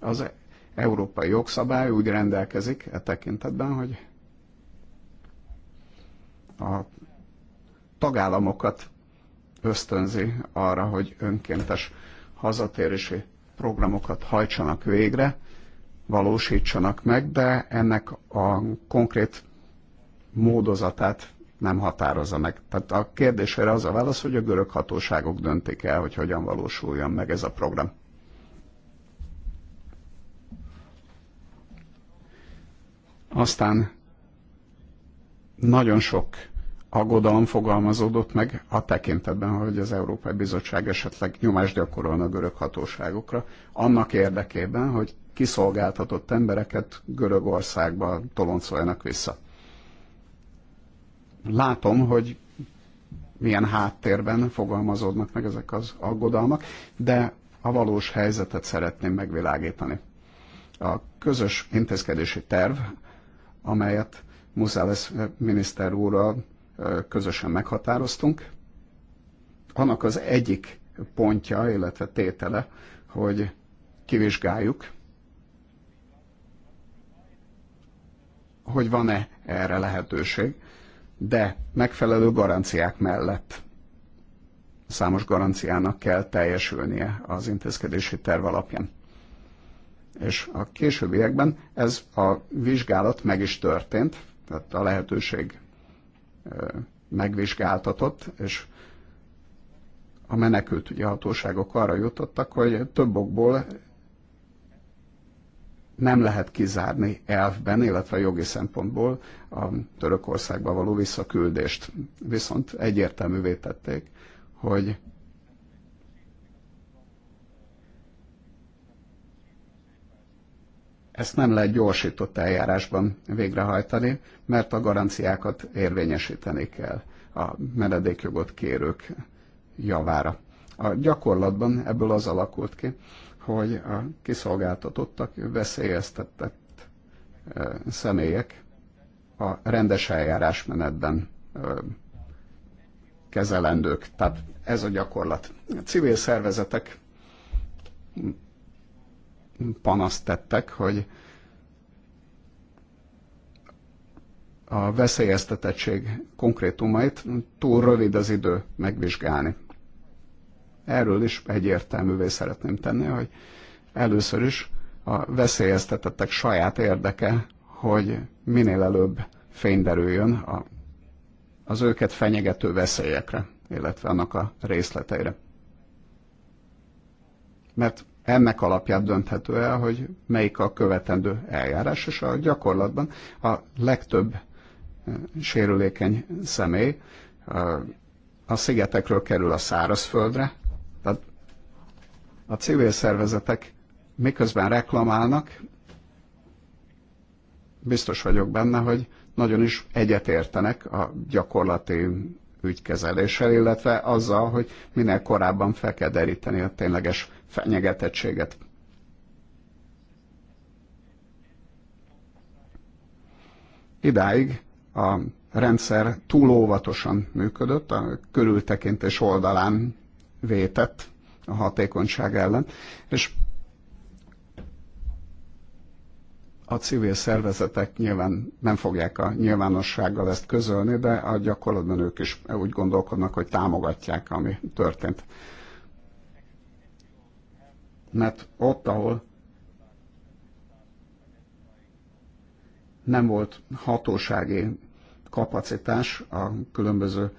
C: Az európai jogszabály úgy rendelkezik e tekintetben, hogy a tagállamokat ösztönzi arra, hogy önkéntes hazatérési programokat hajtsanak végre, valósítsanak meg, de ennek a konkrét módozatát nem határozza meg. Tehát a kérdésre az a válasz, hogy a görög hatóságok döntik el, hogy hogyan valósuljon meg ez a program. Aztán nagyon sok aggodalom fogalmazódott meg a tekintetben, hogy az Európai Bizottság esetleg nyomást gyakorolna a görög hatóságokra, annak érdekében, hogy kiszolgáltatott embereket Görögországba toloncoljanak vissza. Látom, hogy milyen háttérben fogalmazódnak meg ezek az aggodalmak, de a valós helyzetet szeretném megvilágítani. A közös intézkedési terv, amelyet Muszáles miniszter úrral közösen meghatároztunk, annak az egyik pontja, illetve tétele, hogy kivizsgáljuk, hogy van-e erre lehetőség de megfelelő garanciák mellett számos garanciának kell teljesülnie az intézkedési terv alapján. És a későbbiekben ez a vizsgálat meg is történt, tehát a lehetőség megvizsgáltatott, és a menekült ugye, hatóságok arra jutottak, hogy több okból nem lehet kizárni elfben, illetve jogi szempontból a Törökországba való visszaküldést. Viszont egyértelművé tették, hogy ezt nem lehet gyorsított eljárásban végrehajtani, mert a garanciákat érvényesíteni kell a menedékjogot kérők javára. A gyakorlatban ebből az alakult ki, hogy a kiszolgáltatottak, veszélyeztetett személyek a rendes eljárásmenetben kezelendők. Tehát ez a gyakorlat. A civil szervezetek panaszt tettek, hogy a veszélyeztetettség konkrétumait túl rövid az idő megvizsgálni. Erről is egyértelművé szeretném tenni, hogy először is a veszélyeztetettek saját érdeke, hogy minél előbb derüljön a, az őket fenyegető veszélyekre, illetve annak a részleteire. Mert ennek alapját dönthető el, hogy melyik a követendő eljárás, és a gyakorlatban a legtöbb eh, sérülékeny személy eh, a szigetekről kerül a szárazföldre, a civil szervezetek miközben reklamálnak, biztos vagyok benne, hogy nagyon is egyetértenek a gyakorlati ügykezeléssel, illetve azzal, hogy minél korábban fel kell deríteni a tényleges fenyegetettséget. Idáig a rendszer túl óvatosan működött, a körültekintés oldalán vétett a hatékonyság ellen, és a civil szervezetek nyilván nem fogják a nyilvánossággal ezt közölni, de a gyakorlatban ők is úgy gondolkodnak, hogy támogatják, ami történt. Mert ott, ahol nem volt hatósági kapacitás a különböző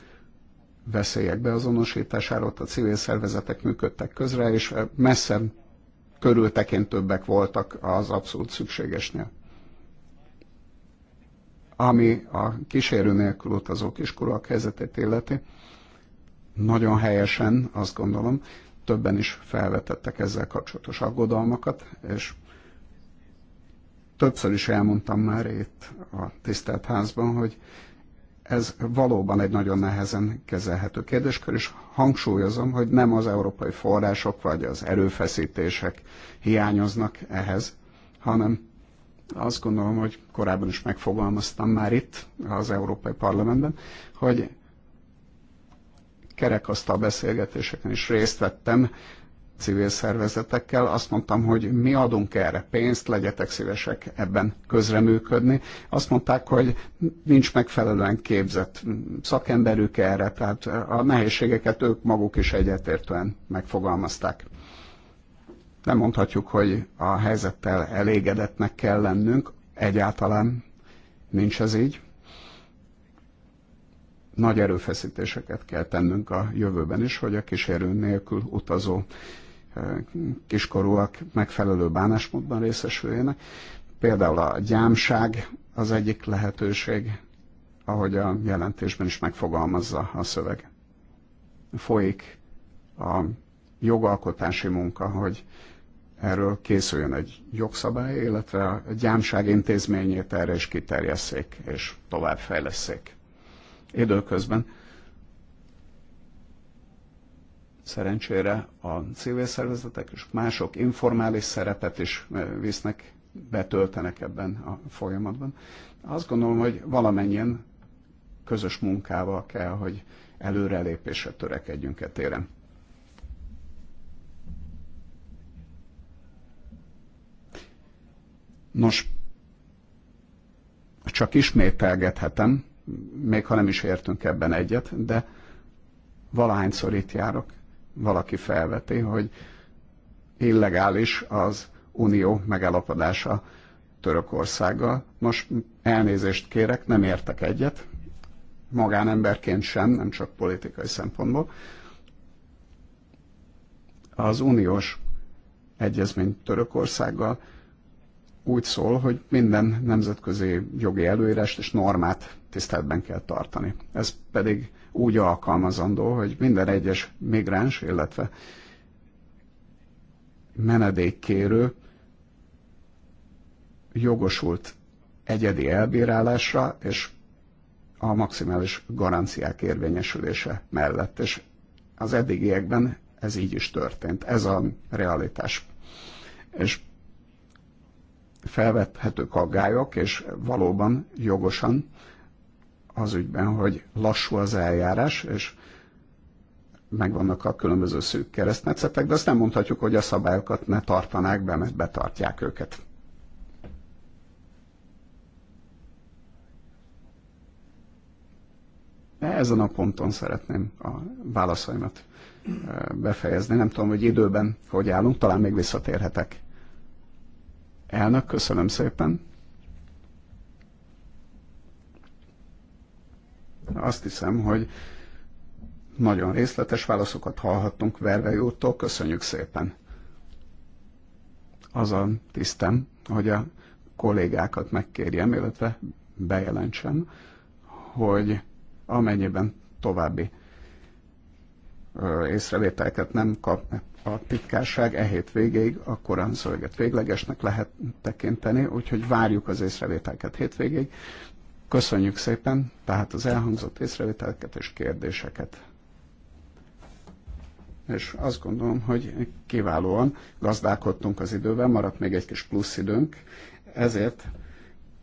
C: veszélyek beazonosítására, ott a civil szervezetek működtek közre, és messze többek voltak az abszolút szükségesnél. Ami a kísérő nélkül utazó kiskorúak helyzetét illeti, nagyon helyesen, azt gondolom, többen is felvetettek ezzel kapcsolatos aggodalmakat, és többször is elmondtam már itt a tisztelt házban, hogy ez valóban egy nagyon nehezen kezelhető kérdéskör, és hangsúlyozom, hogy nem az európai források vagy az erőfeszítések hiányoznak ehhez, hanem azt gondolom, hogy korábban is megfogalmaztam már itt az Európai Parlamentben, hogy kerekasztal beszélgetéseken is részt vettem civil szervezetekkel. Azt mondtam, hogy mi adunk erre pénzt, legyetek szívesek ebben közreműködni. Azt mondták, hogy nincs megfelelően képzett szakemberük erre, tehát a nehézségeket ők maguk is egyetértően megfogalmazták. Nem mondhatjuk, hogy a helyzettel elégedetnek kell lennünk, egyáltalán nincs ez így nagy erőfeszítéseket kell tennünk a jövőben is, hogy a kísérő nélkül utazó kiskorúak megfelelő bánásmódban részesüljenek. Például a gyámság az egyik lehetőség, ahogy a jelentésben is megfogalmazza a szöveg. Folyik a jogalkotási munka, hogy erről készüljön egy jogszabály, illetve a gyámság intézményét erre is kiterjesszék és továbbfejleszék. Időközben Szerencsére a civil szervezetek és mások informális szerepet is visznek, betöltenek ebben a folyamatban. Azt gondolom, hogy valamennyien közös munkával kell, hogy előrelépésre törekedjünk e téren. Nos, csak ismételgethetem, még ha nem is értünk ebben egyet, de valahányszor itt járok, valaki felveti, hogy illegális az unió megállapodása Törökországgal. Most elnézést kérek, nem értek egyet, magánemberként sem, nem csak politikai szempontból. Az uniós egyezmény Törökországgal úgy szól, hogy minden nemzetközi jogi előírást és normát tiszteletben kell tartani. Ez pedig úgy alkalmazandó, hogy minden egyes migráns, illetve menedékkérő jogosult egyedi elbírálásra és a maximális garanciák érvényesülése mellett, és az eddigiekben ez így is történt. Ez a realitás. És felvethetők aggályok, és valóban jogosan az ügyben, hogy lassú az eljárás, és megvannak a különböző szűk keresztmetszetek, de azt nem mondhatjuk, hogy a szabályokat ne tartanák be, mert betartják őket. Ezen a ponton szeretném a válaszaimat befejezni. Nem tudom, hogy időben hogy állunk, talán még visszatérhetek. Elnök, köszönöm szépen. Azt hiszem, hogy nagyon részletes válaszokat hallhattunk Verve úrtól, köszönjük szépen. Az a tisztem, hogy a kollégákat megkérjem, illetve bejelentsem, hogy amennyiben további észrevételket nem kap a titkárság e hét végéig, akkor a szöveget véglegesnek lehet tekinteni, úgyhogy várjuk az észrevételket hétvégéig. Köszönjük szépen tehát az elhangzott észrevételeket és kérdéseket. És azt gondolom, hogy kiválóan gazdálkodtunk az idővel, maradt még egy kis plusz időnk, ezért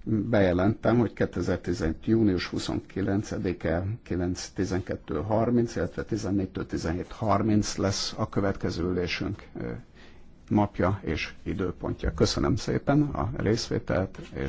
C: bejelentem, hogy 2017. június 29-e 9.12.30, illetve 14-17.30 lesz a következő ülésünk napja és időpontja. Köszönöm szépen a részvételt, és